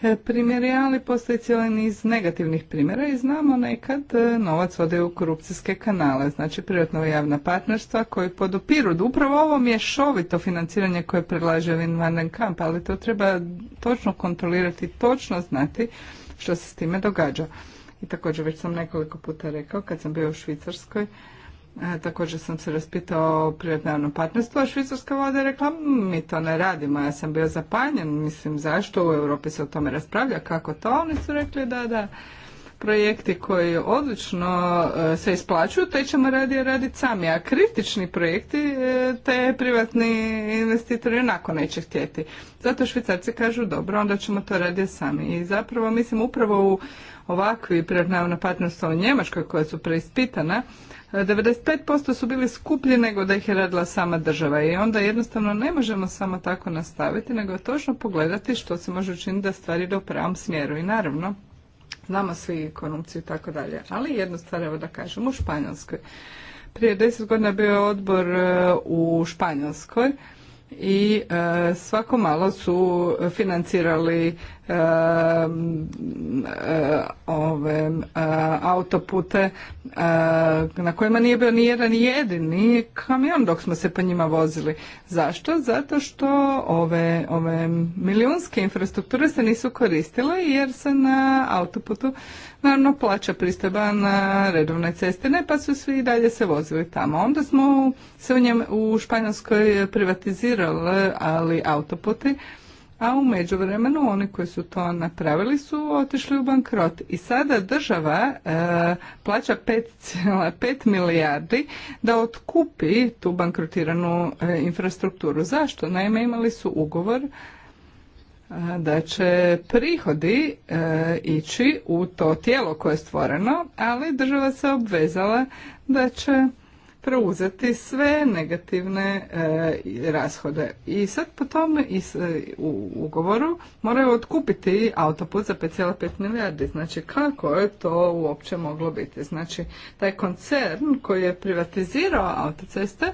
e, primjeri, ali postoji cijeli niz negativnih primjera i znamo nekad e, novac ode u korupcijske kanale, znači privatno javna partnerstva koji podupiru. Upravo ovo šovito financiranje koje predlaže Vin van den Kamp, ali to treba točno kontrolirati, točno znati što se s time događa i također već sam nekoliko puta rekao kad sam bio u Švicarskoj, e, također sam se raspitao o privatnom partnerstvu, a švicarska voda je rekla mi to ne radimo, ja sam bio zapanjen, mislim zašto u Europi se o tome raspravlja, kako to, oni su rekli da, da, projekti koji odlično e, se isplaćuju, te ćemo radije raditi sami, a kritični projekti e, te privatni investitori onako neće htjeti. Zato švicarci kažu dobro, onda ćemo to raditi sami. I zapravo mislim upravo u ovakvi privatna partnerstva u Njemačkoj koja su preispitana, 95% e, su bili skuplji nego da ih je radila sama država i onda jednostavno ne možemo samo tako nastaviti nego točno pogledati što se može učiniti da stvari ide u pravom smjeru i naravno znamo svi korupciju i tako dalje. Ali jednu stvar evo da kažem, u Španjolskoj. Prije deset godina bio je odbor e, u Španjolskoj i e, svako malo su financirali E, ove e, autopute e, na kojima nije bio ni jedan jedini kamion dok smo se po njima vozili. Zašto? Zato što ove, ove milijunske infrastrukture se nisu koristile jer se na autoputu naravno plaća pristojba na redovne ceste, ne pa su svi i dalje se vozili tamo. Onda smo se u, njem, u Španjolskoj privatizirali ali autoputi a u međuvremenu oni koji su to napravili su otišli u bankrot. I sada država e, plaća 5,5 milijardi da otkupi tu bankrotiranu e, infrastrukturu. Zašto? Naime, imali su ugovor e, da će prihodi e, ići u to tijelo koje je stvoreno, ali država se obvezala da će preuzeti sve negativne e, rashode. I sad po tom e, u ugovoru moraju otkupiti autoput za 5,5 milijardi. Znači kako je to uopće moglo biti? Znači taj koncern koji je privatizirao autoceste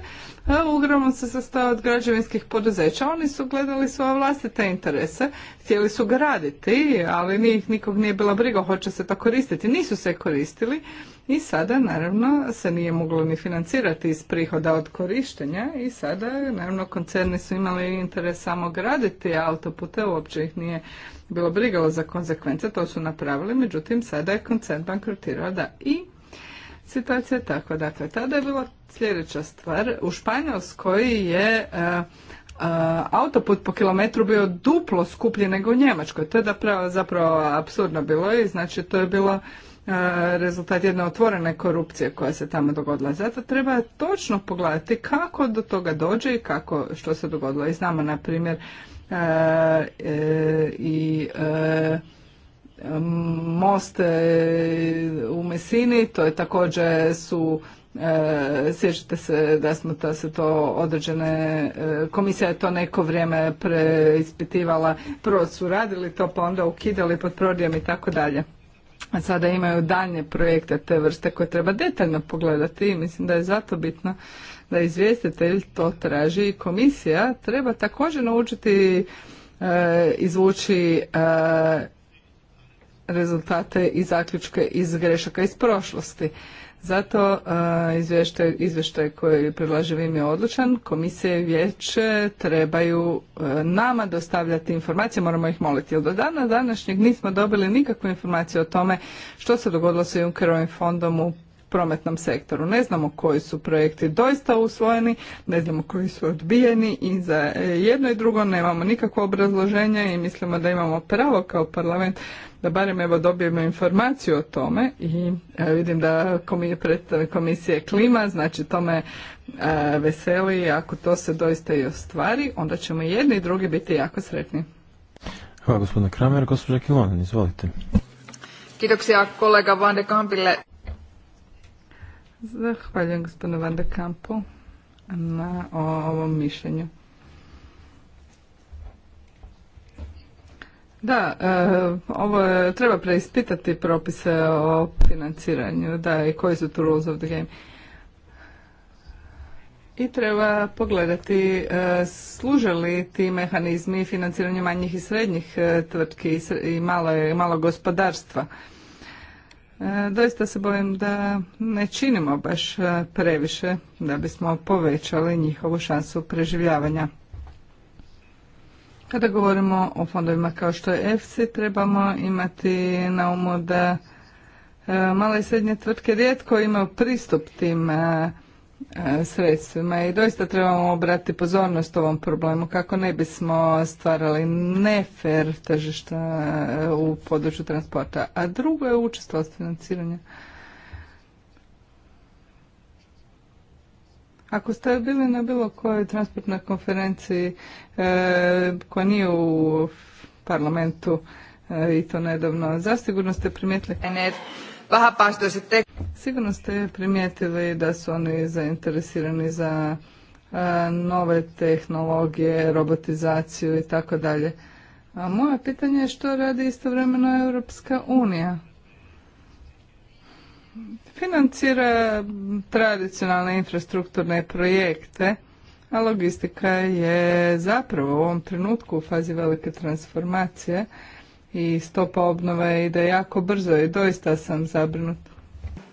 uglavnom se sastoje od građevinskih poduzeća. Oni su gledali svoje vlastite interese, htjeli su graditi, ali njih nikog nije bila briga, hoće se to koristiti. Nisu se koristili i sada naravno se nije moglo ni financirati iz prihoda od korištenja i sada naravno koncerni su imali interes samo graditi autopute, uopće ih nije bilo brigalo za konsekvence, to su napravili, međutim sada je koncern bankrotirao da i situacija je takva. Dakle, tada je bila sljedeća stvar. U Španjolskoj je e, e, autoput po kilometru bio duplo skuplji nego u Njemačkoj. To je da zapravo apsurdno bilo i znači to je bilo e, rezultat jedne otvorene korupcije koja se tamo dogodila. Zato treba točno pogledati kako do toga dođe i kako, što se dogodilo. I znamo, na primjer, i most e, u Mesini, to je također su E, sjećate se da smo se to određene, e, komisija je to neko vrijeme preispitivala, prvo su radili to pa onda ukidali pod prodijem i tako dalje. A sada imaju daljnje projekte te vrste koje treba detaljno pogledati i mislim da je zato bitno da izvjestitelj to traži i komisija treba također naučiti e, izvući e, rezultate i zaključke iz grešaka iz prošlosti. Zato uh, izvještaj, izvještaj koji predlaže im je odlučan. Komisije i vijeće trebaju uh, nama dostavljati informacije, moramo ih moliti. Jer do dana današnjeg nismo dobili nikakvu informaciju o tome što se dogodilo sa Junckerovim fondom u prometnom sektoru. Ne znamo koji su projekti doista usvojeni, ne znamo koji su odbijeni i za jedno i drugo nemamo nikakvo obrazloženje i mislimo da imamo pravo kao parlament da barem evo dobijemo informaciju o tome i e, vidim da predstave komisije klima, znači tome e, veseli i ako to se doista i ostvari, onda ćemo i jedni i drugi biti jako sretni. Hvala gospodina Kramer, gospođa Kilonen, izvolite. Kiitoksia kollega Van Kampille Zahvaljujem gospodinu Van de Kampu na ovom mišljenju. Da, e, ovo je, treba preispitati propise o financiranju, da i koji su tu rules of the game. I treba pogledati e, služe li ti mehanizmi financiranja manjih i srednjih e, tvrtki i, malog malo gospodarstva. E, doista se bojim da ne činimo baš e, previše da bismo povećali njihovu šansu preživljavanja. Kada govorimo o fondovima kao što je FC, trebamo imati na umu da e, male i srednje tvrtke rijetko imaju pristup tim E, sredstvima i doista trebamo obratiti pozornost ovom problemu kako ne bismo stvarali nefer tržišta e, u području transporta. A drugo je učestvost financiranja. Ako ste bili na bilo kojoj transportnoj konferenciji e, koja nije u parlamentu i to nedavno, zasigurno ste primijetili... Sigurno ste primijetili da su oni zainteresirani za e, nove tehnologije, robotizaciju i tako dalje. A moje pitanje je što radi istovremeno Europska unija? Financira tradicionalne infrastrukturne projekte, a logistika je zapravo u ovom trenutku u fazi velike transformacije i stopa obnove ide jako brzo i doista sam zabrinut.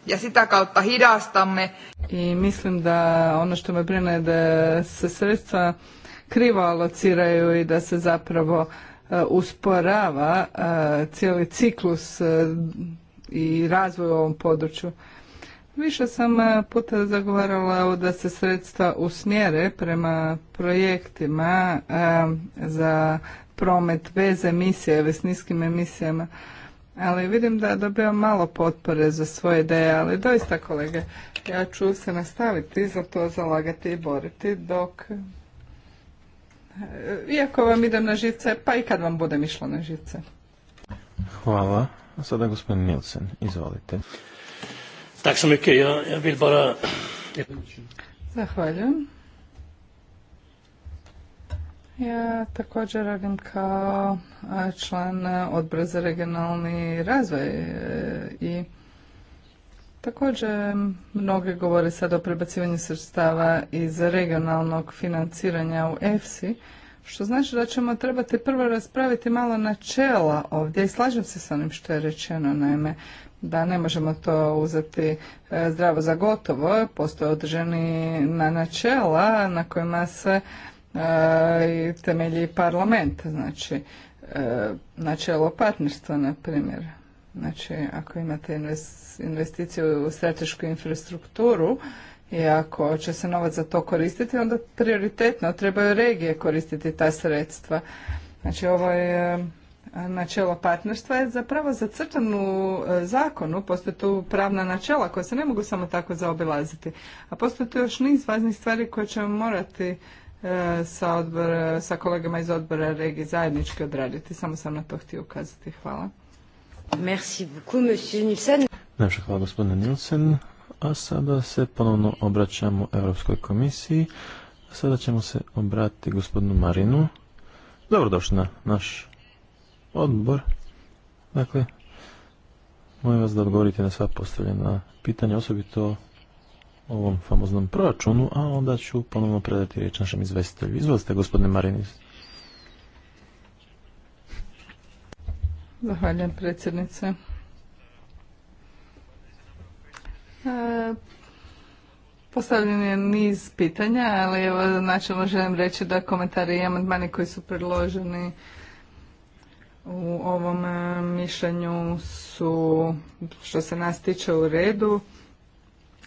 Ja sitä kautta hidastamme. I mislim da ono što me brine je da se sredstva krivo alociraju i da se zapravo e, usporava e, cijeli ciklus e, i razvoj u ovom području. Više sam puta zagovarala da se sredstva usmjere prema projektima za promet bez emisije ve s niskim emisijama. Ali vidim da dobivam malo potpore za svoje ideje, ali doista kolege, ja ću se nastaviti za to zalagati i boriti dok... E, iako vam idem na žice, pa i kad vam budem išla na žice. Hvala. A sada gospodin Nilsen, izvolite. Tak sam ja, ja bara... Zahvaljujem. Ja također radim kao član odbora za regionalni razvoj e, i Također, mnogi govore sad o prebacivanju sredstava iz regionalnog financiranja u EFSI, što znači da ćemo trebati prvo raspraviti malo načela ovdje i slažem se sa onim što je rečeno, naime, da ne možemo to uzeti e, zdravo za gotovo, postoje određeni na načela na kojima se E, i temelji parlament, znači e, načelo partnerstva, na primjer. Znači, ako imate investiciju u stratešku infrastrukturu i ako će se novac za to koristiti, onda prioritetno trebaju regije koristiti ta sredstva. Znači, ovo je e, načelo partnerstva je zapravo zacrtan u zakonu, postoje tu pravna načela koja se ne mogu samo tako zaobilaziti, a postoje tu još niz važnih stvari koje ćemo morati E, sa, odbor, sa kolegama iz odbora regije zajednički odraditi. Samo sam na to htio ukazati. Hvala. Merci beaucoup, monsieur Nielsen. hvala gospodine Nielsen. A sada se ponovno obraćamo Europskoj komisiji. sada ćemo se obratiti gospodinu Marinu. Dobrodošli na naš odbor. Dakle, molim vas da odgovorite na sva postavljena pitanja, osobito ovom famoznom proračunu, a onda ću ponovno predati riječ našem izvestitelju. Izvolite, gospodine Marinis. Zahvaljujem, predsjednice. E, postavljen je niz pitanja, ali evo načelno želim reći da komentari i amandmani koji su predloženi u ovom e, mišljenju su, što se nas tiče, u redu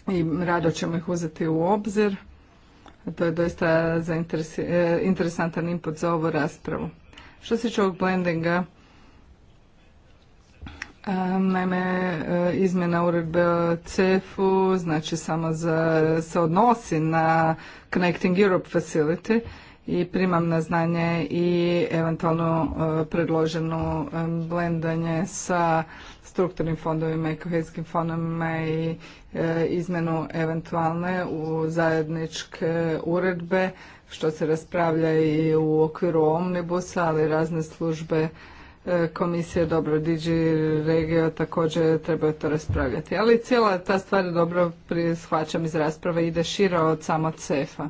i rado ćemo ih uzeti u obzir. To je doista za e, interesantan input za ovu raspravu. Što se tiče ovog blendinga, e, Naime, e, izmjena uredbe o CEF-u znači samo za, se odnosi na Connecting Europe Facility i primam na znanje i eventualno e, predloženo e, blendanje sa strukturnim fondovima i kohezijskim fondovima i e, izmenu eventualne u zajedničke uredbe što se raspravlja i u okviru omnibusa, ali razne službe komisije, dobro, Digi Regio također trebaju to raspravljati. Ali cijela ta stvar dobro shvaćam iz rasprave ide šira od samo CEFA.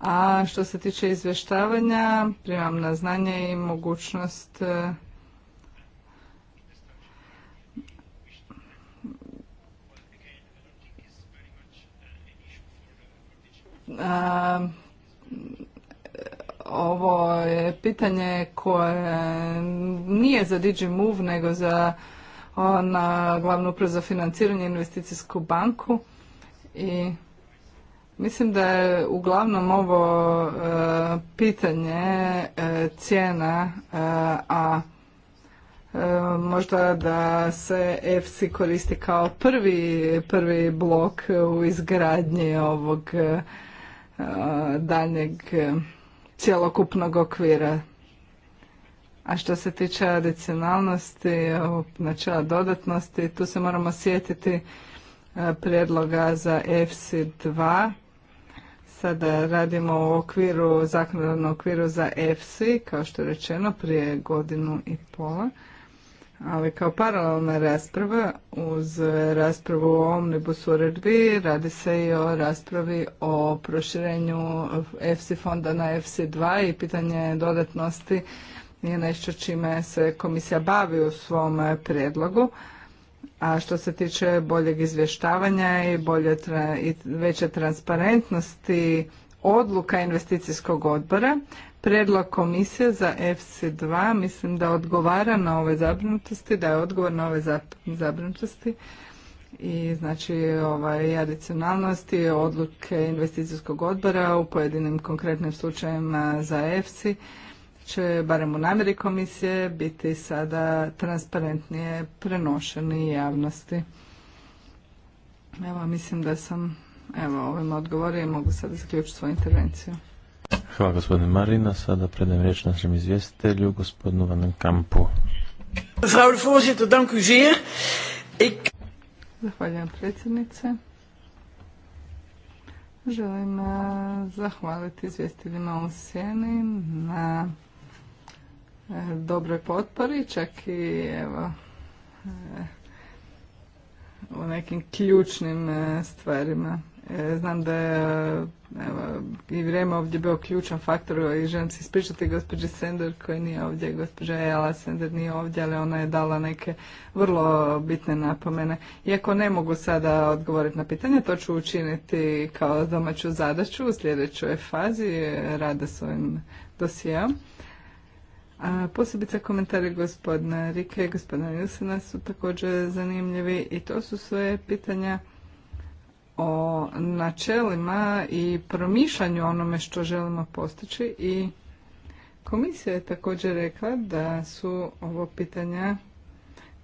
A što se tiče izvještavanja, primam na znanje i mogućnost e, ovo je pitanje koje nije za DigiMove nego za na glavnu upravu za financiranje investicijsku banku i Mislim da je uglavnom ovo e, pitanje e, cijena, e, a možda da se FC koristi kao prvi, prvi blok u izgradnji ovog daljnjeg cjelokupnog okvira. A što se tiče adicionalnosti, načela dodatnosti, tu se moramo sjetiti prijedloga za EFSI 2 sada radimo u okviru, zakonodavnom okviru za EFSI, kao što je rečeno, prije godinu i pola. Ali kao paralelna rasprava uz raspravu o omnibus uredbi radi se i o raspravi o proširenju EFSI fonda na EFSI 2 i pitanje dodatnosti je nešto čime se komisija bavi u svom prijedlogu a što se tiče boljeg izvještavanja i, bolje i veće transparentnosti odluka investicijskog odbora, predlog komisije za FC2 mislim da odgovara na ove zabrinutosti, da je odgovor na ove zabrinutosti i znači ovaj, adicionalnosti odluke investicijskog odbora u pojedinim konkretnim slučajevima za EFSI će, barem u namjeri komisije, biti sada transparentnije prenošeni javnosti. Evo, mislim da sam evo, ovim odgovorio i mogu sada zaključiti svoju intervenciju. Hvala gospodine Marina. Sada predajem riječ našem izvjestitelju, gospodinu Van Kampu. Mevrouw de dank u Zahvaljujem predsjednice. Želim eh, zahvaliti izvjestiteljima u Sjeni na dobroj potpori, čak i evo, u nekim ključnim e, stvarima. E, znam da je evo, i vrijeme ovdje bio ključan faktor i želim se ispričati gospođi Sender koji nije ovdje, gospođa Jela Sender nije ovdje, ali ona je dala neke vrlo bitne napomene. Iako ne mogu sada odgovoriti na pitanje, to ću učiniti kao domaću zadaću u sljedećoj fazi e, rada s ovim dosijeom. A posebice komentari gospodina Rike i gospodina Jusena su također zanimljivi i to su sve pitanja o načelima i promišljanju onome što želimo postići i komisija je također rekla da su ovo pitanja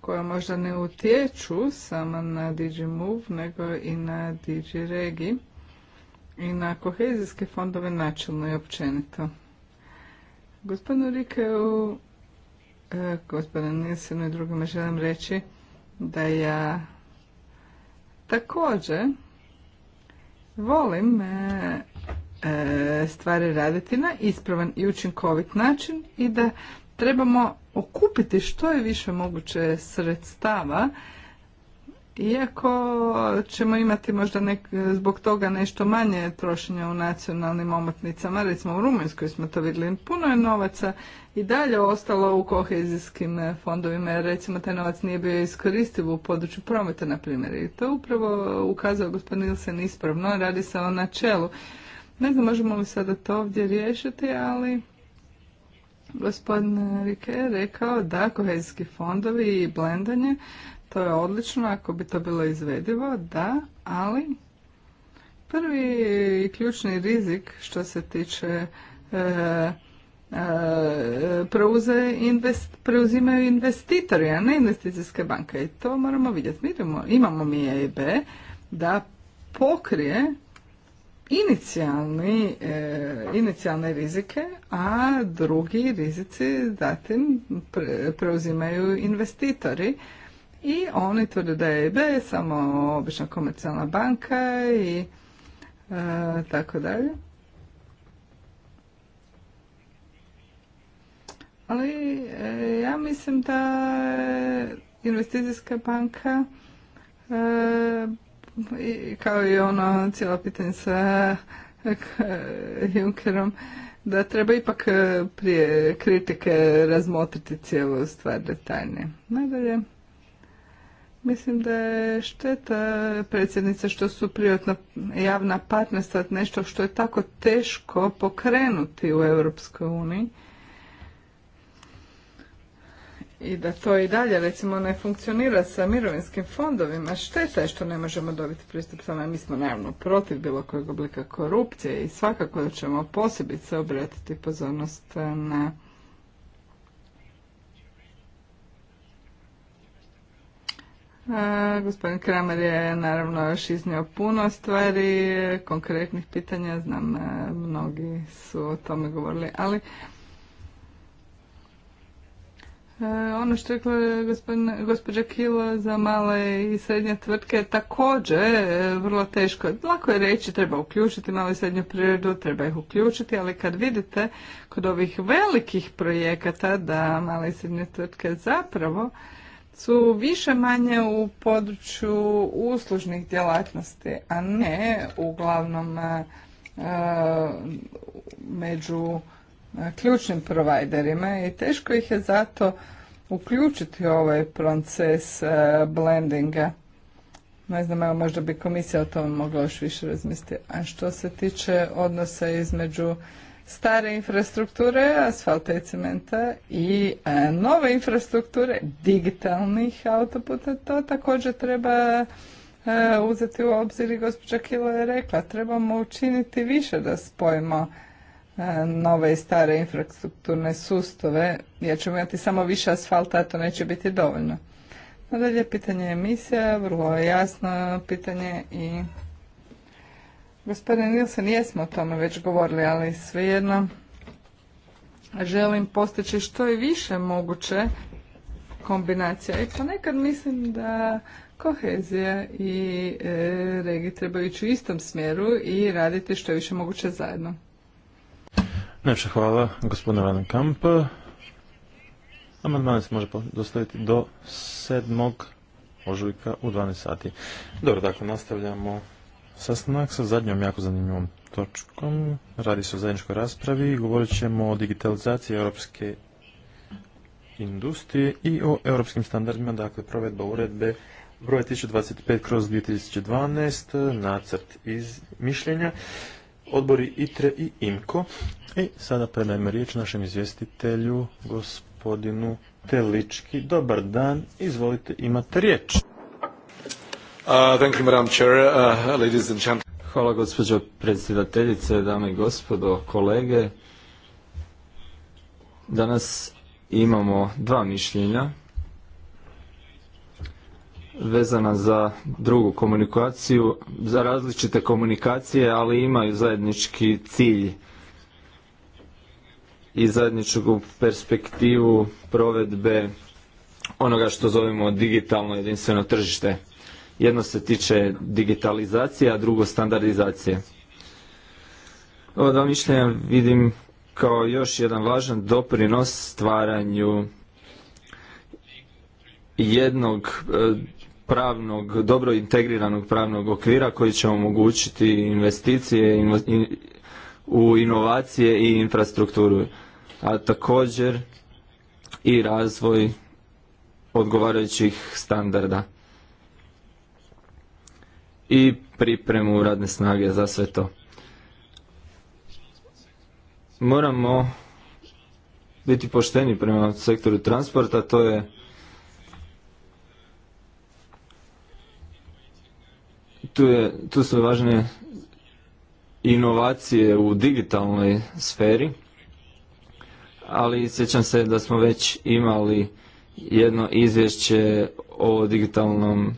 koja možda ne utječu samo na DigiMove nego i na DigiRegi i na kohezijske fondove načelno i općenito. Gospodinu Rikeu, e, gospodinu Nilsenu i drugima želim reći da ja također volim e, e, stvari raditi na ispravan i učinkovit način i da trebamo okupiti što je više moguće sredstava iako ćemo imati možda nek, zbog toga nešto manje trošenja u nacionalnim omotnicama, recimo u Rumunjskoj smo to vidjeli, puno je novaca i dalje ostalo u kohezijskim fondovima, jer recimo taj novac nije bio iskoristiv u području prometa, na primjer. I to upravo ukazao gospodin Ilsen ispravno, radi se o načelu. Ne znam možemo li sada to ovdje riješiti, ali gospodin Rike rekao da kohezijski fondovi i blendanje to je odlično ako bi to bilo izvedivo, da, ali prvi i ključni rizik što se tiče e, e invest, preuzimaju investitori, a ne investicijske banke. I to moramo vidjeti. Mi imamo mi EIB da pokrije inicijalni, e, inicijalne rizike, a drugi rizici zatim preuzimaju investitori i oni tvrde da je EIB samo obična komercijalna banka i e, tako dalje. Ali e, ja mislim da investicijska banka e, kao i ono cijelo pitanje sa Junkerom da treba ipak prije kritike razmotriti cijelu stvar detaljnije. Nadalje. Mislim da je šteta predsjednice što su privatna javna partnerstva nešto što je tako teško pokrenuti u Europskoj uniji i da to i dalje recimo ne funkcionira sa mirovinskim fondovima. Šteta je što ne možemo dobiti pristup tome. Mi smo naravno protiv bilo kojeg oblika korupcije i svakako ćemo posebice obratiti pozornost na A, gospodin Kramer je naravno još iznio puno stvari, konkretnih pitanja, znam e, mnogi su o tome govorili, ali e, ono što je rekla gospođa Kilo za male i srednje tvrtke također e, vrlo teško. Lako je reći treba uključiti malo i srednju prirodu, treba ih uključiti, ali kad vidite kod ovih velikih projekata da male i srednje tvrtke zapravo su više manje u području uslužnih djelatnosti, a ne uglavnom e, među e, ključnim providerima i teško ih je zato uključiti u ovaj proces e, blendinga. Ne znam, evo možda bi komisija o tome mogla još više razmisliti. A što se tiče odnosa između stare infrastrukture, asfalta i cementa i e, nove infrastrukture digitalnih autoputa, to također treba e, uzeti u obzir i gospođa Kilo je rekla, trebamo učiniti više da spojimo e, nove i stare infrastrukturne sustove, jer ćemo imati samo više asfalta, a to neće biti dovoljno. Nadalje, pitanje emisija, vrlo jasno pitanje i Gospodine Nilsen, jesmo o tome već govorili, ali svejedno želim postići što je više moguće kombinacija. I ponekad mislim da kohezija i e, regije trebaju ići u istom smjeru i raditi što je više moguće zajedno. Najviše hvala, gospodine Van Kamp. Amandmane se može dostaviti do 7. ožujka u 12 sati. Dobro, dakle, nastavljamo sastanak sa zadnjom jako zanimljivom točkom. Radi se o zajedničkoj raspravi. Govorit ćemo o digitalizaciji europske industrije i o europskim standardima, dakle provedba uredbe broj 1025 kroz 2012, nacrt iz mišljenja, odbori ITRE i IMKO. I sada predajemo riječ našem izvjestitelju, gospodinu Telički. Dobar dan, izvolite, imate riječ. Uh, uh, uh, Hvala gospođo predsjedateljice, dame i gospodo, kolege. Danas imamo dva mišljenja vezana za drugu komunikaciju, za različite komunikacije, ali imaju zajednički cilj i zajedničku perspektivu provedbe onoga što zovemo digitalno jedinstveno tržište. Jedno se tiče digitalizacije, a drugo standardizacije. Ova dva mišljenja vidim kao još jedan važan doprinos stvaranju jednog e, pravnog, dobro integriranog pravnog okvira koji će omogućiti investicije u inovacije i infrastrukturu, a također i razvoj odgovarajućih standarda i pripremu radne snage za sve to. Moramo biti pošteni prema sektoru transporta, to je tu, je, su važne inovacije u digitalnoj sferi, ali sjećam se da smo već imali jedno izvješće o digitalnom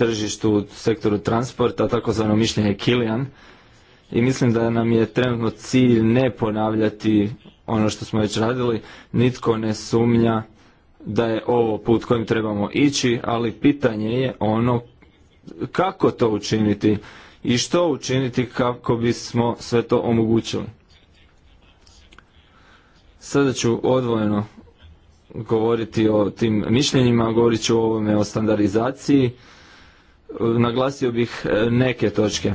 tržištu u sektoru transporta, takozvano mišljenje Kilian. I mislim da nam je trenutno cilj ne ponavljati ono što smo već radili. Nitko ne sumnja da je ovo put kojim trebamo ići, ali pitanje je ono kako to učiniti i što učiniti kako bismo sve to omogućili. Sada ću odvojeno govoriti o tim mišljenjima, govorit ću o ovome o standardizaciji naglasio bih e, neke točke.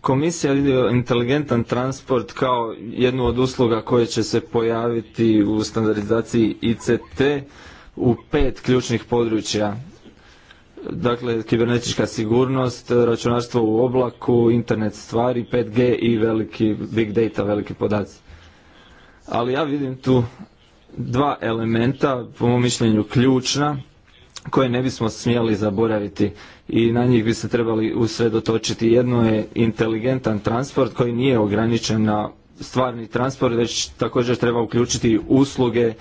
Komisija vidio inteligentan transport kao jednu od usluga koje će se pojaviti u standardizaciji ICT u pet ključnih područja. Dakle, kibernetička sigurnost, računarstvo u oblaku, internet stvari, 5G i veliki big data, veliki podaci. Ali ja vidim tu dva elementa, po mom mišljenju, ključna koje ne bismo smjeli zaboraviti i na njih bi se trebali usredotočiti. Jedno je inteligentan transport koji nije ograničen na stvarni transport, već također treba uključiti usluge,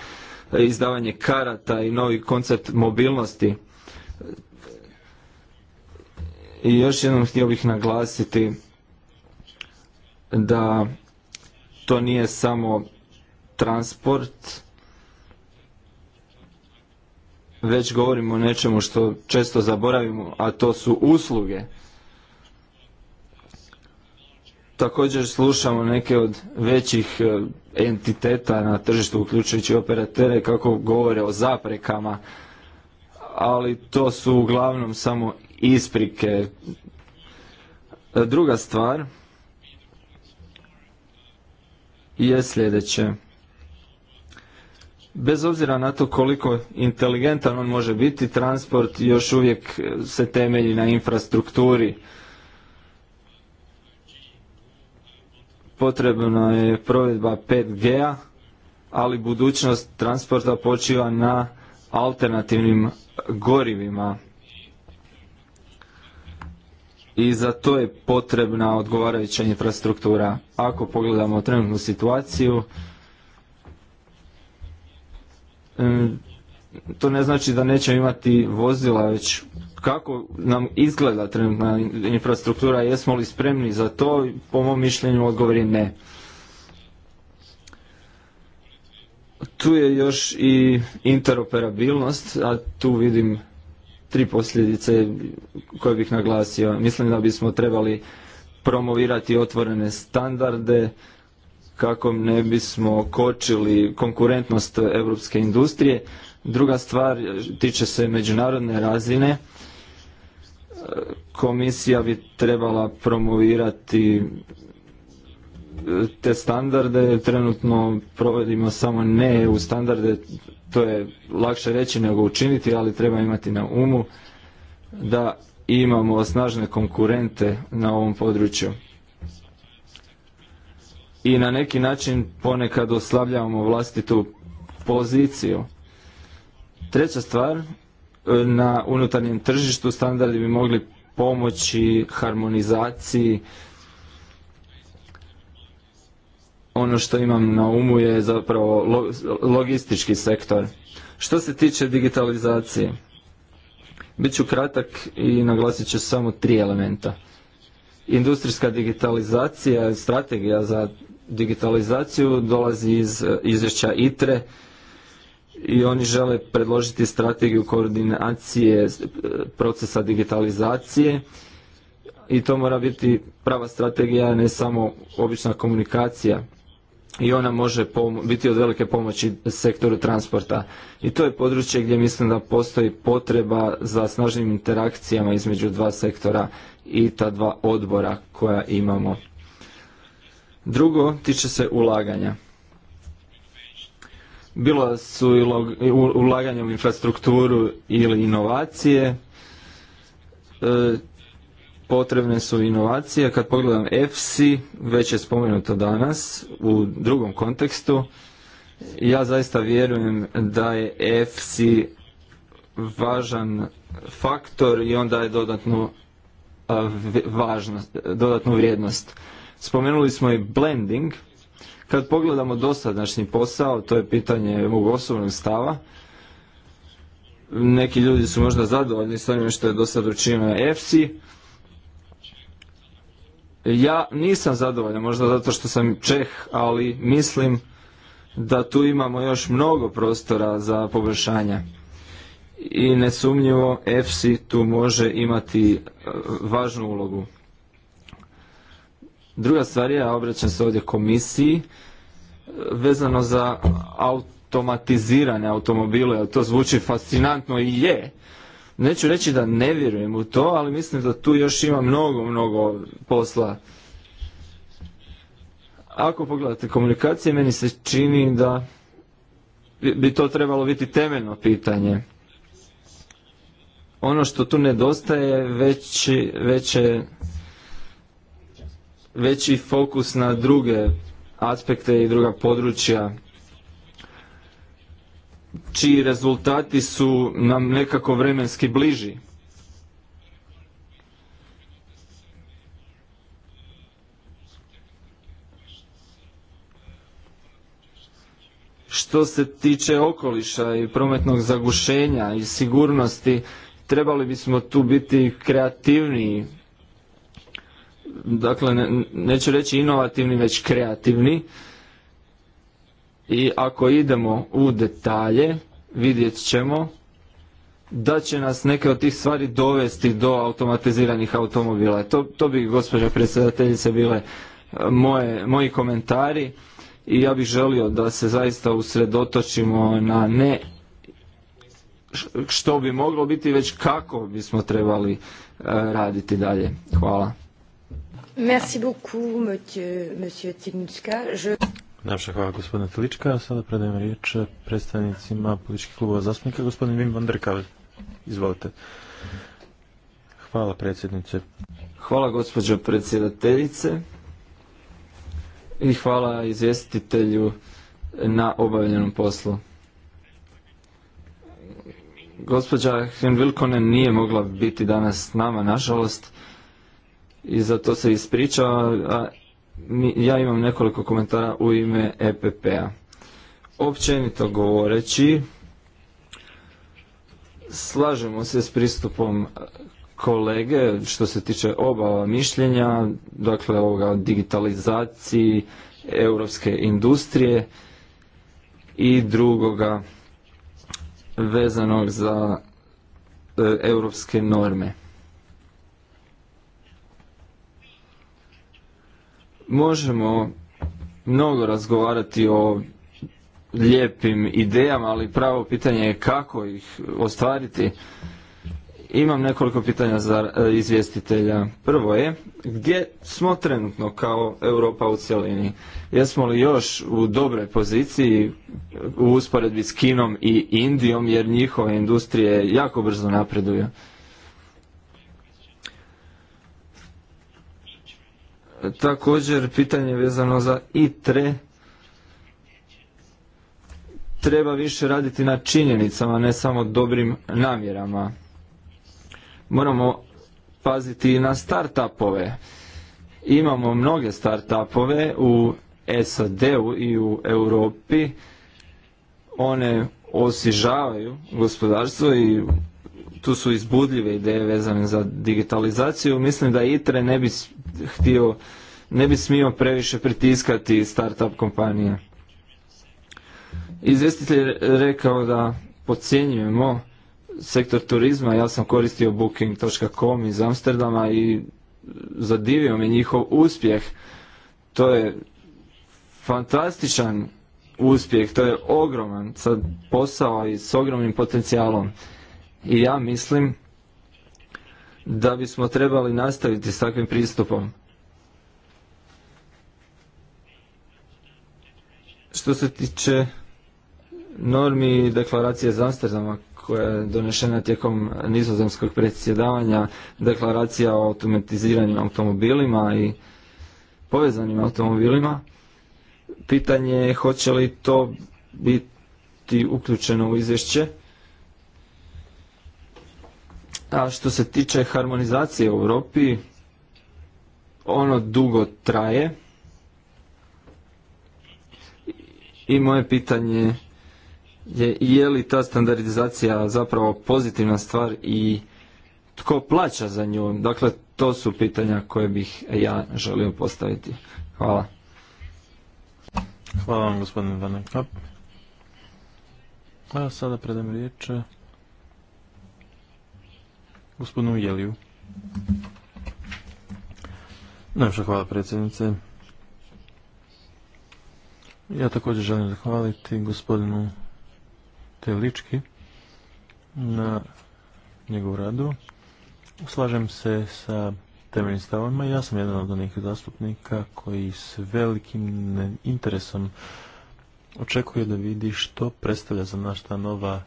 izdavanje karata i novi koncept mobilnosti. I još jednom htio bih naglasiti da to nije samo transport, već govorimo o nečemu što često zaboravimo, a to su usluge. Također slušamo neke od većih e, entiteta na tržištu, uključujući operatere, kako govore o zaprekama, ali to su uglavnom samo isprike. E, druga stvar je sljedeće. Bez obzira na to koliko inteligentan on može biti, transport još uvijek se temelji na infrastrukturi. Potrebna je provedba 5G-a, ali budućnost transporta počiva na alternativnim gorivima. I za to je potrebna odgovarajuća infrastruktura. Ako pogledamo trenutnu situaciju, E, to ne znači da nećemo imati vozila, već kako nam izgleda trenutna infrastruktura, jesmo li spremni za to, po mom mišljenju odgovor ne. Tu je još i interoperabilnost, a tu vidim tri posljedice koje bih naglasio. Mislim da bismo trebali promovirati otvorene standarde, kako ne bismo kočili konkurentnost europske industrije. Druga stvar tiče se međunarodne razine. E, komisija bi trebala promovirati e, te standarde. Trenutno provodimo samo ne u standarde, to je lakše reći nego učiniti, ali treba imati na umu da imamo snažne konkurente na ovom području i na neki način ponekad oslavljavamo vlastitu poziciju. Treća stvar, e, na unutarnjem tržištu standardi bi mogli pomoći harmonizaciji. Ono što imam na umu je zapravo logistički sektor. Što se tiče digitalizacije, bit ću kratak i naglasit ću samo tri elementa. Industrijska digitalizacija je strategija za digitalizaciju dolazi iz e, izvješća ITRE i oni žele predložiti strategiju koordinacije e, procesa digitalizacije i to mora biti prava strategija, ne samo obična komunikacija i ona može biti od velike pomoći sektoru transporta. I to je područje gdje mislim da postoji potreba za snažnim interakcijama između dva sektora i ta dva odbora koja imamo. Drugo, tiče se ulaganja. Bilo su ulaganje u infrastrukturu ili inovacije. E, potrebne su inovacije. Kad pogledam EFSI, već je spomenuto danas u drugom kontekstu, ja zaista vjerujem da je EFSI važan faktor i on je dodatnu važnost, dodatnu vrijednost. Spomenuli smo i blending. Kad pogledamo dosadašnji posao, to je pitanje mog osobnog stava, neki ljudi su možda zadovoljni s onim što je do sad učinio EFSI. Ja nisam zadovoljan, možda zato što sam Čeh, ali mislim da tu imamo još mnogo prostora za poboljšanja. I nesumnjivo EFSI tu može imati e, važnu ulogu. Druga stvar je, ja obraćam se ovdje komisiji, vezano za automatizirane automobile, to zvuči fascinantno i je. Neću reći da ne vjerujem u to, ali mislim da tu još ima mnogo, mnogo posla. Ako pogledate komunikacije, meni se čini da bi to trebalo biti temeljno pitanje. Ono što tu nedostaje već, već je veći fokus na druge aspekte i druga područja čiji rezultati su nam nekako vremenski bliži. Što se tiče okoliša i prometnog zagušenja i sigurnosti, trebali bismo tu biti kreativniji dakle ne, neću reći inovativni već kreativni i ako idemo u detalje vidjet ćemo da će nas neke od tih stvari dovesti do automatiziranih automobila. To, to bi gospođa predsjedateljice bile e, moje, moji komentari i ja bih želio da se zaista usredotočimo na ne što bi moglo biti već kako bismo trebali e, raditi dalje. Hvala. Merci beaucoup, monsieur, Je... naša hvala gospodine Telička. Sada predajem riječ predstavnicima političkih klubova zastupnika. Gospodin Wim van Izvolite. Hvala predsjednice. Hvala gospođo predsjedateljice i hvala izvjestitelju na obavljenom poslu. Gospođa Vilkone nije mogla biti danas s nama, nažalost, i za to se ispričava, a ja imam nekoliko komentara u ime EPP-a. Općenito govoreći, slažemo se s pristupom kolege što se tiče oba mišljenja, dakle ovoga digitalizaciji europske industrije i drugoga vezanog za e, europske norme. Možemo mnogo razgovarati o lijepim idejama, ali pravo pitanje je kako ih ostvariti. Imam nekoliko pitanja za e, izvjestitelja. Prvo je, gdje smo trenutno kao Europa u cjelini? Jesmo li još u dobroj poziciji u usporedbi s Kinom i Indijom, jer njihove industrije jako brzo napreduju? Također pitanje vezano za ITRE treba više raditi na činjenicama, ne samo dobrim namjerama. Moramo paziti i na startupove. Imamo mnoge startupove u SAD-u i u Europi. One osižavaju gospodarstvo i tu su izbudljive ideje vezane za digitalizaciju. Mislim da ITRE ne bi htio, ne bi smio previše pritiskati startup kompanije. Izvjestitelj je rekao da podcjenjujemo sektor turizma, ja sam koristio booking.com iz Amsterdama i zadivio mi njihov uspjeh. To je fantastičan uspjeh, to je ogroman sad posao i s ogromnim potencijalom. I ja mislim da bismo trebali nastaviti s takvim pristupom. Što se tiče normi deklaracije za Amsterdama koja je donešena tijekom nizozemskog predsjedavanja, deklaracija o automatiziranim automobilima i povezanim automobilima, pitanje je hoće li to biti uključeno u izvješće. A što se tiče harmonizacije u Europi, ono dugo traje. I moje pitanje je je li ta standardizacija zapravo pozitivna stvar i tko plaća za nju? Dakle, to su pitanja koje bih ja želio postaviti. Hvala. Hvala vam gospodine sada predam riječ gospodinu Jeliju. Najviše hvala predsjednice. Ja također želim zahvaliti gospodinu Telički na njegovu radu. Slažem se sa temeljnim stavovima. Ja sam jedan od onih zastupnika koji s velikim interesom očekuje da vidi što predstavlja za naš ta nova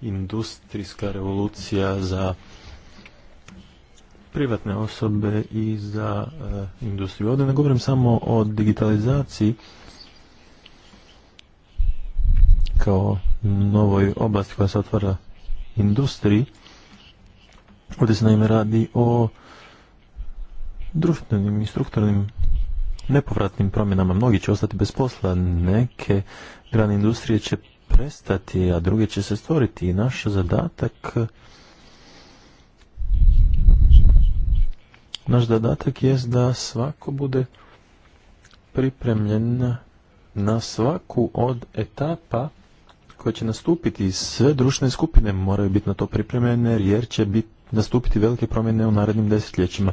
industrijska revolucija za privatne osobe i za eh, industriju. Ovdje ne govorim samo o digitalizaciji kao novoj oblasti koja se otvara industriji. Ovdje se naime radi o društvenim i strukturnim nepovratnim promjenama. Mnogi će ostati bez posla, neke grane industrije će prestati, a druge će se stvoriti. I naš zadatak Naš dodatak je da svako bude pripremljen na svaku od etapa koje će nastupiti. Sve društvene skupine moraju biti na to pripremljene jer će nastupiti velike promjene u narednim desetljećima.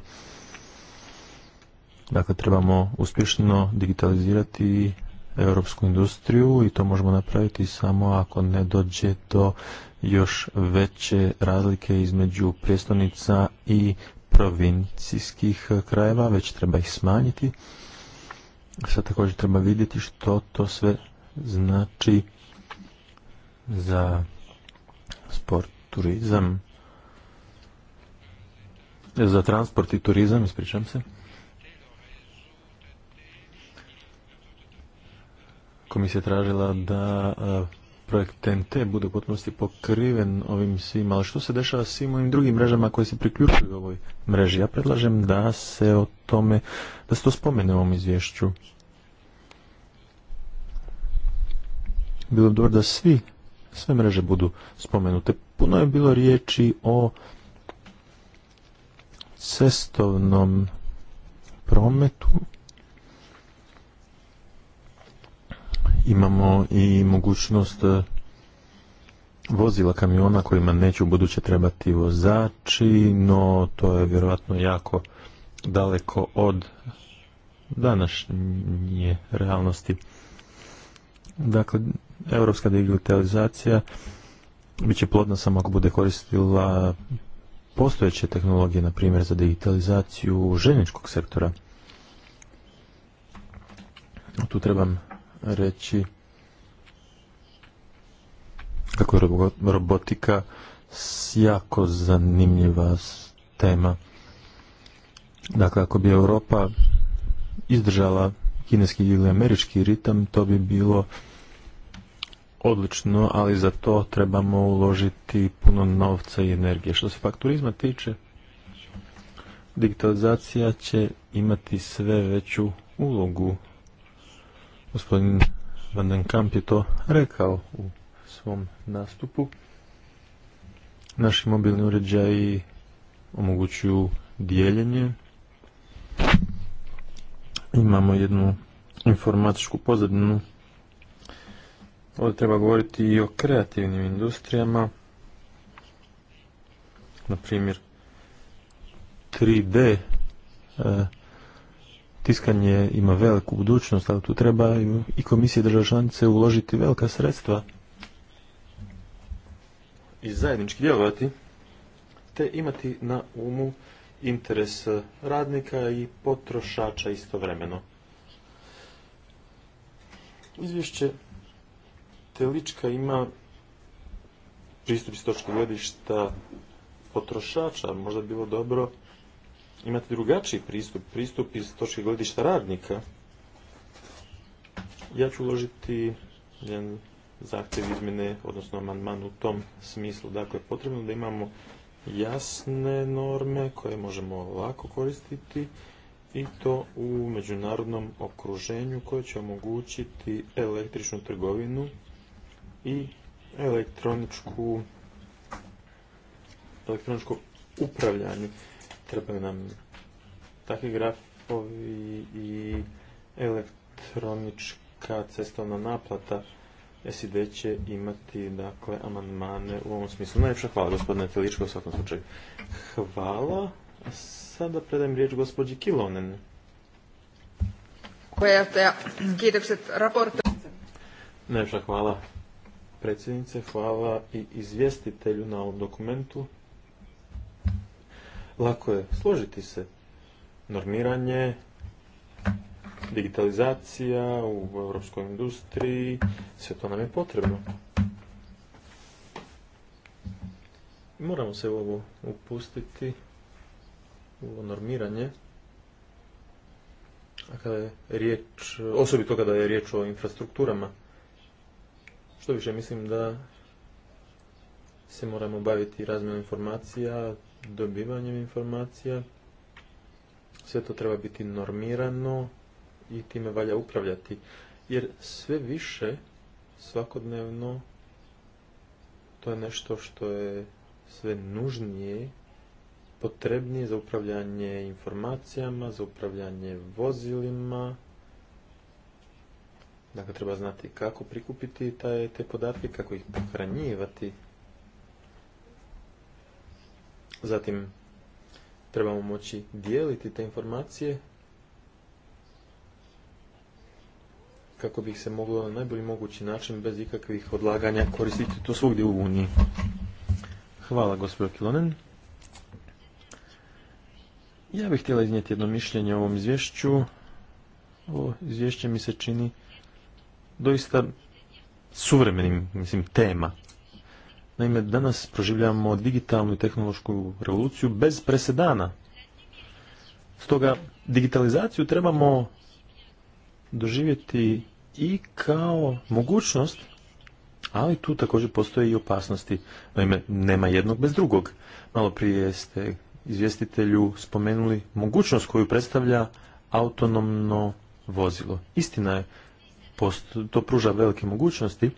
Dakle, trebamo uspješno digitalizirati europsku industriju i to možemo napraviti samo ako ne dođe do još veće razlike između prijestolnica i provincijskih eh, krajeva, već treba ih smanjiti. Sad također treba vidjeti što to sve znači za sport, turizam, za transport i turizam, ispričam se. Komisija tražila da eh, projekt TNT bude u potpunosti pokriven ovim svim, ali što se dešava s svim ovim drugim mrežama koje se priključuju ovoj mreži? Ja predlažem da se o tome, da se to spomene u ovom izvješću. Bilo bi dobro da svi, sve mreže budu spomenute. Puno je bilo riječi o cestovnom prometu imamo i mogućnost e, vozila kamiona kojima neće u buduće trebati vozači, no to je vjerojatno jako daleko od današnje realnosti. Dakle, europska digitalizacija bit će plodna samo ako bude koristila postojeće tehnologije, na primjer za digitalizaciju željezničkog sektora. Tu trebam reći kako je robotika jako zanimljiva tema. Dakle, ako bi Europa izdržala kineski ili američki ritam, to bi bilo odlično, ali za to trebamo uložiti puno novca i energije. Što se fakturizma tiče, digitalizacija će imati sve veću ulogu Gospodin Van Kamp je to rekao u svom nastupu. Naši mobilni uređaji omogućuju dijeljenje. Imamo jednu informatičku pozadinu. Ovdje treba govoriti i o kreativnim industrijama. Na primjer, 3D tiskanje ima veliku budućnost, ali tu treba i komisije država članice uložiti velika sredstva i zajednički djelovati, te imati na umu interes radnika i potrošača istovremeno. Izvješće Telička ima pristup iz točke gledišta potrošača. Možda bi bilo dobro imati drugačiji pristup, pristup iz točke gledišta radnika. Ja ću uložiti jedan zahtjev izmjene, odnosno amandman u tom smislu. Dakle, potrebno da imamo jasne norme koje možemo lako koristiti i to u međunarodnom okruženju koje će omogućiti električnu trgovinu i elektroničku elektroničko upravljanje trebaju nam takvi grafovi i elektronička cestovna naplata. SID će imati dakle amandmane u ovom smislu. Najljepša hvala gospodine Teličko u svakom slučaju. Hvala. sada predajem riječ gospođi Kilonen. Najljepša hvala predsjednice, hvala i izvjestitelju na ovom dokumentu. Lako je složiti se. Normiranje, digitalizacija u europskoj industriji, sve to nam je potrebno. Moramo se u ovo upustiti, u normiranje. A kada je riječ, osobito kada je riječ o infrastrukturama, što više mislim da se moramo baviti razmjenom informacija, dobivanjem informacija. Sve to treba biti normirano i time valja upravljati. Jer sve više svakodnevno to je nešto što je sve nužnije, potrebnije za upravljanje informacijama, za upravljanje vozilima. Dakle, treba znati kako prikupiti te podatke, kako ih pohranjivati Zatim, trebamo moći dijeliti te informacije kako bi se moglo na najbolji mogući način bez ikakvih odlaganja koristiti to svugdje u Uniji. Hvala, gospodin Kilonen. Ja bih htjela iznijeti jedno mišljenje o ovom izvješću. Ovo izvješće mi se čini doista suvremenim, mislim, tema. Naime, danas proživljamo digitalnu i tehnološku revoluciju bez presedana. Stoga digitalizaciju trebamo doživjeti i kao mogućnost, ali tu također postoje i opasnosti. Naime, nema jednog bez drugog. Malo prije ste izvjestitelju spomenuli mogućnost koju predstavlja autonomno vozilo. Istina je, to pruža velike mogućnosti,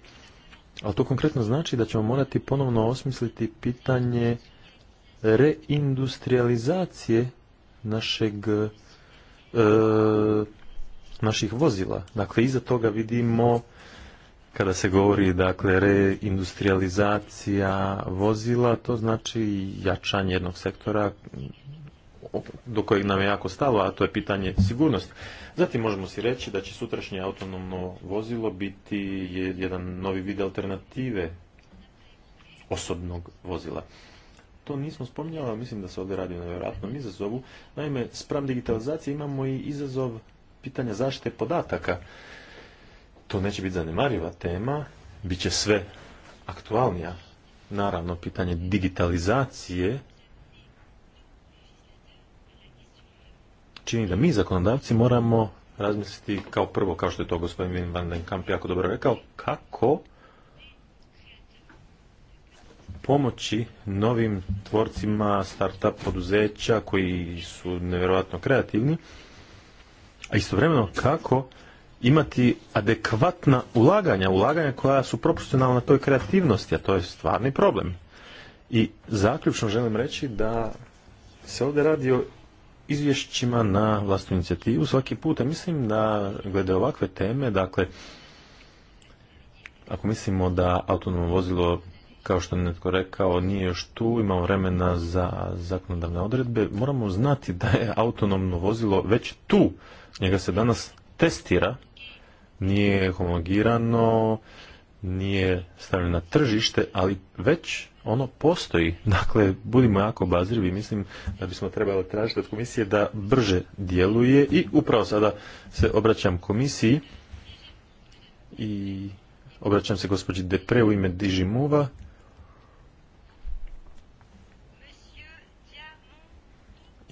ali to konkretno znači da ćemo morati ponovno osmisliti pitanje reindustrializacije našeg e, naših vozila. Dakle, iza toga vidimo kada se govori dakle reindustrializacija vozila, to znači jačanje jednog sektora do kojeg nam je jako stalo, a to je pitanje sigurnosti. Zatim možemo si reći da će sutrašnje autonomno vozilo biti jedan novi vid alternative osobnog vozila. To nismo spominjali, ali mislim da se ovdje radi o nevjerojatnom izazovu. Naime, spram digitalizacije imamo i izazov pitanja zaštite podataka. To neće biti zanemariva tema, bit će sve aktualnija. Naravno, pitanje digitalizacije čini da mi zakonodavci moramo razmisliti kao prvo, kao što je to gospodin Van den Kamp jako dobro rekao, kako pomoći novim tvorcima startup poduzeća koji su nevjerojatno kreativni, a istovremeno kako imati adekvatna ulaganja, ulaganja koja su proporcionalna toj kreativnosti, a to je stvarni problem. I zaključno želim reći da se ovdje radi o izvješćima na vlastnu inicijativu svaki puta. Mislim da glede ovakve teme, dakle, ako mislimo da autonomno vozilo kao što je netko rekao, nije još tu, imamo vremena za zakonodavne odredbe, moramo znati da je autonomno vozilo već tu. Njega se danas testira, nije homologirano, nije stavljeno na tržište, ali već ono postoji. Dakle, budimo jako bazrivi, mislim da bismo trebali tražiti od komisije da brže djeluje i upravo sada se obraćam komisiji i obraćam se gospođi Depre u ime Dižimuva.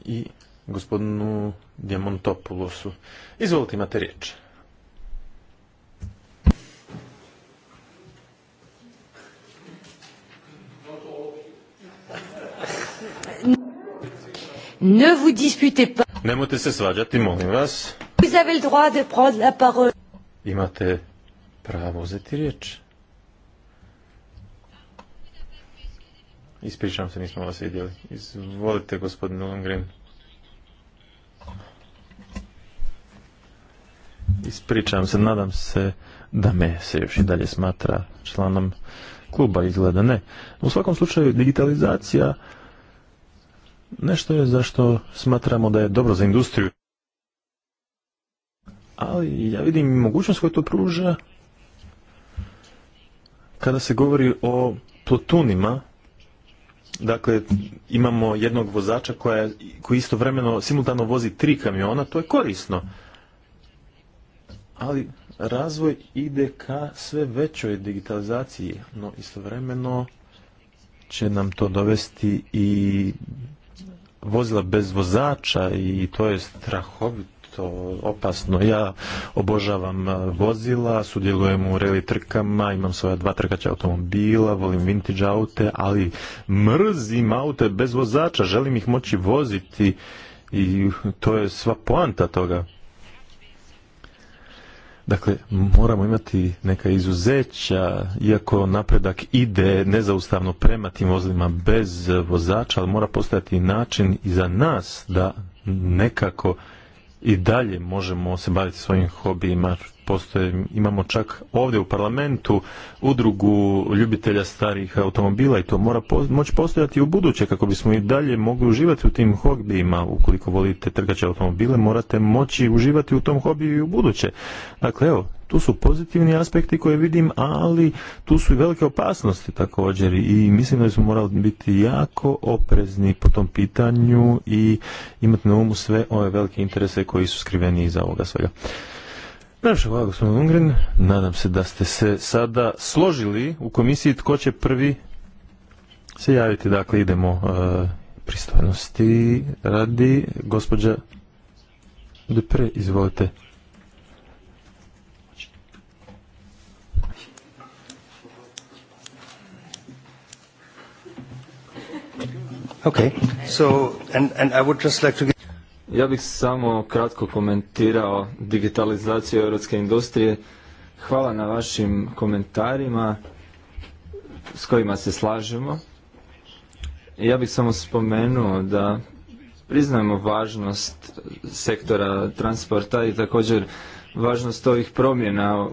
i gospodinu Diamontopulosu. Izvolite, imate riječ. Ne vous disputez pas. Nemojte se svađati, molim vas. Vous avez le droit de parole. Imate pravo uzeti riječ. Ispričavam se, nismo vas vidjeli. Izvolite, gospodin Lundgren. Ispričavam se, nadam se da me se još i dalje smatra članom kluba, izgleda ne. U svakom slučaju, digitalizacija nešto je zašto smatramo da je dobro za industriju. Ali ja vidim mogućnost koju to pruža kada se govori o plotunima, dakle imamo jednog vozača koja, koji istovremeno simultano vozi tri kamiona, to je korisno. Ali razvoj ide ka sve većoj digitalizaciji, no istovremeno će nam to dovesti i vozila bez vozača i to je strahovito opasno. Ja obožavam vozila, sudjelujem u reli trkama, imam svoja dva trkaća automobila, volim vintage aute, ali mrzim aute bez vozača, želim ih moći voziti i to je sva poanta toga. Dakle, moramo imati neka izuzeća, iako napredak ide nezaustavno prema tim vozilima bez vozača, ali mora postojati način i za nas da nekako i dalje možemo se baviti svojim hobijima, postoje, imamo čak ovdje u parlamentu udrugu ljubitelja starih automobila i to mora moći postojati u buduće kako bismo i dalje mogli uživati u tim hobijima. Ukoliko volite trgače automobile morate moći uživati u tom hobiju i u buduće. Dakle, evo, tu su pozitivni aspekti koje vidim, ali tu su i velike opasnosti također i mislim da smo morali biti jako oprezni po tom pitanju i imati na umu sve ove velike interese koji su skriveni iza ovoga svega. Prvo hvala gospodin ungrin Nadam se da ste se sada složili u komisiji tko će prvi se javiti. Dakle, idemo e, pristojnosti radi gospođa Dupre, izvolite. Okay. So, and, and I would just like to ja bih samo kratko komentirao digitalizaciju europske industrije. Hvala na vašim komentarima s kojima se slažemo. Ja bih samo spomenuo da priznajemo važnost sektora transporta i također važnost ovih promjena,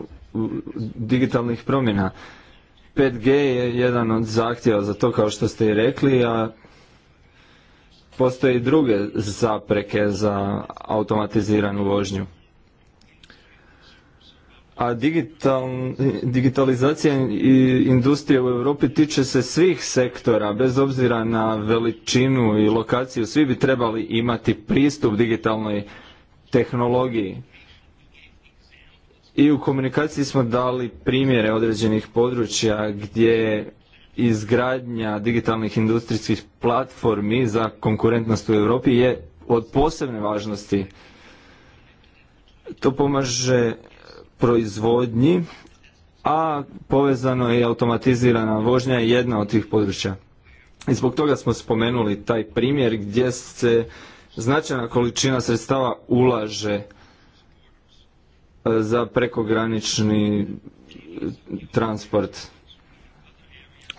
digitalnih promjena. 5G je jedan od zahtjeva za to kao što ste i rekli, a postoje i druge zapreke za automatiziranu vožnju. A digital, digitalizacija industrije u Europi tiče se svih sektora, bez obzira na veličinu i lokaciju, svi bi trebali imati pristup digitalnoj tehnologiji. I u komunikaciji smo dali primjere određenih područja gdje izgradnja digitalnih industrijskih platformi za konkurentnost u Europi je od posebne važnosti. To pomaže proizvodnji, a povezano je i automatizirana vožnja je jedna od tih područja. I zbog toga smo spomenuli taj primjer gdje se značajna količina sredstava ulaže e, za prekogranični transport.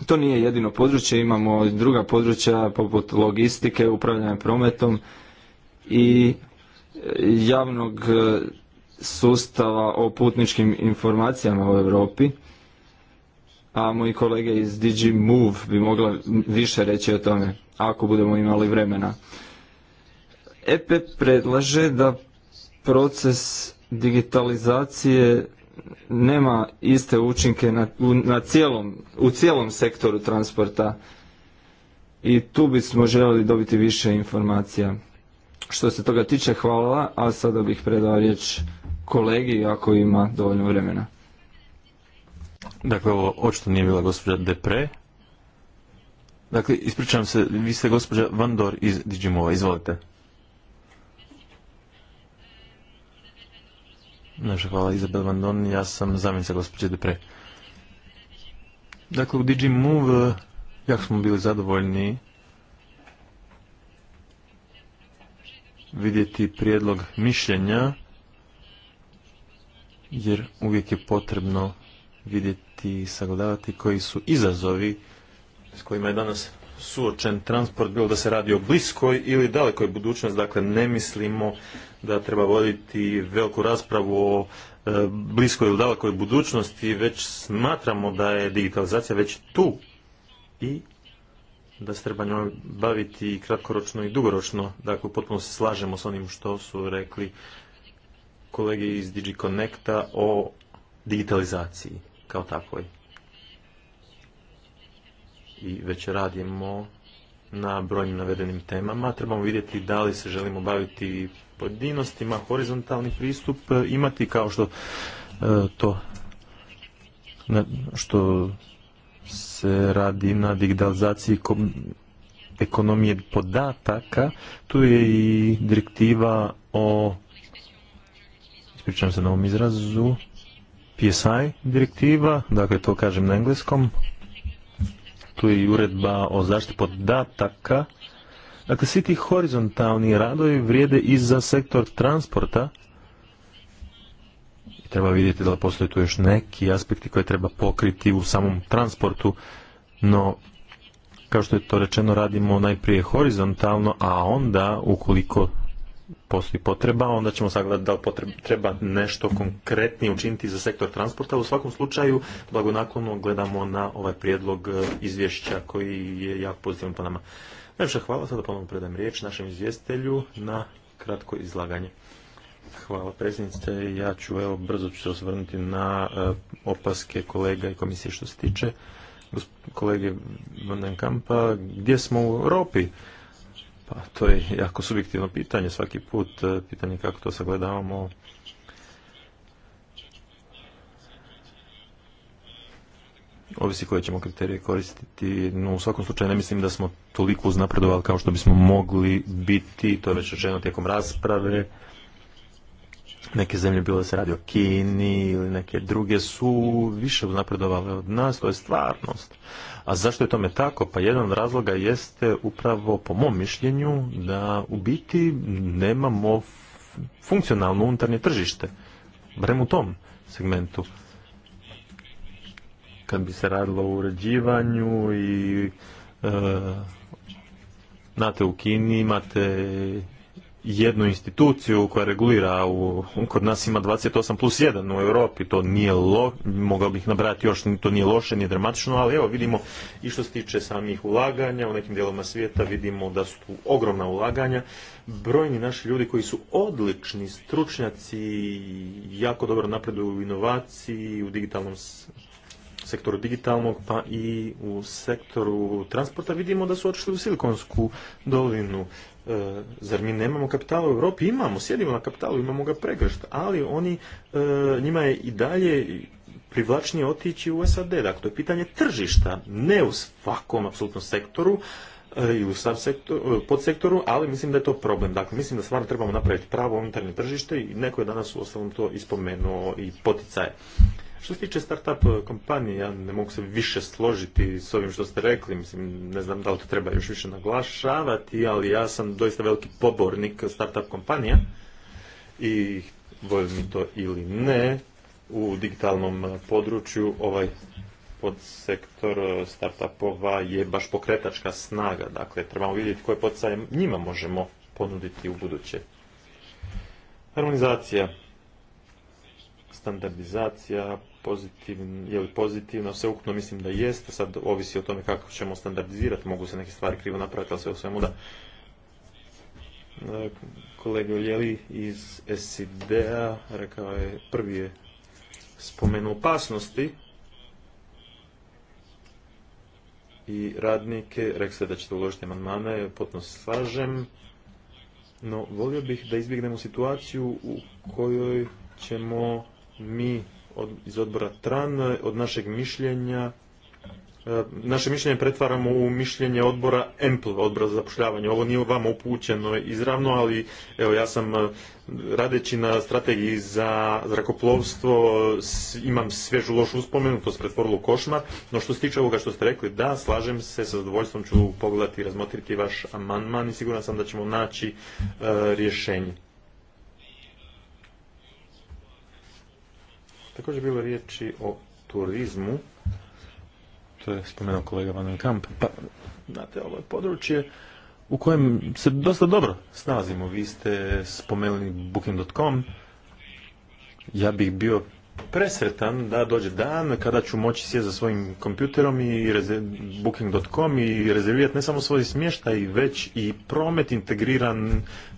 To nije jedino područje, imamo druga područja poput logistike, upravljanja prometom i e, javnog e, sustava o putničkim informacijama u Europi. A moji kolege iz DigiMove Move bi mogla više reći o tome, ako budemo imali vremena. EP predlaže da proces digitalizacije nema iste učinke na, u, cijelom, u cijelom sektoru transporta i tu bismo željeli dobiti više informacija. Što se toga tiče, hvala, a sada bih predao riječ kolegi ako ima dovoljno vremena. Dakle, ovo očito nije bila gospođa Depre. Dakle, ispričavam se, vi ste gospođa Vandor iz Digimova, izvolite. Naša hvala Izabel Vandon, ja sam zamjenica gospođe Depre. Dakle, u Move jako smo bili zadovoljni vidjeti prijedlog mišljenja, jer uvijek je potrebno vidjeti i sagledavati koji su izazovi s kojima je danas suočen transport, bilo da se radi o bliskoj ili dalekoj budućnosti, dakle ne mislimo da treba voditi veliku raspravu o e, bliskoj ili dalekoj budućnosti, već smatramo da je digitalizacija već tu i da se treba njoj baviti kratkoročno i dugoročno. Dakle, potpuno se slažemo s onim što su rekli kolege iz DigiConnecta o digitalizaciji kao takvoj. I već radimo na brojnim navedenim temama. Trebamo vidjeti da li se želimo baviti pojedinostima, horizontalni pristup e, imati kao što e, to što se radi na digitalizaciji ekonomije podataka, tu je i direktiva o ispričavam se na ovom izrazu PSI direktiva, dakle to kažem na engleskom, tu je i uredba o zaštiti podataka Dakle, svi ti horizontalni radovi vrijede i za sektor transporta. Treba vidjeti da li postoje tu još neki aspekti koje treba pokriti u samom transportu, no kao što je to rečeno radimo najprije horizontalno, a onda ukoliko postoji potreba, onda ćemo sagledati da li treba nešto konkretnije učiniti za sektor transporta. U svakom slučaju, blagonakonno gledamo na ovaj prijedlog e, izvješća koji je jako pozitivan po nama. Najviše hvala, sada ponovno predam riječ našem izvjestitelju na kratko izlaganje. Hvala predsjednice, ja ću evo brzo ću se osvrnuti na e, opaske kolega i komisije što se tiče kolege Kampa. gdje smo u Europi? Pa to je jako subjektivno pitanje svaki put, e, pitanje kako to sagledavamo ovisi koje ćemo kriterije koristiti. No, u svakom slučaju ne mislim da smo toliko uznapredovali kao što bismo mogli biti, to je već rečeno tijekom rasprave. Neke zemlje, bilo da se radi o Kini ili neke druge, su više uznapredovale od nas, to je stvarnost. A zašto je tome tako? Pa jedan od razloga jeste upravo, po mom mišljenju, da u biti nemamo funkcionalno unutarnje tržište. Barem u tom segmentu kad bi se radilo o uređivanju i e, znate u Kini imate jednu instituciju koja regulira u, kod nas ima 28 plus 1 u Europi, to nije lo, mogao bih nabrati još, to nije loše, nije dramatično, ali evo vidimo i što se tiče samih ulaganja, u nekim dijelovima svijeta vidimo da su tu ogromna ulaganja, brojni naši ljudi koji su odlični stručnjaci, jako dobro napreduju u inovaciji, u digitalnom sektoru digitalnog pa i u sektoru transporta vidimo da su otišli u Silikonsku dolinu. E, zar mi nemamo kapitala u Europi? Imamo, sjedimo na kapitalu, imamo ga pregršt, ali oni, e, njima je i dalje privlačnije otići u SAD. Dakle, to je pitanje tržišta, ne u svakom apsolutnom sektoru, e, i u podsektoru, ali mislim da je to problem. Dakle, mislim da stvarno trebamo napraviti pravo unutarnje tržište i neko je danas u osnovom to ispomenuo i poticaje. Što se tiče startup eh, kompanije, ja ne mogu se više složiti s ovim što ste rekli, mislim, ne znam da li to treba još više naglašavati, ali ja sam doista veliki pobornik startup kompanija i volim mi to ili ne, u digitalnom eh, području ovaj podsektor eh, startupova je baš pokretačka snaga, dakle trebamo vidjeti koje podsaje njima možemo ponuditi u buduće. Harmonizacija, standardizacija, pozitivno, je li pozitivno, sveukupno mislim da jest, sad ovisi o tome kako ćemo standardizirati, mogu se neke stvari krivo napraviti, ali sve u svemu da e, kolega Ljeli iz SID-a rekao je, prvi je spomenuo opasnosti i radnike, rekli ste da ćete uložiti amandmane, potpuno se slažem, no volio bih da izbjegnemo situaciju u kojoj ćemo mi od, iz odbora TRAN, od našeg mišljenja, e, naše mišljenje pretvaramo u mišljenje odbora EMPL, odbora za zapošljavanje. Ovo nije vama upućeno izravno, ali evo ja sam e, radeći na strategiji za zrakoplovstvo e, imam svežu lošu uspomenu, to se pretvorilo u košmar, no što se tiče ovoga što ste rekli, da, slažem se, sa zadovoljstvom ću pogledati i razmotriti vaš amandman i siguran sam da ćemo naći rješenje. Također bilo riječi o turizmu, to je spomenuo kolega Van Kamp, pa znate, ovo je područje u kojem se dosta dobro snalazimo. Vi ste spomenuli booking.com, ja bih bio presretan da dođe dan kada ću moći sjeti za svojim kompjuterom i booking.com i rezervirati ne samo svoj smještaj, već i promet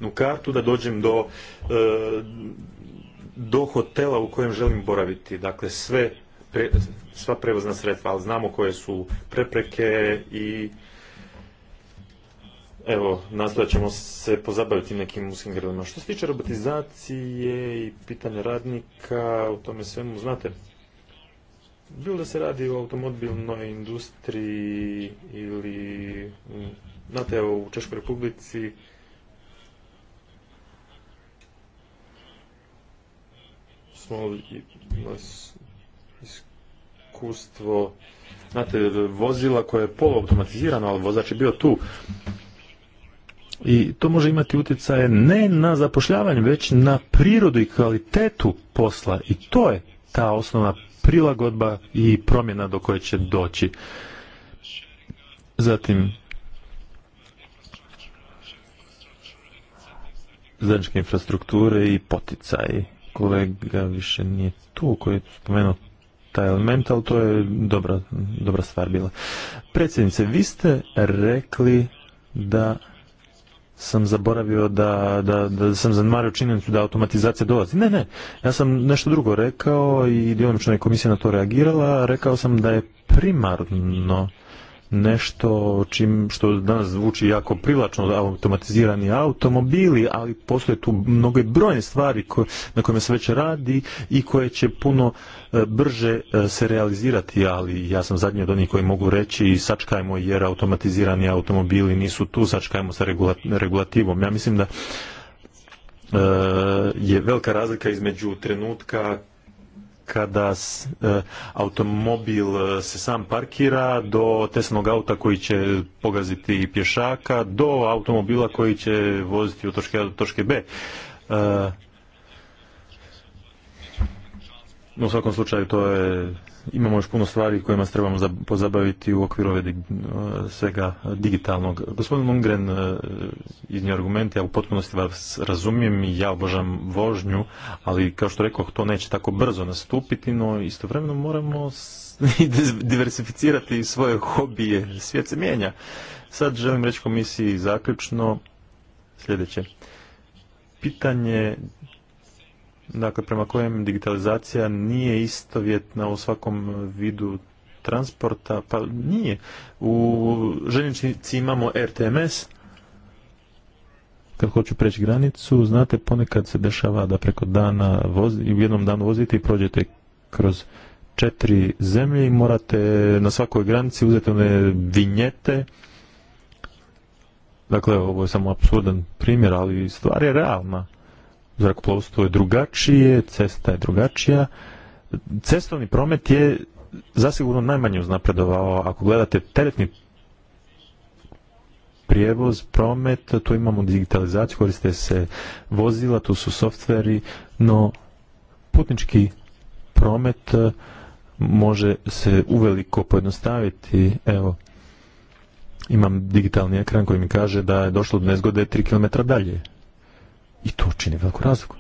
u kartu da dođem do e, do hotela u kojem želim boraviti. Dakle, sve, sva prevozna sredstva, ali znamo koje su prepreke i evo, nastojat ćemo se pozabaviti nekim uskim grlima Što se tiče robotizacije i pitanja radnika, o tome svemu znate, bilo da se radi o automobilnoj industriji ili, znate, u Češkoj republici, iskustvo znate, vozila koje je poluautomatizirano, ali vozač je bio tu. I to može imati utjecaje ne na zapošljavanje, već na prirodu i kvalitetu posla. I to je ta osnovna prilagodba i promjena do koje će doći. Zatim, zajedničke infrastrukture i poticaji kolega više nije tu koji je spomenuo taj element, ali to je dobra, dobra stvar bila. Predsjednice, vi ste rekli da sam zaboravio da, da, da sam zanemario činjenicu da automatizacija dolazi. Ne, ne, ja sam nešto drugo rekao i djelomično je komisija na to reagirala. Rekao sam da je primarno nešto čim, što danas zvuči jako privlačno, automatizirani automobili, ali postoje tu mnoge brojne stvari na kojima se već radi i koje će puno e, brže e, se realizirati, ali ja sam zadnji od onih koji mogu reći sačkajmo jer automatizirani automobili nisu tu, sačkajmo sa regulativom. Ja mislim da e, je velika razlika između trenutka kada e, automobil e, se sam parkira do tesnog auta koji će pogaziti pješaka do automobila koji će voziti od točke A do točke B. E, u svakom slučaju to je imamo još puno stvari kojima se trebamo pozabaviti u okviru ove e, svega digitalnog. Gospodin Lundgren e, iznio argumente ja u potpunosti vas razumijem i ja obožam vožnju, ali kao što rekao, to neće tako brzo nastupiti, no istovremeno moramo diversificirati svoje hobije, svijet se mijenja. Sad želim reći komisiji zaključno sljedeće. Pitanje dakle prema kojem digitalizacija nije istovjetna u svakom vidu transporta, pa nije. U željeznici imamo RTMS, kad hoću preći granicu, znate ponekad se dešava da preko dana u jednom danu vozite i prođete kroz četiri zemlje i morate na svakoj granici uzeti one vinjete. Dakle, ovo je samo apsurdan primjer, ali stvar je realna zrakoplovstvo je drugačije, cesta je drugačija. Cestovni promet je zasigurno najmanje uznapredovao. Ako gledate teretni prijevoz, promet, tu imamo digitalizaciju, koriste se vozila, tu su softveri, no putnički promet može se uveliko pojednostaviti. Evo, imam digitalni ekran koji mi kaže da je došlo do nezgode 3 km dalje. I to čini veliku razliku.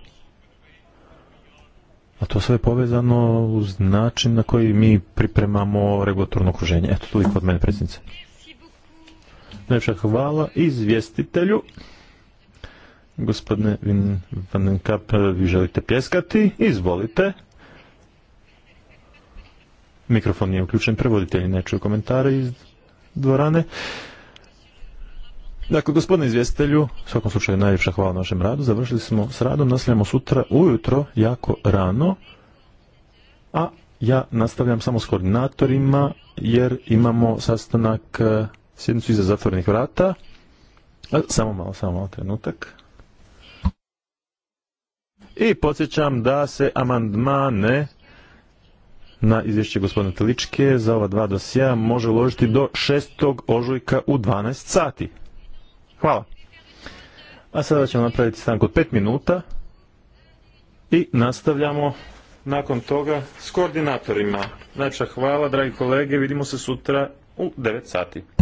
A to sve je povezano uz način na koji mi pripremamo regulatorno okruženje. Eto, toliko od mene, predsjednice. Najljepša hvala izvjestitelju. Gospodine vin vi želite pljeskati? Izvolite. Mikrofon nije uključen, prevoditelji ne čuju komentare iz dvorane. Dakle, gospodine izvjestitelju, u svakom slučaju najljepša hvala našem radu. Završili smo s radom, nastavljamo sutra ujutro jako rano, a ja nastavljam samo s koordinatorima jer imamo sastanak e, sjednicu iza zatvorenih vrata. E, samo malo, samo malo trenutak. I podsjećam da se amandmane na izvješće gospodine Teličke za ova dva dosija može uložiti do 6. ožujka u 12 sati. Hvala. A sada ćemo napraviti stanku od 5 minuta i nastavljamo nakon toga s koordinatorima. Znači, hvala, dragi kolege, vidimo se sutra u 9 sati.